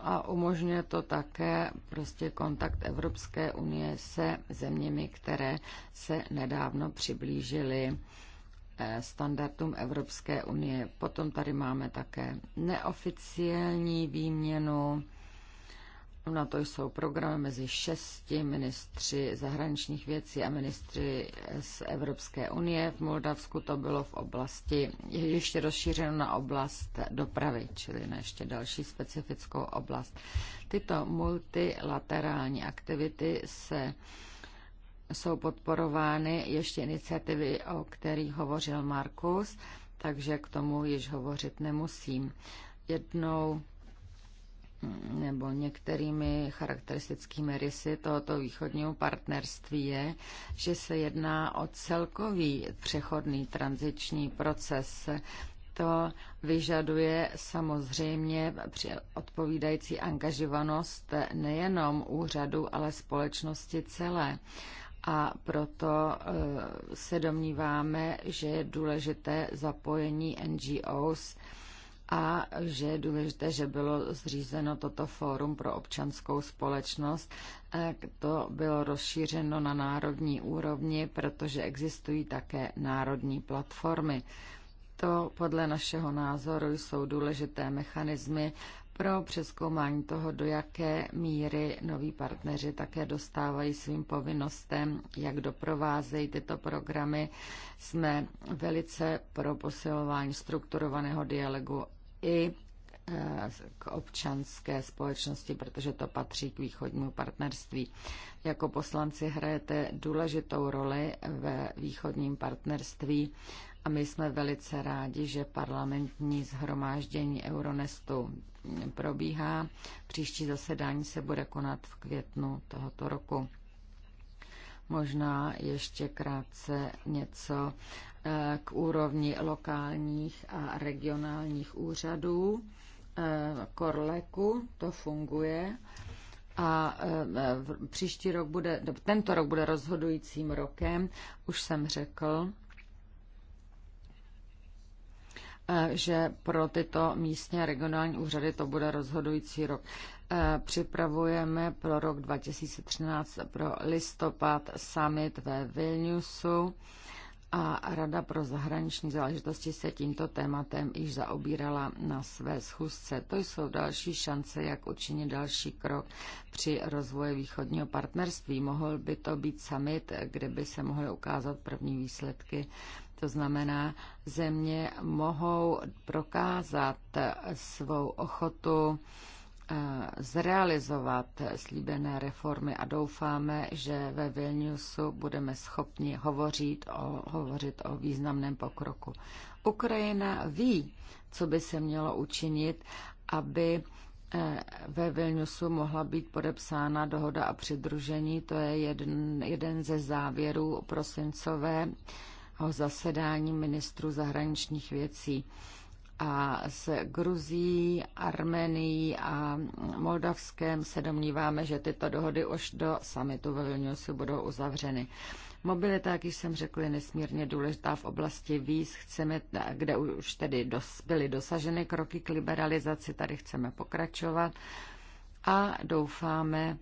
a umožňuje to také prostě kontakt Evropské unie se zeměmi, které se nedávno přiblížily e, standardům Evropské unie. Potom tady máme také neoficiální výměnu na no, to jsou programy mezi šesti ministři zahraničních věcí a ministři z Evropské unie. V Moldavsku to bylo v oblasti, ještě rozšířeno na oblast dopravy, čili na ještě další specifickou oblast. Tyto multilaterální aktivity se jsou podporovány ještě iniciativy, o kterých hovořil Markus, takže k tomu již hovořit nemusím. Jednou nebo některými charakteristickými rysy tohoto východního partnerství je, že se jedná o celkový přechodný tranziční proces. To vyžaduje samozřejmě odpovídající angažovanost nejenom úřadu, ale společnosti celé a proto eh, se domníváme, že je důležité zapojení NGOs a že je důležité, že bylo zřízeno toto fórum pro občanskou společnost. E, to bylo rozšířeno na národní úrovni, protože existují také národní platformy. To podle našeho názoru jsou důležité mechanismy pro přeskoumání toho, do jaké míry noví partneři také dostávají svým povinnostem, jak doprovázejí tyto programy. Jsme velice pro posilování strukturovaného dialogu i e, k občanské společnosti, protože to patří k východnímu partnerství. Jako poslanci hrajete důležitou roli ve východním partnerství a my jsme velice rádi, že parlamentní zhromáždění Euronestu probíhá. Příští zasedání se bude konat v květnu tohoto roku. Možná ještě krátce něco Eh, k úrovni lokálních a regionálních úřadů. Eh, Korleku to funguje a eh, příští rok bude, tento rok bude rozhodujícím rokem, už jsem řekl, že pro tyto místní a regionální úřady to bude rozhodující rok. Připravujeme pro rok 2013 pro listopad summit ve Vilniusu a Rada pro zahraniční záležitosti se tímto tématem již zaobírala na své schůzce. To jsou další šance, jak učinit další krok při rozvoji východního partnerství. Mohl by to být summit, kde by se mohly ukázat první výsledky. To znamená, země mohou prokázat svou ochotu Eh, zrealizovat slíbené reformy a doufáme, že ve Vilniusu budeme schopni hovořit o, hovořit o významném pokroku. Ukrajina ví, co by se mělo učinit, aby eh, ve Vilniusu mohla být podepsána dohoda a přidružení. To je jeden, jeden ze závěrů prosincového zasedání ministru zahraničních věcí a s Gruzí, Armenií a Moldavském se domníváme, že tyto dohody už do samitu ve Vilniusu budou uzavřeny. Mobilita, jak jsem řekl, je nesmírně důležitá v oblasti víz, chceme, kde už tedy byly dosaženy kroky k liberalizaci, tady chceme pokračovat a doufáme,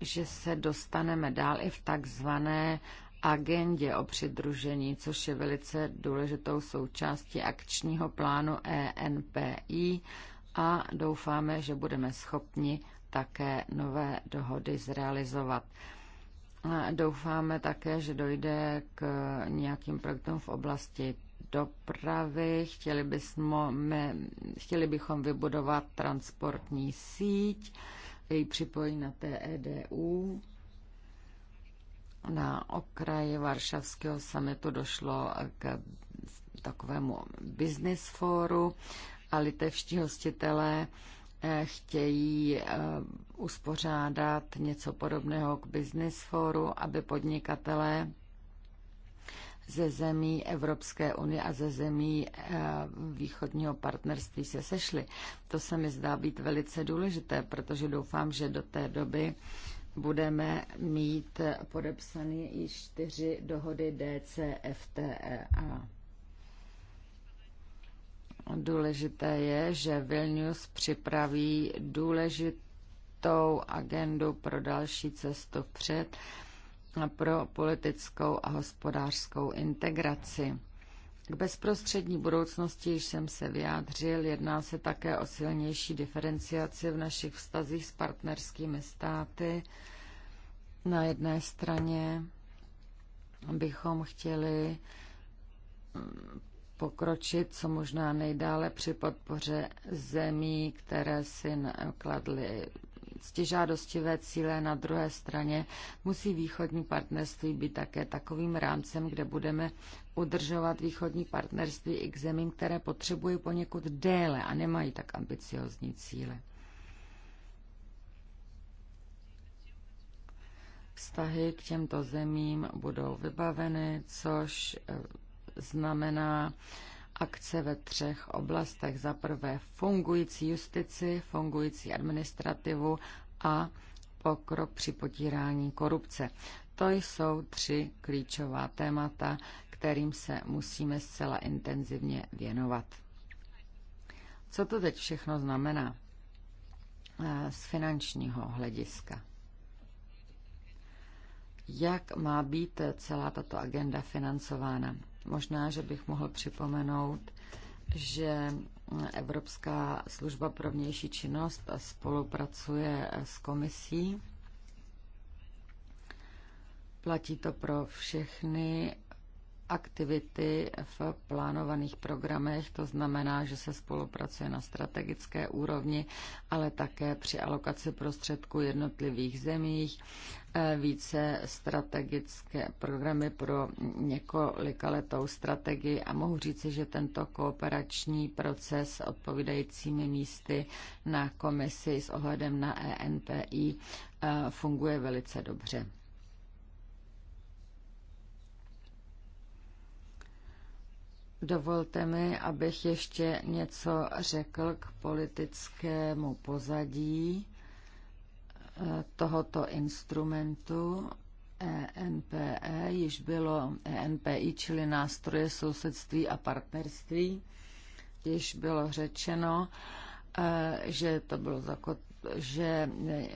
že se dostaneme dál i v takzvané agendě o přidružení, což je velice důležitou součástí akčního plánu ENPI a doufáme, že budeme schopni také nové dohody zrealizovat. Doufáme také, že dojde k nějakým projektům v oblasti dopravy. Chtěli, bychom, chtěli bychom vybudovat transportní síť, její připojí na TEDU na okraji Varšavského sametu došlo k takovému business fóru a litevští hostitelé eh, chtějí eh, uspořádat něco podobného k business fóru, aby podnikatelé ze zemí Evropské unie a ze zemí eh, východního partnerství se sešly. To se mi zdá být velice důležité, protože doufám, že do té doby budeme mít podepsané i čtyři dohody DCFTA. E Důležité je, že Vilnius připraví důležitou agendu pro další cestu před pro politickou a hospodářskou integraci. K bezprostřední budoucnosti již jsem se vyjádřil, jedná se také o silnější diferenciaci v našich vztazích s partnerskými státy. Na jedné straně bychom chtěli mm, pokročit co možná nejdále při podpoře zemí, které si kladly stěžádostivé cíle na druhé straně musí východní partnerství být také takovým rámcem, kde budeme udržovat východní partnerství i k zemím, které potřebují poněkud déle a nemají tak ambiciozní cíle. Vztahy k těmto zemím budou vybaveny, což eh, znamená akce ve třech oblastech. Za prvé fungující justici, fungující administrativu a pokrok při potírání korupce. To jsou tři klíčová témata, kterým se musíme zcela intenzivně věnovat. Co to teď všechno znamená eh, z finančního hlediska? Jak má být celá tato agenda financována? Možná, že bych mohl připomenout, že Evropská služba pro vnější činnost spolupracuje s komisí. Platí to pro všechny aktivity v plánovaných programech, to znamená, že se spolupracuje na strategické úrovni, ale také při alokaci prostředků jednotlivých zemích, eh, více strategické programy pro několika letou strategii a mohu říci, že tento kooperační proces s odpovídajícími místy na komisi s ohledem na ENPI eh, funguje velice dobře. Dovolte mi, abych ještě něco řekl k politickému pozadí eh, tohoto instrumentu ENPE, e již bylo ENPI, čili nástroje sousedství a partnerství, již bylo řečeno, eh, že to bylo zakot, že eh,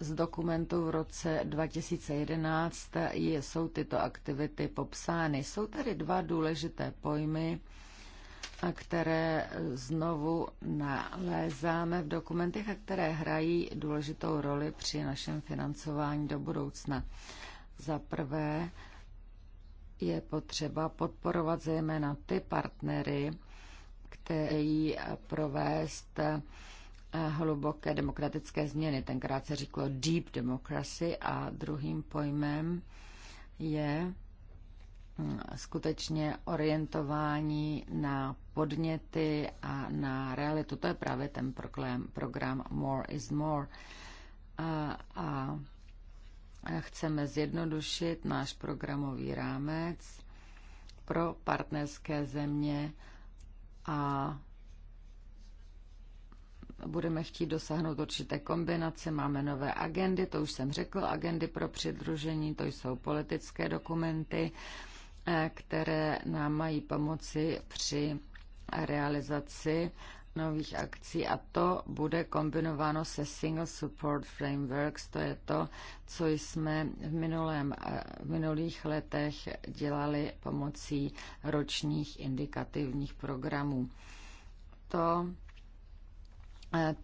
z dokumentu v roce 2011 je, jsou tyto aktivity popsány. Jsou tady dva důležité pojmy, které znovu nalézáme v dokumentech a které hrají důležitou roli při našem financování do budoucna. Za prvé je potřeba podporovat zejména ty partnery, který provést hluboké demokratické změny. Tenkrát se říkalo deep democracy a druhým pojmem je hm, skutečně orientování na podněty a na realitu. To je právě ten program, program More is More. A, a chceme zjednodušit náš programový rámec pro partnerské země a budeme chtít dosáhnout určité kombinace, máme nové agendy, to už jsem řekl, agendy pro přidružení, to jsou politické dokumenty, eh, které nám mají pomoci při realizaci nových akcí a to bude kombinováno se Single Support Frameworks, to je to, co jsme v, minulém, eh, v minulých letech dělali pomocí ročních indikativních programů. To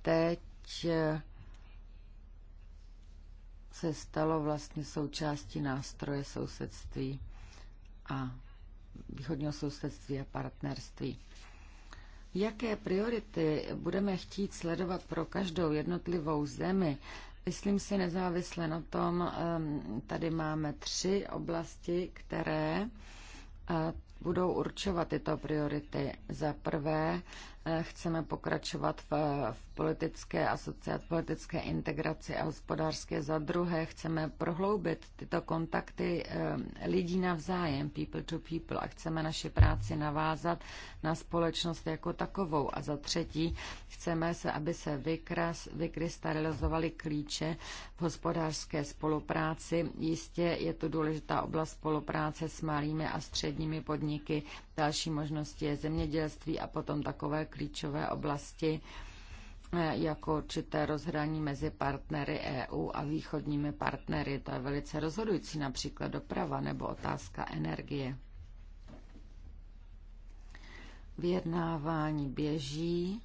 teď eh, se stalo vlastně součástí nástroje sousedství a východního sousedství a partnerství. Jaké priority budeme chtít sledovat pro každou jednotlivou zemi? Myslím si nezávisle na tom, ehm, tady máme tři oblasti, které eh, budou určovat tyto priority. Za prvé Eh, chceme pokračovat v, v politické asociaci, politické integraci a hospodářské. Za druhé, chceme prohloubit tyto kontakty eh, lidí navzájem, people to people, a chceme naši práci navázat na společnost jako takovou. A za třetí, chceme se, aby se vykras, vykrystalizovaly klíče v hospodářské spolupráci. Jistě je to důležitá oblast spolupráce s malými a středními podniky, Další možnosti je zemědělství a potom takové klíčové oblasti, eh, jako určité rozhraní mezi partnery EU a východními partnery. To je velice rozhodující, například doprava nebo otázka energie. Vyjednávání běží.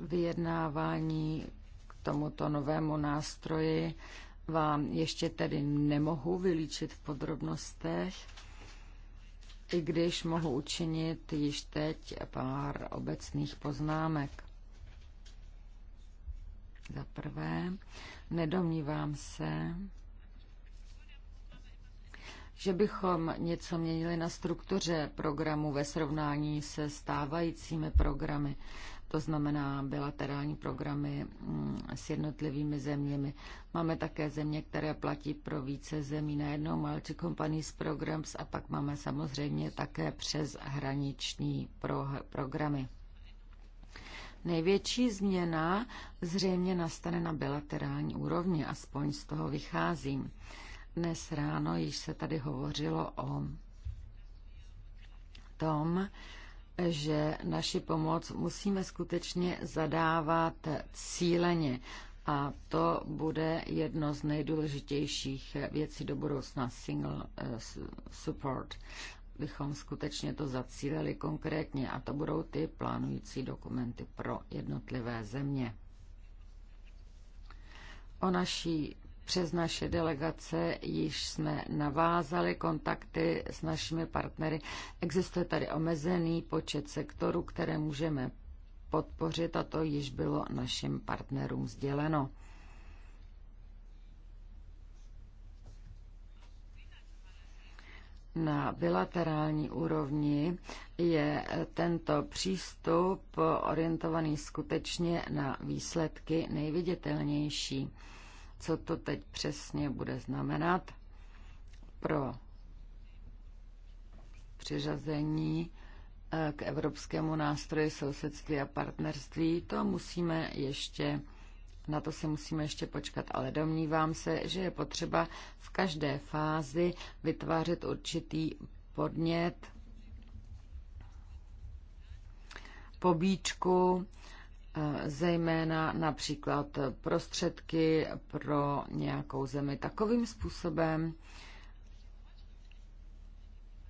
Vyjednávání k tomuto novému nástroji vám ještě tedy nemohu vylíčit v podrobnostech i když mohu učinit již teď pár obecných poznámek. Za prvé, nedomnívám se, že bychom něco měnili na struktuře programu ve srovnání se stávajícími programy to znamená bilaterální programy mm, s jednotlivými zeměmi. Máme také země, které platí pro více zemí na jednou Malči Companies Programs a pak máme samozřejmě také přes hraniční pro, programy. Největší změna zřejmě nastane na bilaterální úrovni, aspoň z toho vycházím. Dnes ráno již se tady hovořilo o tom, že naši pomoc musíme skutečně zadávat cíleně. A to bude jedno z nejdůležitějších věcí do budoucna, single eh, support. Bychom skutečně to zacílili konkrétně a to budou ty plánující dokumenty pro jednotlivé země. O naší přes naše delegace již jsme navázali kontakty s našimi partnery. Existuje tady omezený počet sektorů, které můžeme podpořit a to již bylo našim partnerům sděleno. Na bilaterální úrovni je tento přístup orientovaný skutečně na výsledky nejviditelnější co to teď přesně bude znamenat pro přiřazení eh, k evropskému nástroji sousedství a partnerství, to musíme ještě na to se musíme ještě počkat, ale domnívám se, že je potřeba v každé fázi vytvářet určitý podnět, pobíčku, zejména například prostředky pro nějakou zemi takovým způsobem,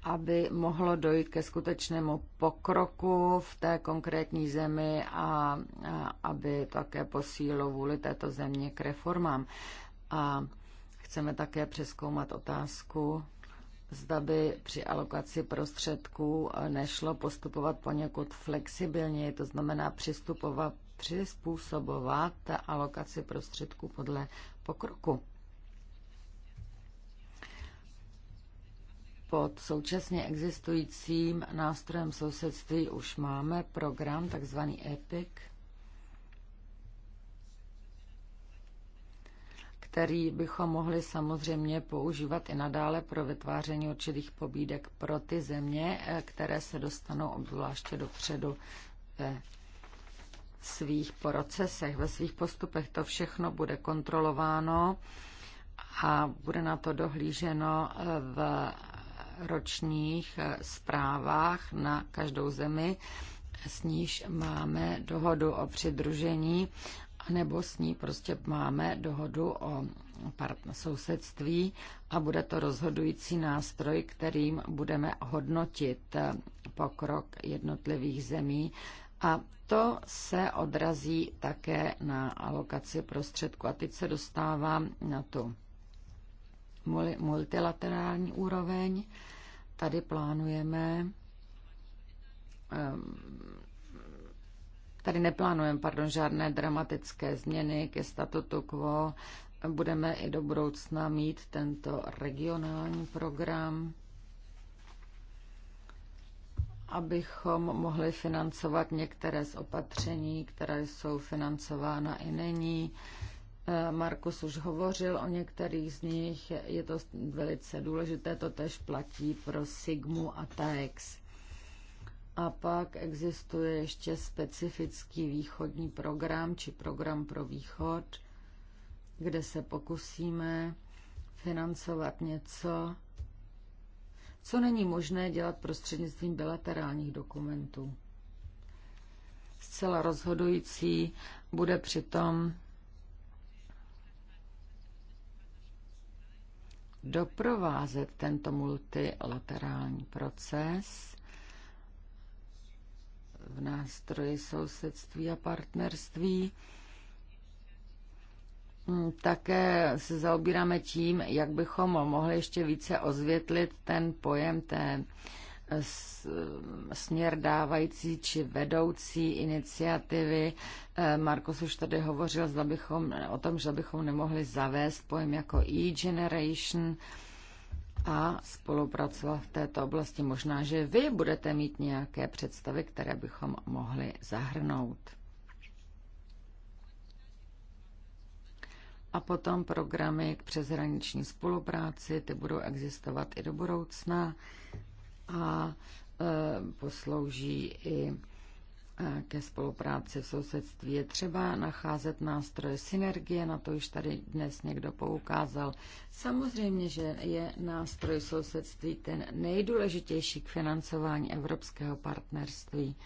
aby mohlo dojít ke skutečnému pokroku v té konkrétní zemi a, a aby také posílilo vůli této země k reformám. A chceme také přeskoumat otázku zda by při alokaci prostředků eh, nešlo postupovat poněkud flexibilněji, to znamená přistupovat, přizpůsobovat alokaci prostředků podle pokroku. Pod současně existujícím nástrojem sousedství už máme program, takzvaný EPIC, který bychom mohli samozřejmě používat i nadále pro vytváření určitých pobídek pro ty země, eh, které se dostanou obzvláště dopředu ve svých procesech, ve svých postupech. To všechno bude kontrolováno a bude na to dohlíženo eh, v ročních eh, zprávách na každou zemi s níž máme dohodu o přidružení nebo s ní prostě máme dohodu o sousedství a bude to rozhodující nástroj, kterým budeme hodnotit eh, pokrok jednotlivých zemí a to se odrazí také na alokaci prostředku. A teď se dostávám na tu multilaterální úroveň. Tady plánujeme ehm, Tady neplánujeme, pardon, žádné dramatické změny ke statutu quo. Budeme i do budoucna mít tento regionální program abychom mohli financovat některé z opatření, které jsou financována i není. Eh, Markus už hovořil o některých z nich, je to velice důležité, to tež platí pro Sigmu a TAEX. A pak existuje ještě specifický východní program či program pro východ, kde se pokusíme financovat něco, co není možné dělat prostřednictvím bilaterálních dokumentů. Zcela rozhodující bude přitom doprovázet tento multilaterální proces v nástroji sousedství a partnerství. Také se zaobíráme tím, jak bychom mohli ještě více ozvětlit ten pojem té směr dávající či vedoucí iniciativy. Eh, Markus už tady hovořil zda bychom, o tom, že bychom nemohli zavést pojem jako e-generation, a spolupracovat v této oblasti. Možná, že vy budete mít nějaké představy, které bychom mohli zahrnout. A potom programy k přeshraniční spolupráci, ty budou existovat i do budoucna a e, poslouží i ke spolupráci v sousedství. Je třeba nacházet nástroje synergie, na to už tady dnes někdo poukázal. Samozřejmě, že je nástroj sousedství ten nejdůležitější k financování evropského partnerství.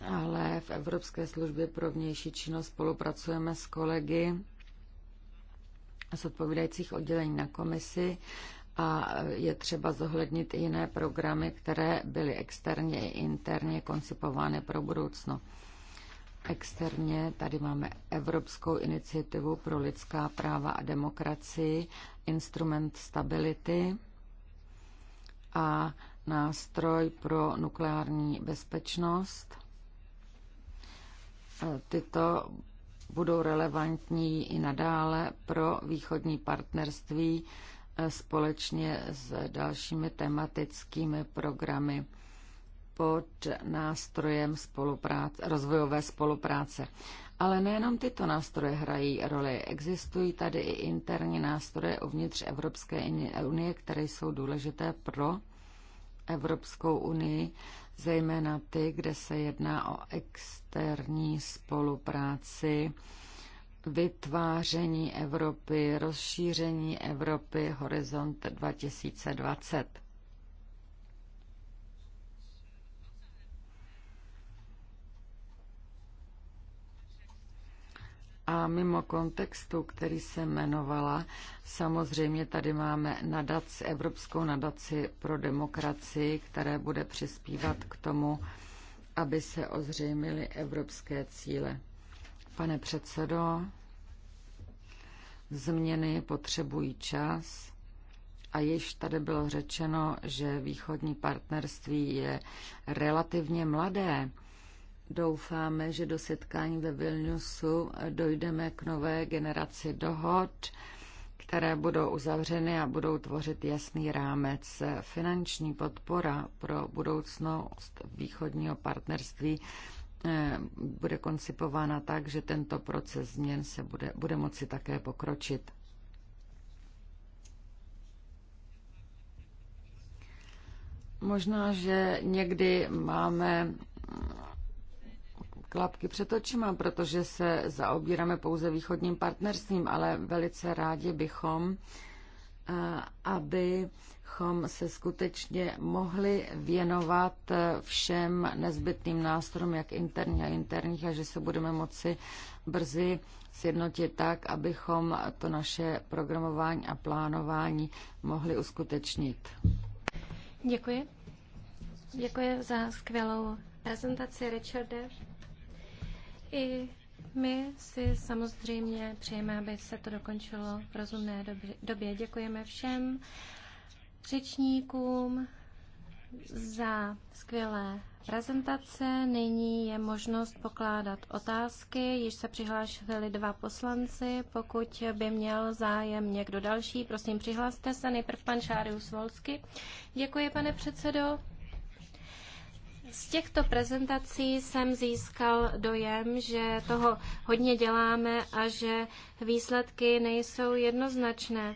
Ale v Evropské službě pro vnější činnost spolupracujeme s kolegy z odpovídajících oddělení na komisi a je třeba zohlednit i jiné programy, které byly externě i interně koncipovány pro budoucno. Externě tady máme Evropskou iniciativu pro lidská práva a demokracii, instrument stability a nástroj pro nukleární bezpečnost. E, tyto budou relevantní i nadále pro východní partnerství společně s dalšími tematickými programy pod nástrojem spolupráce, rozvojové spolupráce. Ale nejenom tyto nástroje hrají roli. Existují tady i interní nástroje uvnitř Evropské unie, které jsou důležité pro Evropskou unii, zejména ty, kde se jedná o externí spolupráci vytváření Evropy, rozšíření Evropy, horizont 2020. A mimo kontextu, který se jmenovala, samozřejmě tady máme nadac Evropskou nadaci pro demokracii, které bude přispívat k tomu, aby se ozřejmily evropské cíle. Pane předsedo, změny potřebují čas a již tady bylo řečeno, že východní partnerství je relativně mladé. Doufáme, že do setkání ve Vilniusu dojdeme k nové generaci dohod, které budou uzavřeny a budou tvořit jasný rámec. Finanční podpora pro budoucnost východního partnerství Eh, bude koncipována tak, že tento proces změn se bude, bude moci také pokročit. Možná, že někdy máme klapky před očima, protože se zaobíráme pouze východním partnerstvím, ale velice rádi bychom, eh, aby abychom se skutečně mohli věnovat všem nezbytným nástrojům, jak interních a interních, a že se budeme moci brzy sjednotit tak, abychom to naše programování a plánování mohli uskutečnit. Děkuji. Děkuji za skvělou prezentaci, Richarde. I my si samozřejmě přejeme, aby se to dokončilo v rozumné době. Děkujeme všem řečníkům za skvělé prezentace. Nyní je možnost pokládat otázky. Již se přihlášili dva poslanci. Pokud by měl zájem někdo další, prosím přihlaste se. Nejprve pan Šárius Volsky. Děkuji, pane předsedo. Z těchto prezentací jsem získal dojem, že toho hodně děláme a že výsledky nejsou jednoznačné.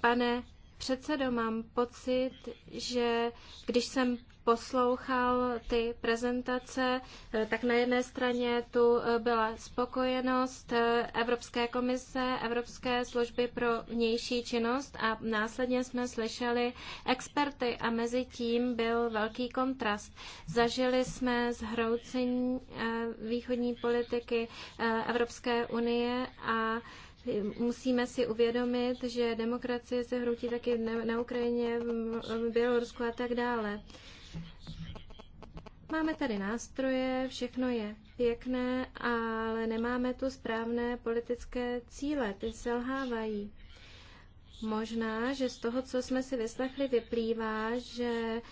Pane předsedo, mám pocit, že když jsem poslouchal ty prezentace, eh, tak na jedné straně tu eh, byla spokojenost eh, Evropské komise, Evropské služby pro vnější činnost a následně jsme slyšeli experty a mezi tím byl velký kontrast. Zažili jsme zhroucení východní politiky Evropské unie a Musíme si uvědomit, že demokracie se hrotí taky na Ukrajině, v Bělorusku a tak dále. Máme tady nástroje, všechno je pěkné, ale nemáme tu správné politické cíle, ty selhávají. Možná, že z toho, co jsme si vyslechli, vyplývá, že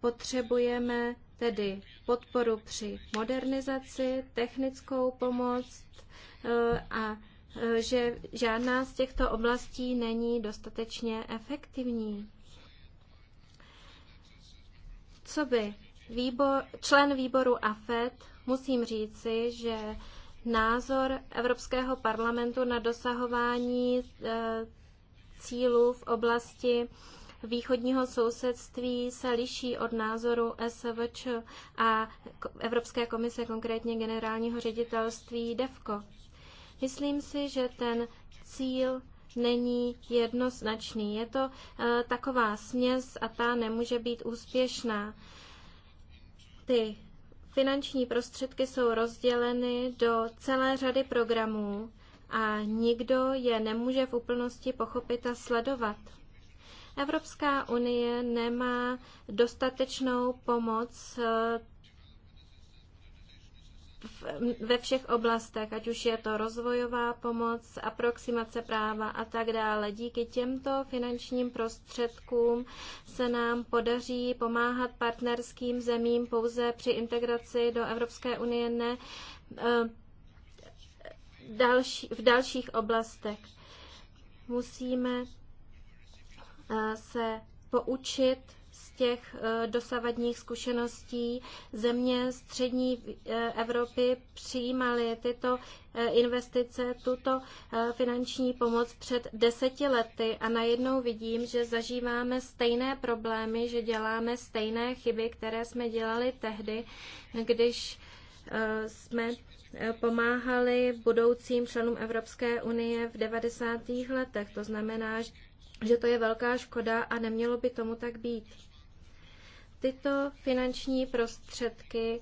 potřebujeme tedy podporu při modernizaci, technickou pomoc eh, a že žádná z těchto oblastí není dostatečně efektivní. Co by výbor, člen výboru AFET, musím říci, že názor Evropského parlamentu na dosahování e, cílů v oblasti východního sousedství se liší od názoru SVČ a Evropské komise, konkrétně generálního ředitelství DEVKO. Myslím si, že ten cíl není jednoznačný. Je to eh, taková směs a ta nemůže být úspěšná. Ty finanční prostředky jsou rozděleny do celé řady programů a nikdo je nemůže v úplnosti pochopit a sledovat. Evropská unie nemá dostatečnou pomoc eh, ve všech oblastech, ať už je to rozvojová pomoc, aproximace práva a tak dále. Díky těmto finančním prostředkům se nám podaří pomáhat partnerským zemím pouze při integraci do Evropské unie, ne eh, další, v dalších oblastech. Musíme eh, se poučit těch eh, dosavadních zkušeností země střední eh, Evropy přijímaly tyto eh, investice, tuto finanční pomoc před deseti lety a najednou vidím, že zažíváme stejné problémy, že děláme stejné chyby, které jsme dělali tehdy, když jsme pomáhali budoucím členům Evropské unie v 90. letech. To znamená, že to je velká škoda a nemělo by tomu tak být tyto finanční prostředky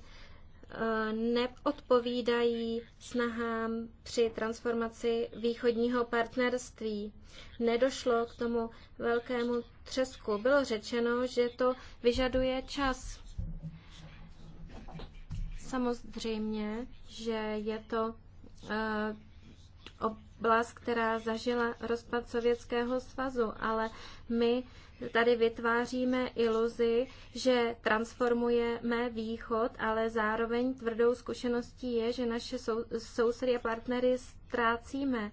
eh, neodpovídají snahám při transformaci východního partnerství. Nedošlo k tomu velkému třesku. Bylo řečeno, že to vyžaduje čas. Samozřejmě, že je to eh, oblast, která zažila rozpad Sovětského svazu, ale my tady vytváříme iluzi, že transformujeme východ, ale zároveň tvrdou zkušeností je, že naše sou, sousedy a partnery ztrácíme.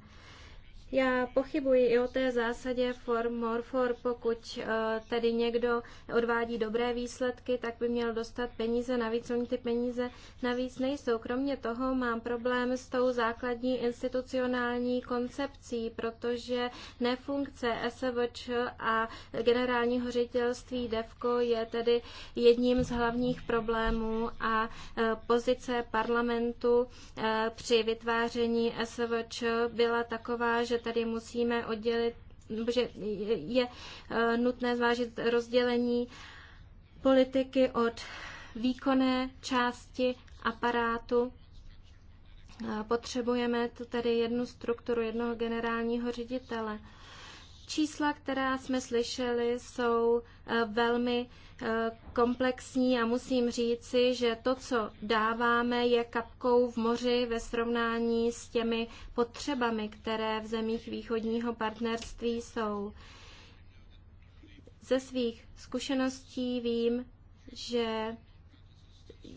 Já pochybuji i o té zásadě form more for, pokud eh, tady někdo odvádí dobré výsledky, tak by měl dostat peníze navíc, oni ty peníze navíc nejsou. Kromě toho mám problém s tou základní institucionální koncepcí, protože nefunkce SVČ a generálního ředitelství DEVKO je tedy jedním z hlavních problémů a eh, pozice parlamentu eh, při vytváření SVČ byla taková, že tady musíme oddělit, že je eh, nutné zvážit rozdělení politiky od výkonné části aparátu. Eh, potřebujeme tu tady jednu strukturu, jednoho generálního ředitele. Čísla, která jsme slyšeli, jsou eh, velmi eh, komplexní a musím říci, že to, co dáváme, je kapkou v moři ve srovnání s těmi potřebami, které v zemích východního partnerství jsou. Ze svých zkušeností vím, že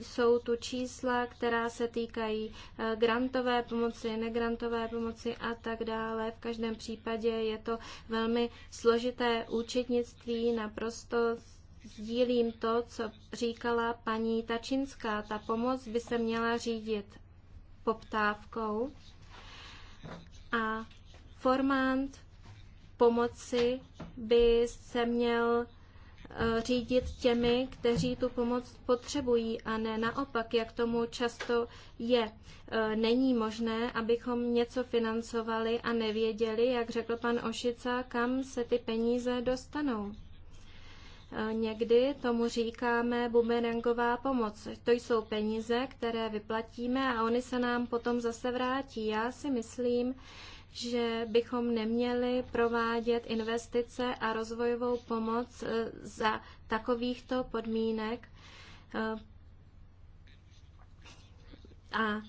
jsou tu čísla, která se týkají eh, grantové pomoci, negrantové pomoci a tak dále. V každém případě je to velmi složité účetnictví, naprosto sdílím to, co říkala paní Tačinská. Ta pomoc by se měla řídit poptávkou a formant pomoci by se měl Eh, řídit těmi, kteří tu pomoc potřebují a ne naopak, jak tomu často je. Eh, není možné, abychom něco financovali a nevěděli, jak řekl pan Ošica, kam se ty peníze dostanou. Eh, někdy tomu říkáme bumerangová pomoc. To jsou peníze, které vyplatíme a oni se nám potom zase vrátí. Já si myslím, že bychom neměli provádět investice a rozvojovou pomoc e, za takovýchto podmínek. E, a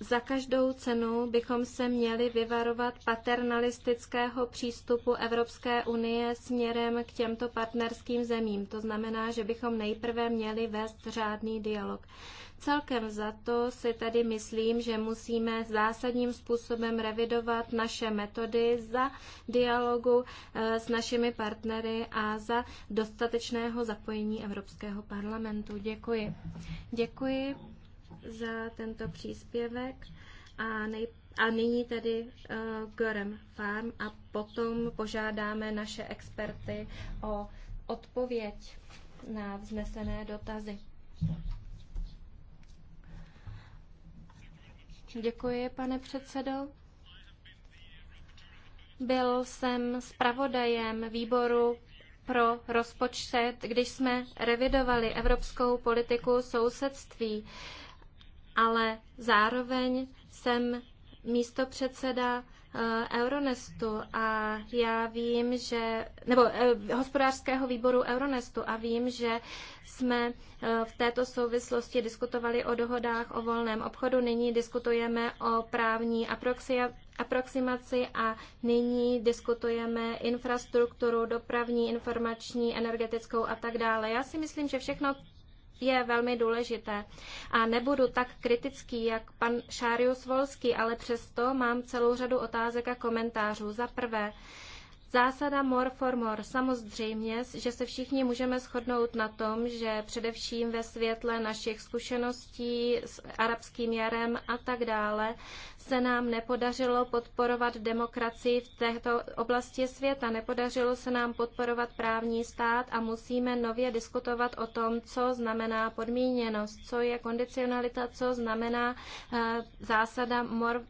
za každou cenu bychom se měli vyvarovat paternalistického přístupu Evropské unie směrem k těmto partnerským zemím. To znamená, že bychom nejprve měli vést řádný dialog. Celkem za to si tady myslím, že musíme zásadním způsobem revidovat naše metody za dialogu eh, s našimi partnery a za dostatečného zapojení Evropského parlamentu. Děkuji. Děkuji, za tento příspěvek a, nej, a nyní tedy uh, eh, Görem Farm a potom požádáme naše experty o odpověď na vznesené dotazy. Děkuji, pane předsedo. Byl jsem zpravodajem výboru pro rozpočet, když jsme revidovali evropskou politiku sousedství ale zároveň jsem místo předseda eh, Euronestu a já vím, že, nebo eh, hospodářského výboru Euronestu a vím, že jsme eh, v této souvislosti diskutovali o dohodách o volném obchodu, nyní diskutujeme o právní aproximaci a nyní diskutujeme infrastrukturu, dopravní, informační, energetickou a tak dále. Já si myslím, že všechno je velmi důležité. A nebudu tak kritický, jak pan Šárius Volský, ale přesto mám celou řadu otázek a komentářů. Za prvé, Zásada more for more. Samozřejmě, že se všichni můžeme shodnout na tom, že především ve světle našich zkušeností s arabským jarem a tak dále se nám nepodařilo podporovat demokracii v této oblasti světa, nepodařilo se nám podporovat právní stát a musíme nově diskutovat o tom, co znamená podmíněnost, co je kondicionalita, co znamená eh, zásada more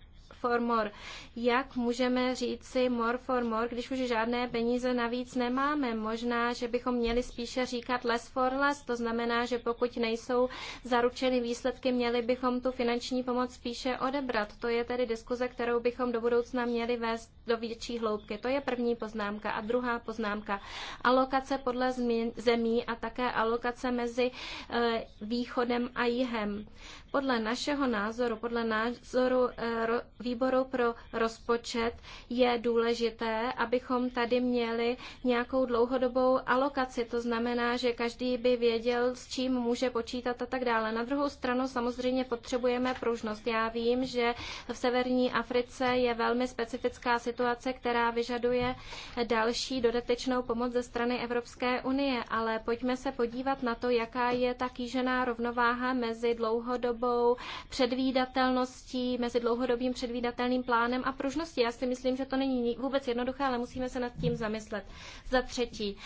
for more. Jak můžeme říct si more for more, když už žádné peníze navíc nemáme? Možná, že bychom měli spíše říkat less for less, to znamená, že pokud nejsou zaručeny výsledky, měli bychom tu finanční pomoc spíše odebrat. To je tedy diskuze, kterou bychom do budoucna měli vést do větší hloubky. To je první poznámka. A druhá poznámka. Alokace podle zemí a také alokace mezi eh, východem a jihem. Podle našeho názoru, podle názoru eh, výboru pro rozpočet je důležité, abychom tady měli nějakou dlouhodobou alokaci. To znamená, že každý by věděl, s čím může počítat a tak dále. Na druhou stranu samozřejmě potřebujeme pružnost. Já vím, že v severní Africe je velmi specifická situace, která vyžaduje další dodatečnou pomoc ze strany Evropské unie, ale pojďme se podívat na to, jaká je ta kýžená rovnováha mezi dlouhodobou předvídatelností, mezi dlouhodobým předvídatelností předvídatelným plánem a pružností. Já si myslím, že to není vůbec jednoduché, ale musíme se nad tím zamyslet. Za třetí,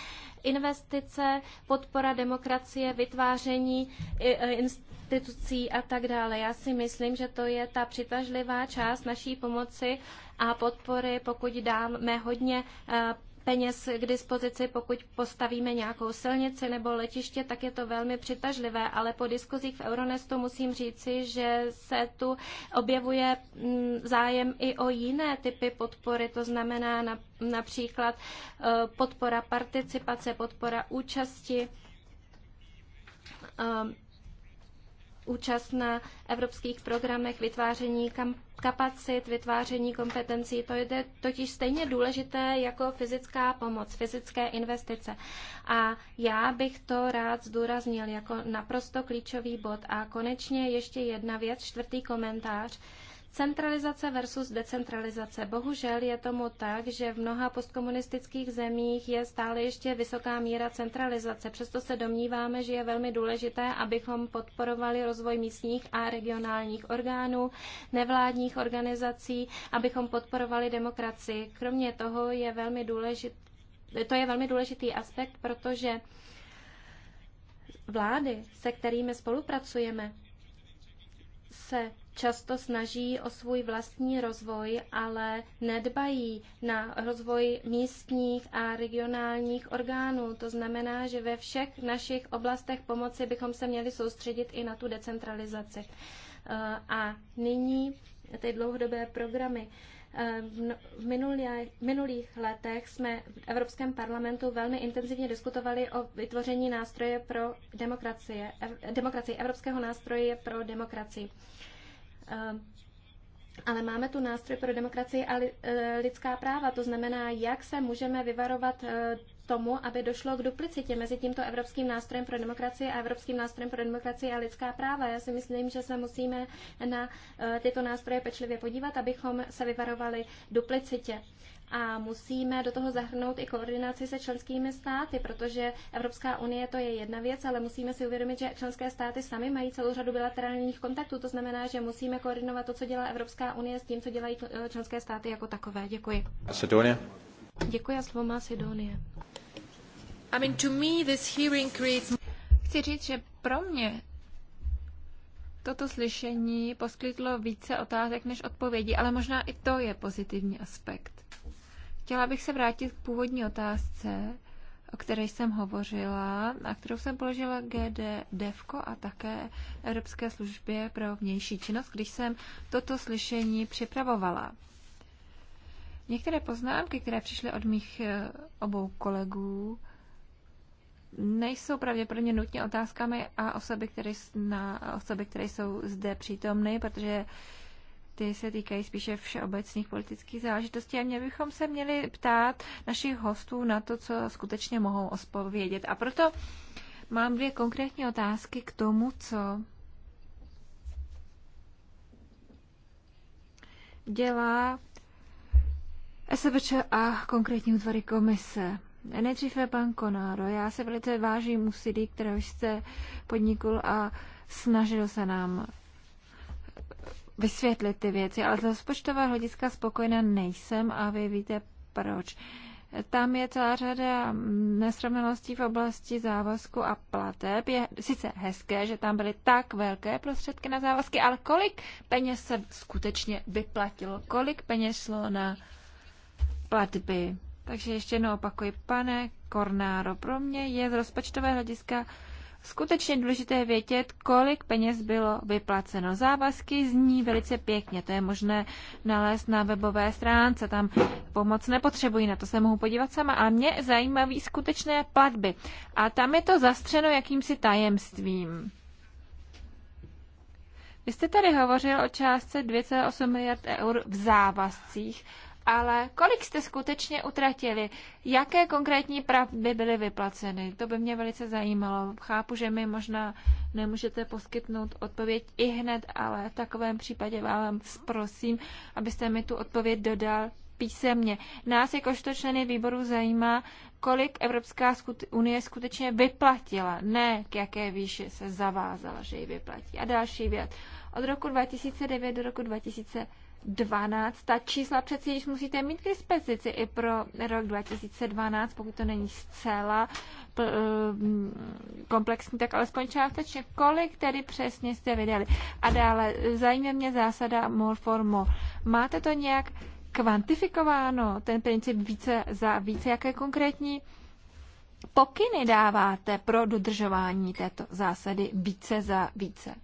investice, podpora demokracie, vytváření e, institucí a tak dále. Já si myslím, že to je ta přitažlivá část naší pomoci a podpory, pokud dáme hodně e, peněz k dispozici, pokud postavíme nějakou silnici nebo letiště, tak je to velmi přitažlivé, ale po diskuzích v Euronestu musím říci, že se tu objevuje mm, zájem i o jiné typy podpory, to znamená například e, podpora participace, podpora účasti, e, účast na evropských programech, vytváření kampaní kapacit, vytváření kompetencí. To je totiž stejně důležité jako fyzická pomoc, fyzické investice. A já bych to rád zdůraznil jako naprosto klíčový bod. A konečně ještě jedna věc, čtvrtý komentář. Centralizace versus decentralizace. Bohužel je tomu tak, že v mnoha postkomunistických zemích je stále ještě vysoká míra centralizace. Přesto se domníváme, že je velmi důležité, abychom podporovali rozvoj místních a regionálních orgánů, nevládních organizací, abychom podporovali demokracii. Kromě toho je velmi důležitý, to je velmi důležitý aspekt, protože vlády, se kterými spolupracujeme, se často snaží o svůj vlastní rozvoj, ale nedbají na rozvoj místních a regionálních orgánů. To znamená, že ve všech našich oblastech pomoci bychom se měli soustředit i na tu decentralizaci. Eh, a nyní ty dlouhodobé programy. Eh, v minulých letech jsme v Evropském parlamentu velmi intenzivně diskutovali o vytvoření nástroje pro demokracie, demokracii, Evropského nástroje pro demokracii. Eh, ale máme tu nástroj pro demokracii a eh, lidská práva, to znamená, jak se můžeme vyvarovat eh, tomu, aby došlo k duplicitě mezi tímto Evropským nástrojem pro demokracii a Evropským nástrojem pro demokracii a lidská práva. Já si myslím, že se musíme na tyto nástroje pečlivě podívat, abychom se vyvarovali duplicitě a musíme do toho zahrnout i koordinaci se členskými státy, protože Evropská unie to je jedna věc, ale musíme si uvědomit, že členské státy sami mají celou řadu bilaterálních kontaktů. To znamená, že musíme koordinovat to, co dělá Evropská unie s tím, co dělají eh, členské státy jako takové. Děkuji. Macedonie. Děkuji a slovo Macedonie. I mean, to me this hearing creates... Chci říct, že pro mě Toto slyšení poskytlo více otázek než odpovědí, ale možná i to je pozitivní aspekt. Chtěla bych se vrátit k původní otázce, o které jsem hovořila a kterou jsem položila GD Devko a také Evropské službě pro vnější činnost, když jsem toto slyšení připravovala. Některé poznámky, které přišly od mých eh, obou kolegů, nejsou pravděpodobně nutně otázkami a osoby, které, na osoby, které jsou zde přítomny, protože ty se týkají spíše všeobecných politických záležitostí a mě bychom se měli ptát našich hostů na to, co skutečně mohou ospovědět. A proto mám dvě konkrétní otázky k tomu, co dělá SVČ a konkrétní útvary komise. Nejdříve pan Konáro, já se velice vážím úsilí, které jste podnikl a snažil se nám vysvětlit ty věci, ale z rozpočtového hlediska spokojená nejsem a vy víte proč. Tam je celá řada nesrovnalostí v oblasti závazku a plateb. Je sice hezké, že tam byly tak velké prostředky na závazky, ale kolik peněz se skutečně vyplatilo? Kolik peněz šlo na platby? Takže ještě jednou opakuji, pane Kornáro, pro mě je z rozpočtového hlediska skutečně důležité vědět, kolik peněz bylo vyplaceno. Závazky zní velice pěkně, to je možné nalézt na webové stránce, tam pomoc nepotřebují, na to se mohu podívat sama, ale mě zajímaví skutečné platby. A tam je to zastřeno jakýmsi tajemstvím. Vy jste tady hovořil o částce 2,8 miliard eur v závazcích ale kolik jste skutečně utratili? Jaké konkrétní pravdy byly vyplaceny? To by mě velice zajímalo. Chápu, že mi možná nemůžete poskytnout odpověď i hned, ale v takovém případě vám prosím, abyste mi tu odpověď dodal písemně. Nás jakožto členy výboru zajímá, kolik Evropská unie skutečně vyplatila, ne k jaké výši se zavázala, že ji vyplatí. A další věc. Od roku 2009 do roku 2010 12. Ta čísla přeci již musíte mít k dispozici i pro rok 2012, pokud to není zcela eh, komplexní, tak alespoň částečně, kolik tedy přesně jste vydali. A dále zajímá mě zásada more for more. Máte to nějak kvantifikováno, ten princip více za více, jaké konkrétní pokyny dáváte pro dodržování této zásady více za více?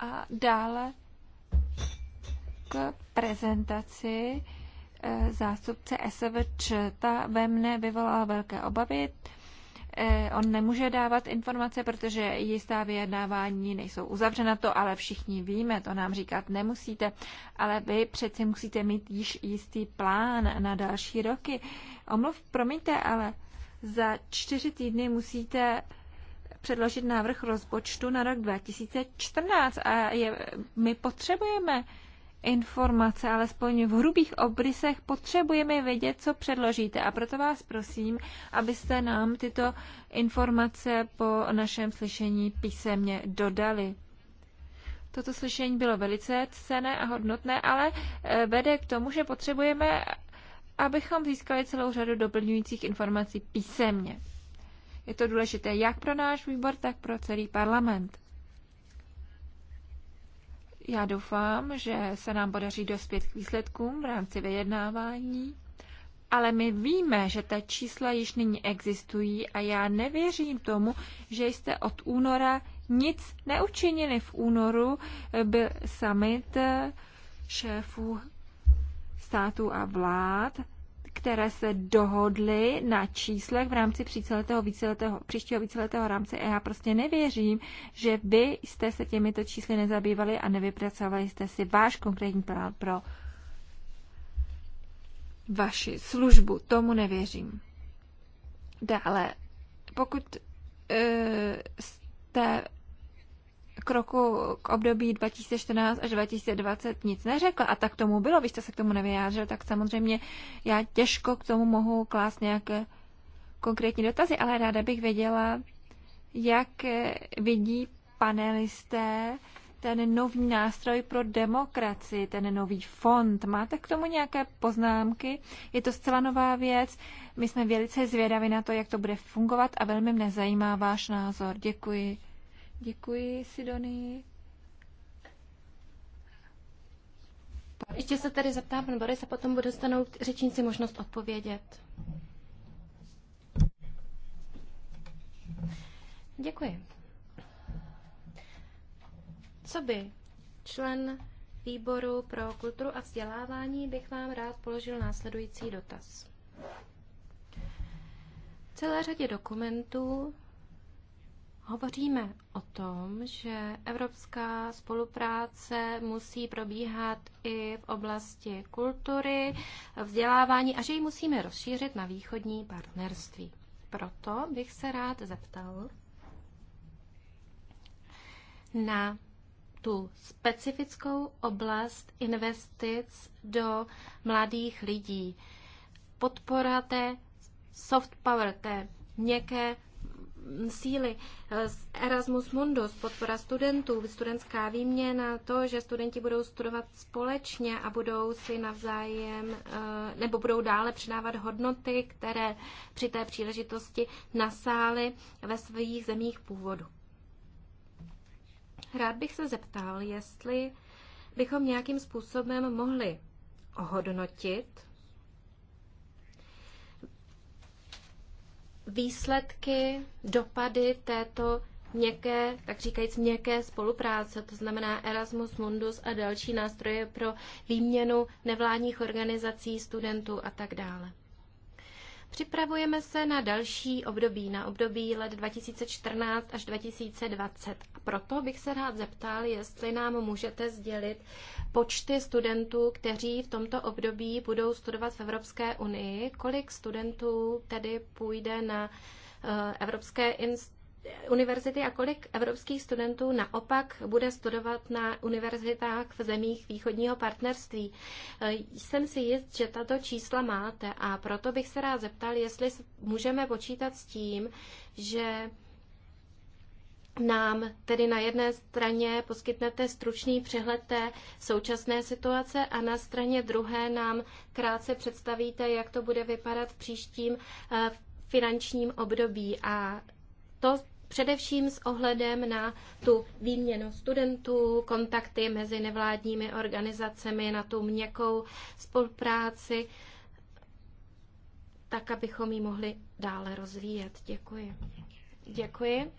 A dále k prezentaci eh, zástupce SVČ. Ta ve mne vyvolala velké obavy. Eh, on nemůže dávat informace, protože jistá vyjednávání nejsou uzavřena, to ale všichni víme, to nám říkat nemusíte, ale vy přeci musíte mít již jistý plán na další roky. Omluv, promiňte, ale za čtyři týdny musíte předložit návrh rozpočtu na rok 2014 a je, my potřebujeme informace, alespoň v hrubých obrysech, potřebujeme vědět, co předložíte. A proto vás prosím, abyste nám tyto informace po našem slyšení písemně dodali. Toto slyšení bylo velice cené a hodnotné, ale eh, vede k tomu, že potřebujeme, abychom získali celou řadu doplňujících informací písemně. Je to důležité jak pro náš výbor, tak pro celý parlament. Já doufám, že se nám podaří dospět k výsledkům v rámci vyjednávání, ale my víme, že ta čísla již nyní existují a já nevěřím tomu, že jste od února nic neučinili. V únoru byl summit eh, šéfů států a vlád které se dohodly na číslech v rámci příceletého, víceletého, příštího víceletého rámce. A já prostě nevěřím, že vy jste se těmito čísly nezabývali a nevypracovali jste si váš konkrétní plán pro vaši službu. Tomu nevěřím. Dále, pokud uh, jste kroku k období 2014 až 2020 nic neřekl a tak tomu bylo, vy jste se k tomu nevyjádřil, tak samozřejmě já těžko k tomu mohu klást nějaké konkrétní dotazy, ale ráda bych věděla, jak vidí panelisté ten nový nástroj pro demokracii, ten nový fond. Máte k tomu nějaké poznámky? Je to zcela nová věc. My jsme velice zvědaví na to, jak to bude fungovat a velmi mne zajímá váš názor. Děkuji. Děkuji, Sidonii. Ještě se tady zeptá pan Boris a potom bude dostanou řečníci možnost odpovědět. Děkuji. Co by člen výboru pro kulturu a vzdělávání bych vám rád položil následující dotaz. V celé řadě dokumentů Hovoříme o tom, že evropská spolupráce musí probíhat i v oblasti kultury, vzdělávání a že ji musíme rozšířit na východní partnerství. Proto bych se rád zeptal na tu specifickou oblast investic do mladých lidí. Podpora té soft power, té měkké síly. Eh, Erasmus Mundus, podpora studentů, studentská výměna, to, že studenti budou studovat společně a budou si navzájem eh, nebo budou dále předávat hodnoty, které při té příležitosti nasály ve svých zemích původu. Rád bych se zeptal, jestli bychom nějakým způsobem mohli ohodnotit výsledky, dopady této měkké, tak říkajíc měkké spolupráce, to znamená Erasmus Mundus a další nástroje pro výměnu nevládních organizací, studentů a tak dále. Připravujeme se na další období, na období let 2014 až 2020. A proto bych se rád zeptal, jestli nám můžete sdělit počty studentů, kteří v tomto období budou studovat v Evropské unii, kolik studentů tedy půjde na eh, evropské instituce, univerzity a kolik evropských studentů naopak bude studovat na univerzitách v zemích východního partnerství. Eh, jsem si jist, že tato čísla máte a proto bych se rád zeptal, jestli můžeme počítat s tím, že nám tedy na jedné straně poskytnete stručný přehled té současné situace a na straně druhé nám krátce představíte, jak to bude vypadat v příštím eh, finančním období. A to Především s ohledem na tu výměnu studentů, kontakty mezi nevládními organizacemi, na tu měkkou spolupráci, tak abychom ji mohli dále rozvíjet. Děkuji. Děkuji.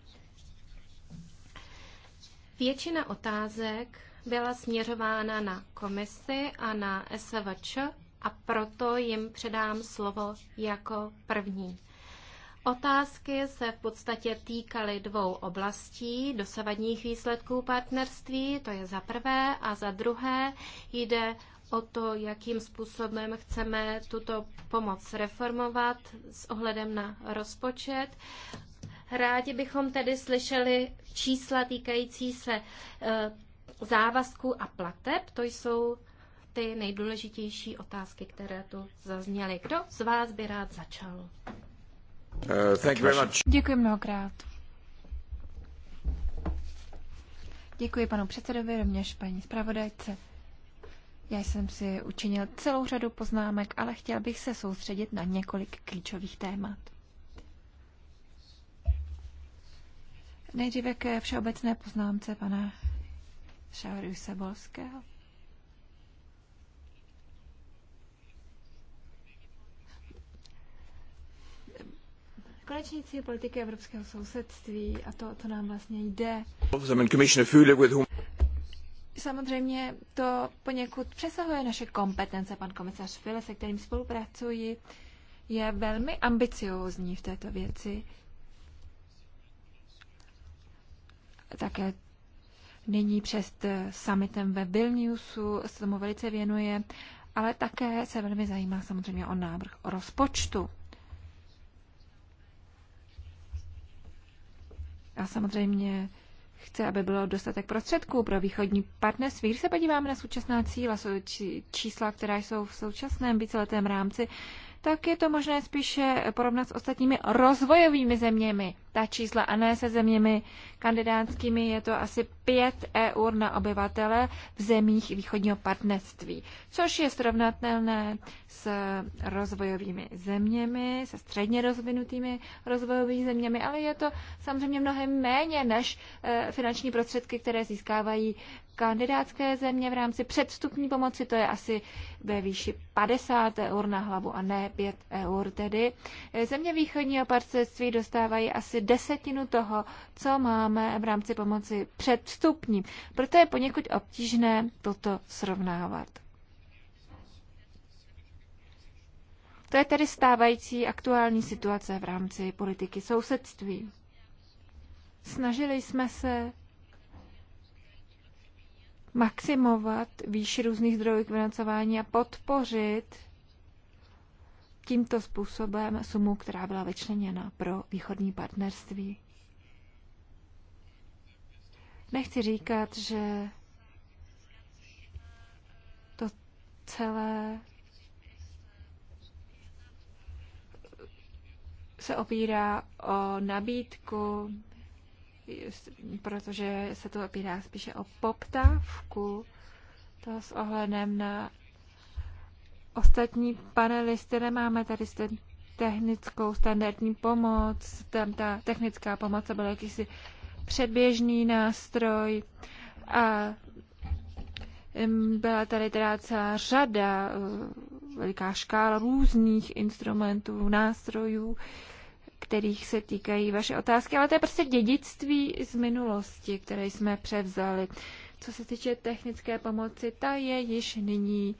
Většina otázek byla směřována na komisi a na SVČ a proto jim předám slovo jako první. Otázky se v podstatě týkaly dvou oblastí dosavadních výsledků partnerství, to je za prvé, a za druhé jde o to, jakým způsobem chceme tuto pomoc reformovat s ohledem na rozpočet. Rádi bychom tedy slyšeli čísla týkající se e, závazků a plateb. To jsou ty nejdůležitější otázky, které tu zazněly. Kdo z vás by rád začal? Děkuji mnohokrát. Děkuji panu předsedovi, rovněž paní zpravodajce. Já jsem si učinil celou řadu poznámek, ale chtěl bych se soustředit na několik klíčových témat. Nejdříve ke všeobecné poznámce pana Šauriu Sebolského. konečný cíl politiky evropského sousedství a to, co nám vlastně jde. Samozřejmě to poněkud přesahuje naše kompetence. Pan komisař File, se kterým spolupracuji, je velmi ambiciózní v této věci. Také nyní před summitem ve Vilniusu se tomu velice věnuje, ale také se velmi zajímá samozřejmě o návrh o rozpočtu. A samozřejmě chce, aby bylo dostatek prostředků pro východní partnerství. Když se podíváme na současná cíla, čísla, která jsou v současném víceletém rámci, tak je to možné spíše porovnat s ostatními rozvojovými zeměmi. Ta čísla a ne se zeměmi kandidátskými je to asi 5 eur na obyvatele v zemích východního partnerství, což je srovnatelné s rozvojovými zeměmi, se středně rozvinutými rozvojovými zeměmi, ale je to samozřejmě mnohem méně než eh, finanční prostředky, které získávají kandidátské země v rámci předstupní pomoci, to je asi ve výši 50 eur na hlavu a ne 5 eur tedy. Země východního partnerství dostávají asi desetinu toho, co máme v rámci pomoci předstupní. Proto je poněkud obtížné toto srovnávat. To je tedy stávající aktuální situace v rámci politiky sousedství. Snažili jsme se maximovat výši různých zdrojů financování a podpořit tímto způsobem sumu, která byla vyčleněna pro východní partnerství. Nechci říkat, že to celé se opírá o nabídku protože se to opírá spíše o poptávku, to s ohledem na ostatní panelisty. Nemáme tady technickou standardní pomoc, tam ta technická pomoc to byl jakýsi předběžný nástroj a byla tady teda celá řada, eh, veliká škála různých instrumentů, nástrojů, kterých se týkají vaše otázky, ale to je prostě dědictví z minulosti, které jsme převzali. Co se týče technické pomoci, ta je již nyní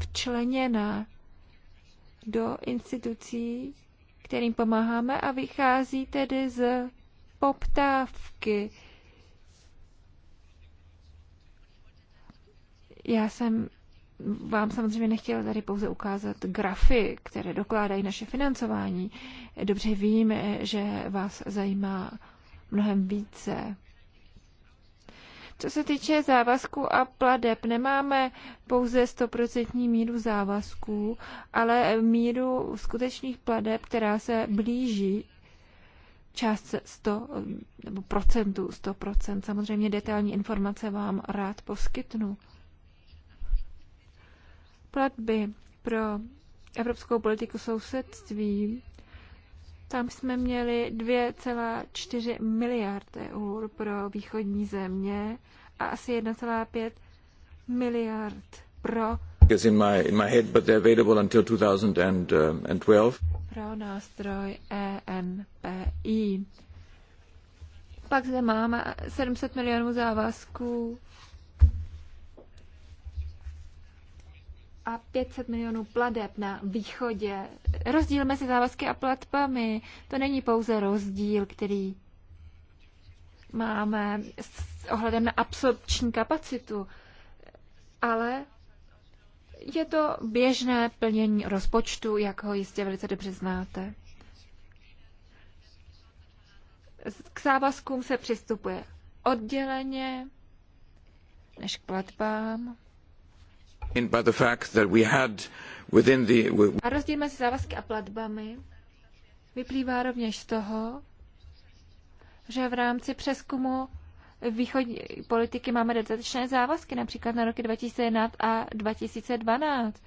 včleněna do institucí, kterým pomáháme a vychází tedy z poptávky. Já jsem vám samozřejmě nechtěla tady pouze ukázat grafy, které dokládají naše financování. Dobře vím, že vás zajímá mnohem více. Co se týče závazku a pladeb, nemáme pouze 100% míru závazků, ale míru skutečných pladeb, která se blíží částce 100, nebo procentu 100%. Samozřejmě detailní informace vám rád poskytnu. Platby pro evropskou politiku sousedství, tam jsme měli 2,4 miliard eur pro východní země a asi 1,5 miliard pro in my in my head, but they're available until 2012. Uh, pro nástroj ENPI. Pak zde máme 700 milionů závazků a 500 milionů pladeb na východě. Rozdíl mezi závazky a platbami, to není pouze rozdíl, který máme s ohledem na absorpční kapacitu, ale je to běžné plnění rozpočtu, jak ho jistě velice dobře znáte. K závazkům se přistupuje odděleně než k platbám. A rozdíl mezi závazky a platbami vyplývá rovněž z toho, že v rámci přeskumu východní politiky máme dodatečné závazky, například na roky 2011 a 2012,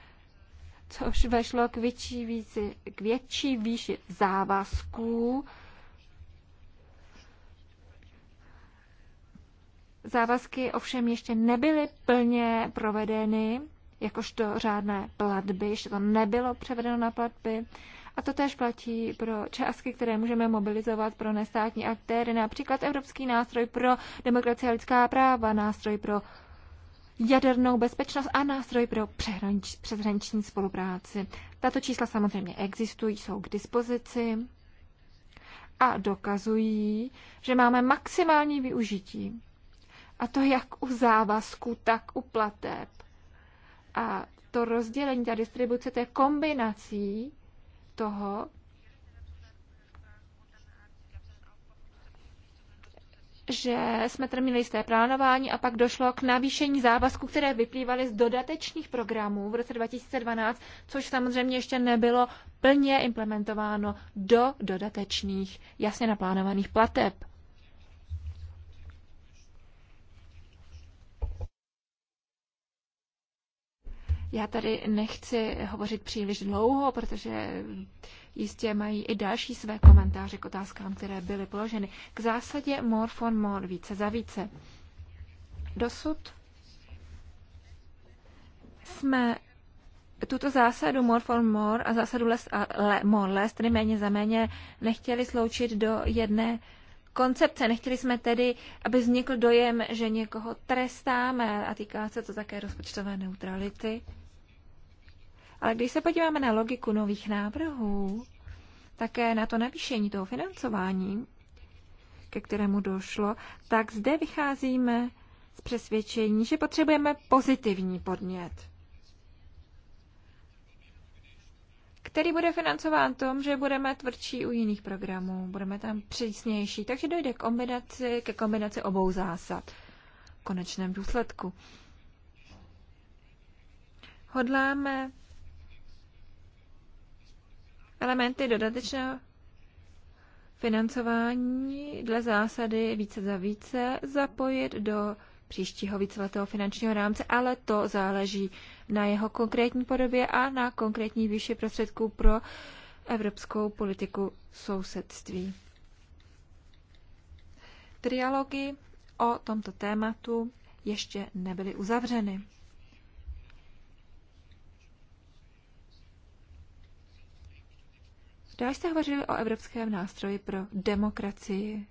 což vešlo k větší, k větší výši závazků závazky ovšem ještě nebyly plně provedeny, jakožto řádné platby, ještě to nebylo převedeno na platby. A to též platí pro částky, které můžeme mobilizovat pro nestátní aktéry, například Evropský nástroj pro demokracie a lidská práva, nástroj pro jadernou bezpečnost a nástroj pro přeshraniční spolupráci. Tato čísla samozřejmě existují, jsou k dispozici a dokazují, že máme maximální využití. A to jak u závazku, tak u plateb. A to rozdělení, ta distribuce, to je kombinací toho, že jsme tam měli jisté plánování a pak došlo k navýšení závazků, které vyplývaly z dodatečných programů v roce 2012, což samozřejmě ještě nebylo plně implementováno do dodatečných, jasně naplánovaných plateb. Já tady nechci hovořit příliš dlouho, protože jistě mají i další své komentáře k otázkám, které byly položeny. K zásadě more for more, více za více. Dosud jsme tuto zásadu more for more a zásadu less a le, more less, tedy méně za méně, nechtěli sloučit do jedné koncepce. Nechtěli jsme tedy, aby vznikl dojem, že někoho trestáme a týká se to také rozpočtové neutrality. Ale když se podíváme na logiku nových návrhů, také na to navýšení toho financování, ke kterému došlo, tak zde vycházíme z přesvědčení, že potřebujeme pozitivní podnět, který bude financován tom, že budeme tvrdší u jiných programů, budeme tam přísnější, takže dojde k kombinaci, ke kombinaci obou zásad v konečném důsledku. Hodláme elementy dodatečného financování dle zásady více za více zapojit do příštího víceletého finančního rámce, ale to záleží na jeho konkrétní podobě a na konkrétní výši prostředků pro evropskou politiku sousedství. Trialogy o tomto tématu ještě nebyly uzavřeny. Dá se hovořili o Evropském nástroji pro demokracii.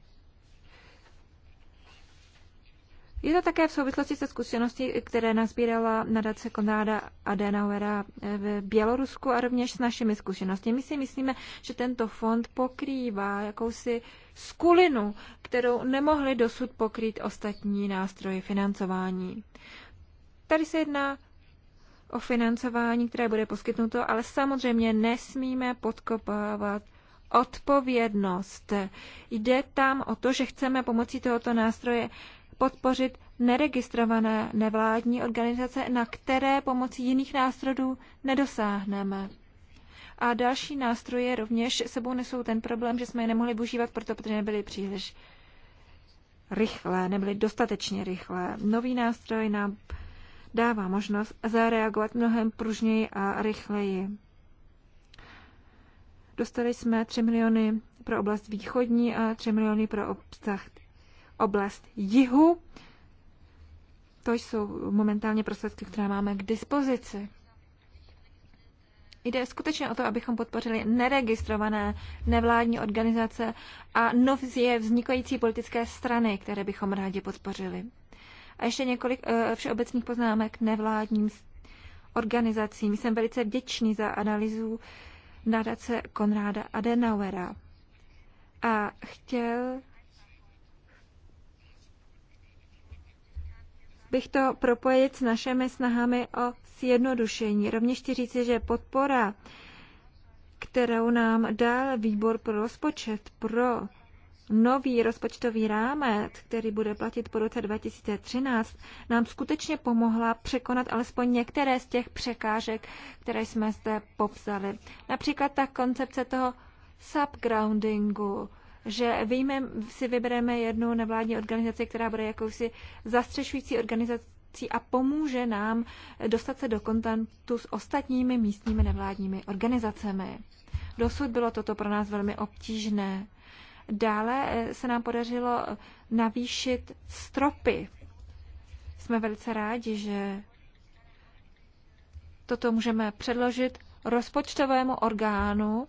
Je to také v souvislosti se zkušeností, které nazbírala nadace Konráda Adenauera v Bělorusku a rovněž s našimi zkušenostmi. My si myslíme, že tento fond pokrývá jakousi skulinu, kterou nemohli dosud pokrýt ostatní nástroje financování. Tady se jedná o financování, které bude poskytnuto, ale samozřejmě nesmíme podkopávat odpovědnost. Jde tam o to, že chceme pomocí tohoto nástroje podpořit neregistrované nevládní organizace, na které pomocí jiných nástrojů nedosáhneme. A další nástroje rovněž sebou nesou ten problém, že jsme je nemohli využívat, proto, protože nebyly příliš rychlé, nebyly dostatečně rychlé. Nový nástroj na dává možnost zareagovat mnohem pružněji a rychleji. Dostali jsme 3 miliony pro oblast východní a 3 miliony pro obsah oblast jihu. To jsou momentálně prostředky, které máme k dispozici. Jde skutečně o to, abychom podpořili neregistrované nevládní organizace a nově vznikající politické strany, které bychom rádi podpořili. A ještě několik eh, všeobecných poznámek nevládním organizacím. Jsem velice vděčný za analýzu nadace Konráda Adenauera. A chtěl bych to propojit s našimi snahami o sjednodušení. Rovněž chci říci, že podpora, kterou nám dal výbor pro rozpočet pro nový rozpočtový rámec, který bude platit po roce 2013, nám skutečně pomohla překonat alespoň některé z těch překážek, které jsme zde popsali. Například ta koncepce toho subgroundingu, že víme, si vybereme jednu nevládní organizaci, která bude jakousi zastřešující organizací a pomůže nám dostat se do kontaktu s ostatními místními nevládními organizacemi. Dosud bylo toto pro nás velmi obtížné. Dále eh, se nám podařilo eh, navýšit stropy. Jsme velice rádi, že toto můžeme předložit rozpočtovému orgánu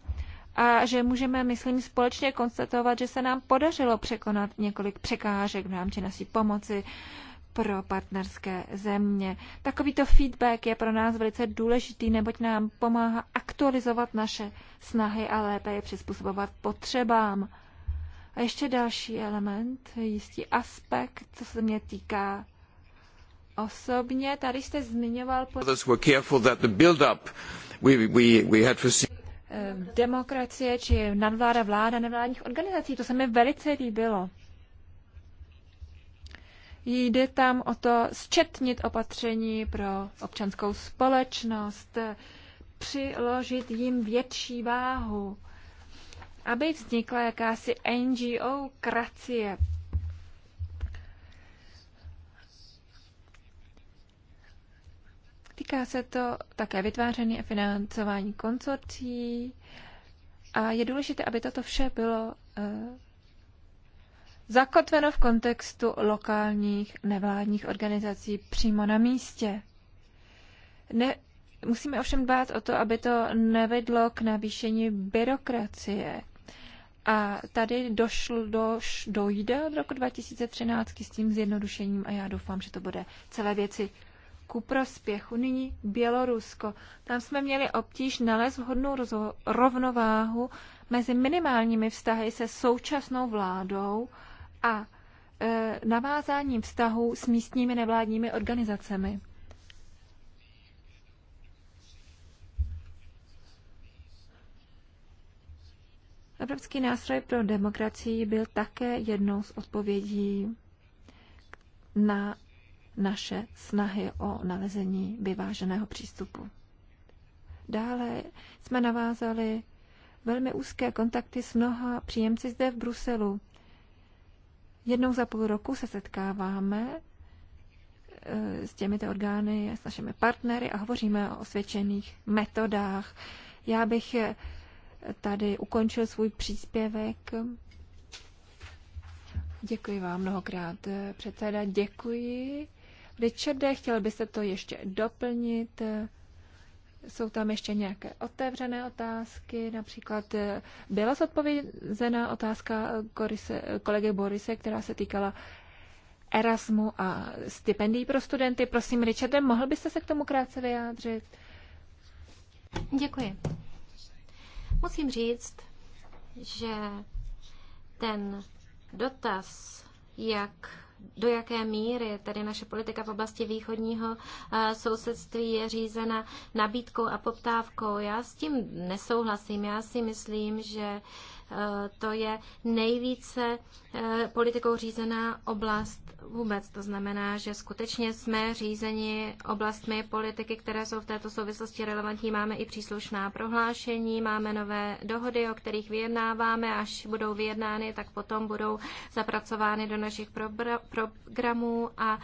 a že můžeme, myslím, společně konstatovat, že se nám podařilo překonat několik překážek v rámci naší pomoci pro partnerské země. Takovýto feedback je pro nás velice důležitý, neboť nám pomáhá aktualizovat naše snahy a lépe je přizpůsobovat potřebám. A ještě další element, jistý aspekt, co se mě týká osobně. Tady jste zmiňoval... Po... Demokracie či nadvláda vláda nevládních organizací. To se mi velice líbilo. Jde tam o to zčetnit opatření pro občanskou společnost, přiložit jim větší váhu aby vznikla jakási NGO kracie. Týká se to také vytváření a financování konsorcí a je důležité, aby toto vše bylo eh, zakotveno v kontextu lokálních nevládních organizací přímo na místě. Ne, musíme ovšem dbát o to, aby to nevedlo k navýšení byrokracie. A tady došlo, doš, dojde od roku 2013 s tím zjednodušením a já doufám, že to bude celé věci ku prospěchu. Nyní Bělorusko. Tam jsme měli obtíž nalézt vhodnou rovnováhu mezi minimálními vztahy se současnou vládou a e, navázáním vztahů s místními nevládními organizacemi. Evropský nástroj pro demokracii byl také jednou z odpovědí na naše snahy o nalezení vyváženého přístupu. Dále jsme navázali velmi úzké kontakty s mnoha příjemci zde v Bruselu. Jednou za půl roku se setkáváme e, s těmito orgány, s našimi partnery a hovoříme o osvědčených metodách. Já bych tady ukončil svůj příspěvek. Děkuji vám mnohokrát, eh, předseda. Děkuji. Richarde, chtěl byste to ještě doplnit? Jsou tam ještě nějaké otevřené otázky? Například eh, byla zodpovězena otázka Korise, kolegy Borise, která se týkala Erasmu a stipendií pro studenty. Prosím, Richarde, mohl byste se k tomu krátce vyjádřit? Děkuji. Musím říct, že ten dotaz, jak do jaké míry tedy naše politika v oblasti východního eh, sousedství je řízena nabídkou a poptávkou. Já s tím nesouhlasím. Já si myslím, že eh, to je nejvíce eh, politikou řízená oblast vůbec. To znamená, že skutečně jsme řízeni oblastmi politiky, které jsou v této souvislosti relevantní. Máme i příslušná prohlášení, máme nové dohody, o kterých vyjednáváme. Až budou vyjednány, tak potom budou zapracovány do našich programů a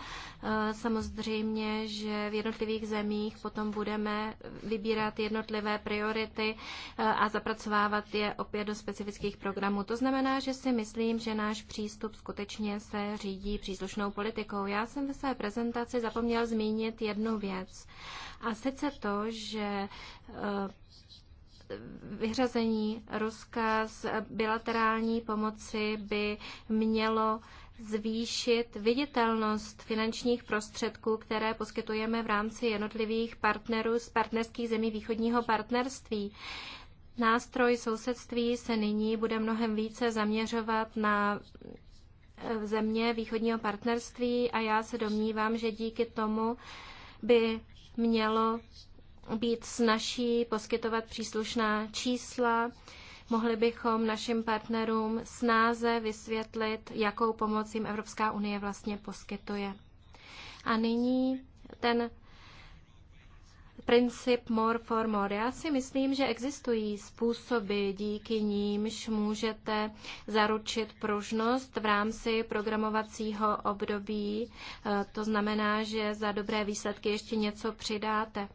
e, samozřejmě, že v jednotlivých zemích potom budeme vybírat jednotlivé priority e, a zapracovávat je opět do specifických programů. To znamená, že si myslím, že náš přístup skutečně se řídí příslušnou společnou politikou. Já jsem ve své prezentaci zapomněl zmínit jednu věc. A sice to, že eh, vyřazení Ruska z bilaterální pomoci by mělo zvýšit viditelnost finančních prostředků, které poskytujeme v rámci jednotlivých partnerů z partnerských zemí východního partnerství. Nástroj sousedství se nyní bude mnohem více zaměřovat na země východního partnerství a já se domnívám, že díky tomu by mělo být snaží poskytovat příslušná čísla. Mohli bychom našim partnerům snáze vysvětlit, jakou pomoc jim Evropská unie vlastně poskytuje. A nyní ten princip more for more. Já si myslím, že existují způsoby, díky nímž můžete zaručit pružnost v rámci programovacího období. Eh, to znamená, že za dobré výsledky ještě něco přidáte.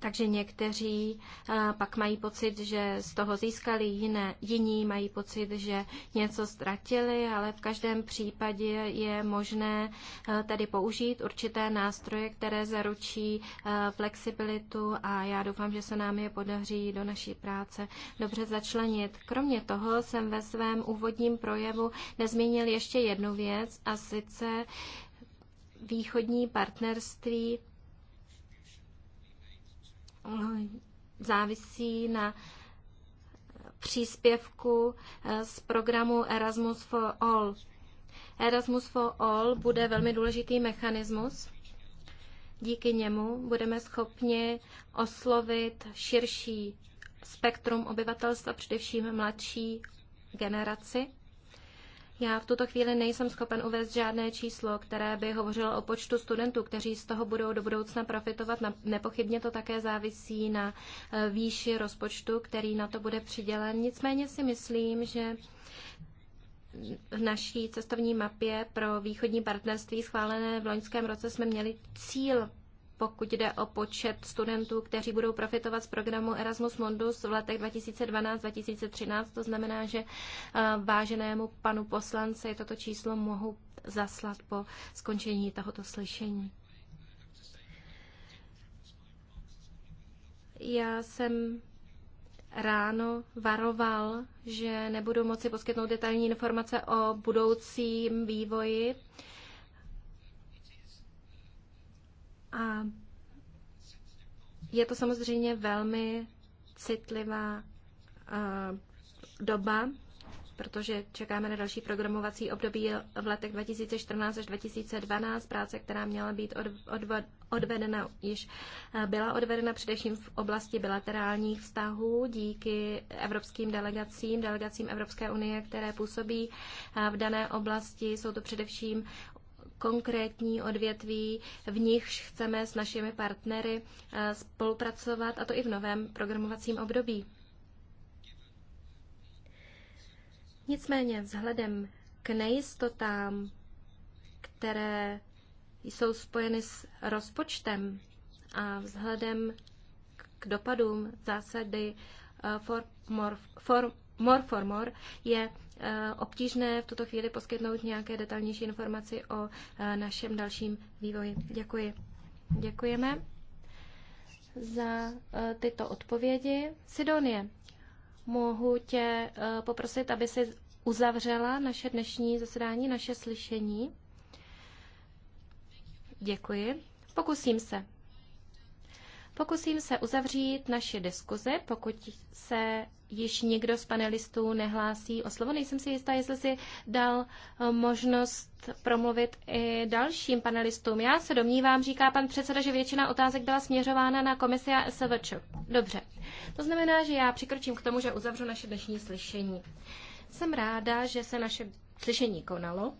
Takže někteří eh, pak mají pocit, že z toho získali, jiné, jiní mají pocit, že něco ztratili, ale v každém případě je možné eh, tady použít určité nástroje, které zaručí eh, flexibilitu a já doufám, že se nám je podaří do naší práce dobře začlenit. Kromě toho jsem ve svém úvodním projevu nezmínil ještě jednu věc a sice východní partnerství závisí na příspěvku eh, z programu Erasmus for All. Erasmus for All bude velmi důležitý mechanismus. Díky němu budeme schopni oslovit širší spektrum obyvatelstva, především mladší generaci. Já v tuto chvíli nejsem schopen uvést žádné číslo, které by hovořilo o počtu studentů, kteří z toho budou do budoucna profitovat. Nepochybně to také závisí na eh, výši rozpočtu, který na to bude přidělen. Nicméně si myslím, že v naší cestovní mapě pro východní partnerství schválené v loňském roce jsme měli cíl pokud jde o počet studentů, kteří budou profitovat z programu Erasmus Mundus v letech 2012-2013. To znamená, že eh, váženému panu poslanci toto číslo mohu zaslat po skončení tohoto slyšení. Já jsem ráno varoval, že nebudu moci poskytnout detailní informace o budoucím vývoji. A je to samozřejmě velmi citlivá eh, doba, protože čekáme na další programovací období v letech 2014 až 2012. Práce, která měla být odvedena, již eh, byla odvedena především v oblasti bilaterálních vztahů díky evropským delegacím, delegacím Evropské unie, které působí eh, v dané oblasti. Jsou to především konkrétní odvětví, v nichž chceme s našimi partnery eh, spolupracovat, a to i v novém programovacím období. Nicméně vzhledem k nejistotám, které jsou spojeny s rozpočtem a vzhledem k dopadům zásady eh, for more, for more for more, je eh, obtížné v tuto chvíli poskytnout nějaké detailnější informaci o eh, našem dalším vývoji. Děkuji. Děkujeme za eh, tyto odpovědi. Sidonie, mohu tě poprosit, aby si uzavřela naše dnešní zasedání, naše slyšení. Děkuji. Pokusím se. Pokusím se uzavřít naši diskuzi, pokud se již nikdo z panelistů nehlásí o slovo. Nejsem si jistá, jestli si dal eh, možnost promluvit i dalším panelistům. Já se domnívám, říká pan předseda, že většina otázek byla směřována na komisi a SVČ. Dobře. To znamená, že já přikročím k tomu, že uzavřu naše dnešní slyšení. Jsem ráda, že se naše slyšení konalo,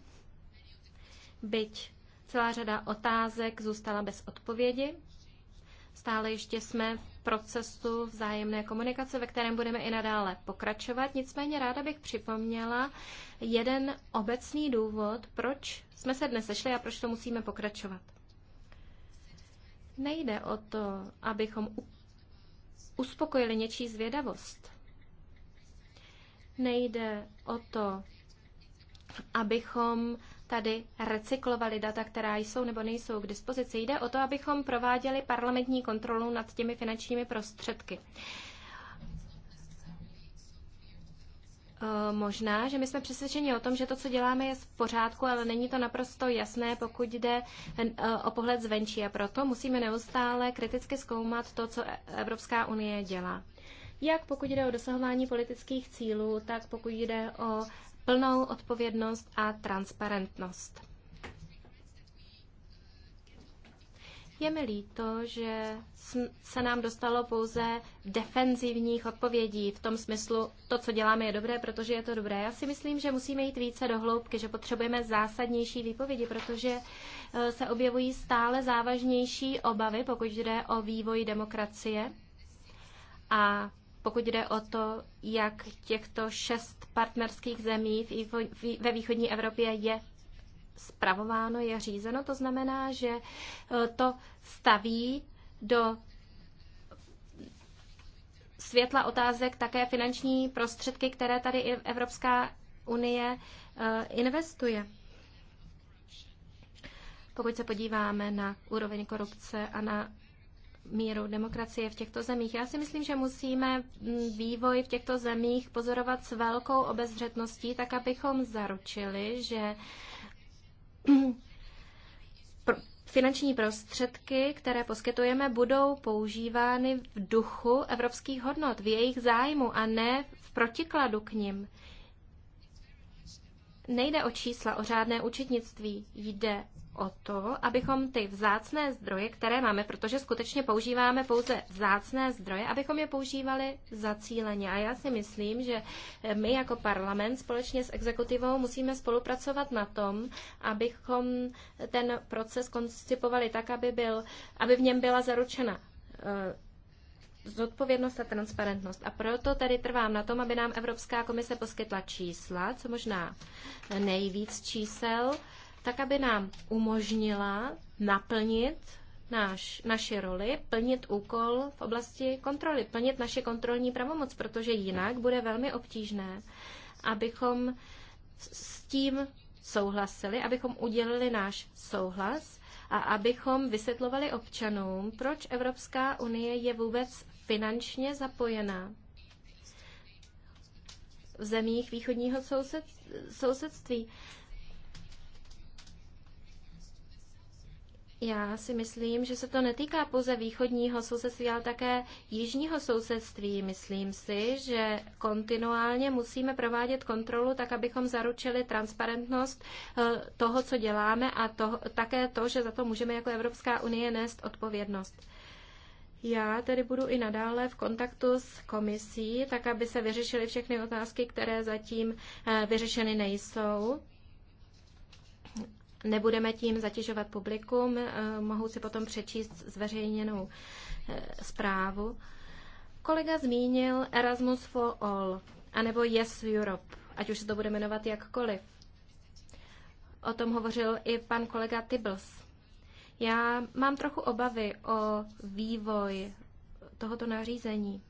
byť celá řada otázek zůstala bez odpovědi. Stále ještě jsme v procesu vzájemné komunikace, ve kterém budeme i nadále pokračovat. Nicméně ráda bych připomněla jeden obecný důvod, proč jsme se dnes sešli a proč to musíme pokračovat. Nejde o to, abychom uspokojili něčí zvědavost. Nejde o to, abychom tady recyklovali data, která jsou nebo nejsou k dispozici. Jde o to, abychom prováděli parlamentní kontrolu nad těmi finančními prostředky. Eh, možná, že my jsme přesvědčeni o tom, že to, co děláme, je v pořádku, ale není to naprosto jasné, pokud jde eh, o pohled zvenčí. A proto musíme neustále kriticky zkoumat to, co Evropská unie dělá. Jak pokud jde o dosahování politických cílů, tak pokud jde o plnou odpovědnost a transparentnost. Je mi líto, že se nám dostalo pouze defenzivních odpovědí v tom smyslu, to, co děláme, je dobré, protože je to dobré. Já si myslím, že musíme jít více do hloubky, že potřebujeme zásadnější výpovědi, protože eh, se objevují stále závažnější obavy, pokud jde o vývoj demokracie. A pokud jde o to, jak těchto šest partnerských zemí ve východní Evropě je spravováno, je řízeno. To znamená, že e, to staví do světla otázek také finanční prostředky, které tady Evropská unie e, investuje. Pokud se podíváme na úroveň korupce a na míru demokracie v těchto zemích. Já si myslím, že musíme mm, vývoj v těchto zemích pozorovat s velkou obezřetností, tak abychom zaručili, že mm, finanční prostředky, které poskytujeme, budou používány v duchu evropských hodnot, v jejich zájmu a ne v protikladu k nim. Nejde o čísla, o řádné účetnictví, jde o to, abychom ty vzácné zdroje, které máme, protože skutečně používáme pouze vzácné zdroje, abychom je používali zacíleně. A já si myslím, že my jako parlament společně s exekutivou musíme spolupracovat na tom, abychom ten proces koncipovali tak, aby, byl, aby v něm byla zaručena eh, zodpovědnost a transparentnost. A proto tady trvám na tom, aby nám Evropská komise poskytla čísla, co možná nejvíc čísel, tak aby nám umožnila naplnit náš, naše roli, plnit úkol v oblasti kontroly, plnit naše kontrolní pravomoc, protože jinak bude velmi obtížné, abychom s tím souhlasili, abychom udělili náš souhlas a abychom vysvětlovali občanům, proč Evropská unie je vůbec finančně zapojená v zemích východního soused, sousedství. Já si myslím, že se to netýká pouze východního sousedství, ale také jižního sousedství. Myslím si, že kontinuálně musíme provádět kontrolu tak, abychom zaručili transparentnost eh, toho, co děláme a to, také to, že za to můžeme jako Evropská unie nést odpovědnost. Já tedy budu i nadále v kontaktu s komisí, tak aby se vyřešily všechny otázky, které zatím eh, vyřešeny nejsou. Nebudeme tím zatěžovat publikum, eh, mohou si potom přečíst zveřejněnou eh, zprávu. Kolega zmínil Erasmus for All, anebo Yes Europe, ať už se to bude jmenovat jakkoliv. O tom hovořil i pan kolega Tibbles. Já mám trochu obavy o vývoj tohoto nařízení.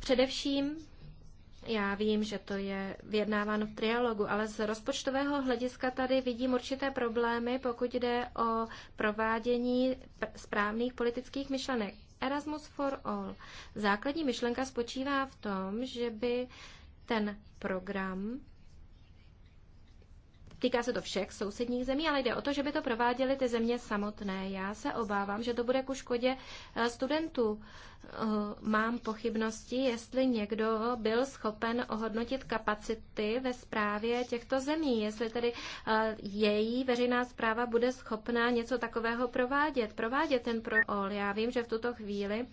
Především já vím, že to je vyjednáváno v trialogu, ale z rozpočtového hlediska tady vidím určité problémy, pokud jde o provádění správných politických myšlenek. Erasmus for All. Základní myšlenka spočívá v tom, že by ten program Týká se to všech sousedních zemí, ale jde o to, že by to prováděly ty země samotné. Já se obávám, že to bude ku škodě eh, studentů. Eh, mám pochybnosti, jestli někdo byl schopen ohodnotit kapacity ve správě těchto zemí, jestli tedy eh, její veřejná zpráva bude schopná něco takového provádět, provádět ten prool. Já vím, že v tuto chvíli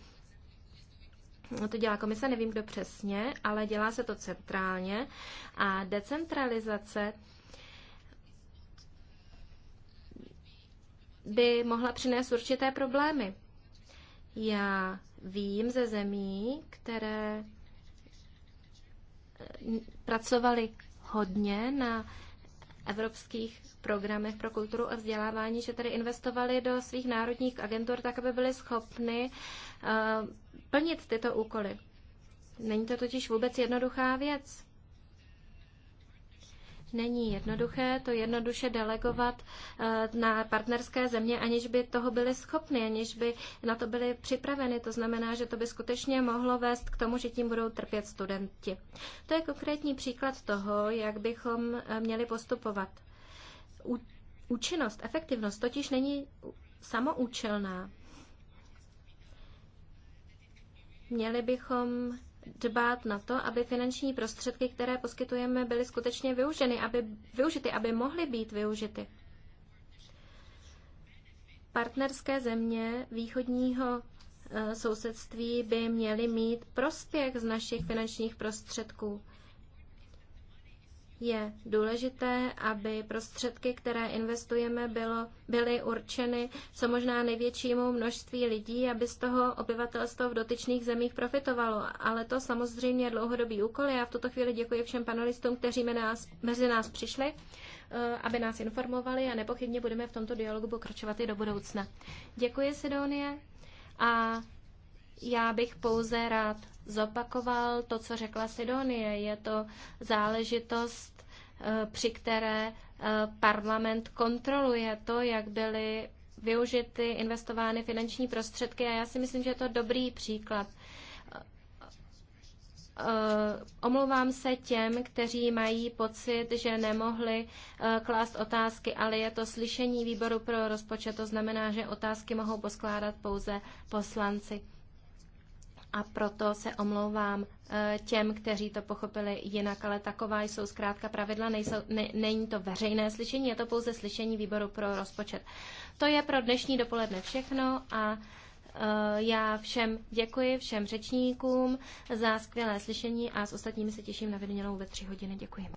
to dělá komise, nevím kdo přesně, ale dělá se to centrálně a decentralizace by mohla přinést určité problémy. Já vím ze zemí, které eh, pracovali hodně na evropských programech pro kulturu a vzdělávání, že tady investovali do svých národních agentur tak, aby byli schopni eh, plnit tyto úkoly. Není to totiž vůbec jednoduchá věc není jednoduché to jednoduše delegovat eh, na partnerské země, aniž by toho byly schopny, aniž by na to byly připraveny. To znamená, že to by skutečně mohlo vést k tomu, že tím budou trpět studenti. To je konkrétní příklad toho, jak bychom eh, měli postupovat. Účinnost, efektivnost totiž není samoučelná. Měli bychom dbát na to, aby finanční prostředky, které poskytujeme, byly skutečně využeny, aby, využity, aby mohly být využity. Partnerské země východního eh, sousedství by měly mít prospěch z našich finančních prostředků je důležité, aby prostředky, které investujeme, bylo, byly určeny co možná největšímu množství lidí, aby z toho obyvatelstvo v dotyčných zemích profitovalo. Ale to samozřejmě je dlouhodobý úkol. Já v tuto chvíli děkuji všem panelistům, kteří nás, mezi nás přišli eh, aby nás informovali a nepochybně budeme v tomto dialogu pokračovat i do budoucna. Děkuji, Sidonie, a já bych pouze rád zopakoval to, co řekla Sidonie. Je to záležitost Eh, při které eh, parlament kontroluje to, jak byly využity, investovány finanční prostředky a já si myslím, že je to dobrý příklad. Eh, omlouvám se těm, kteří mají pocit, že nemohli klást otázky, ale je to slyšení výboru pro rozpočet, to znamená, že otázky mohou poskládat pouze poslanci a proto se omlouvám eh, těm, kteří to pochopili jinak, ale taková jsou zkrátka pravidla, nejsou, ne, není to veřejné slyšení, je to pouze slyšení výboru pro rozpočet. To je pro dnešní dopoledne všechno a eh, já všem děkuji, všem řečníkům za skvělé slyšení a s ostatními se těším na viděnou ve tři hodiny. Děkuji.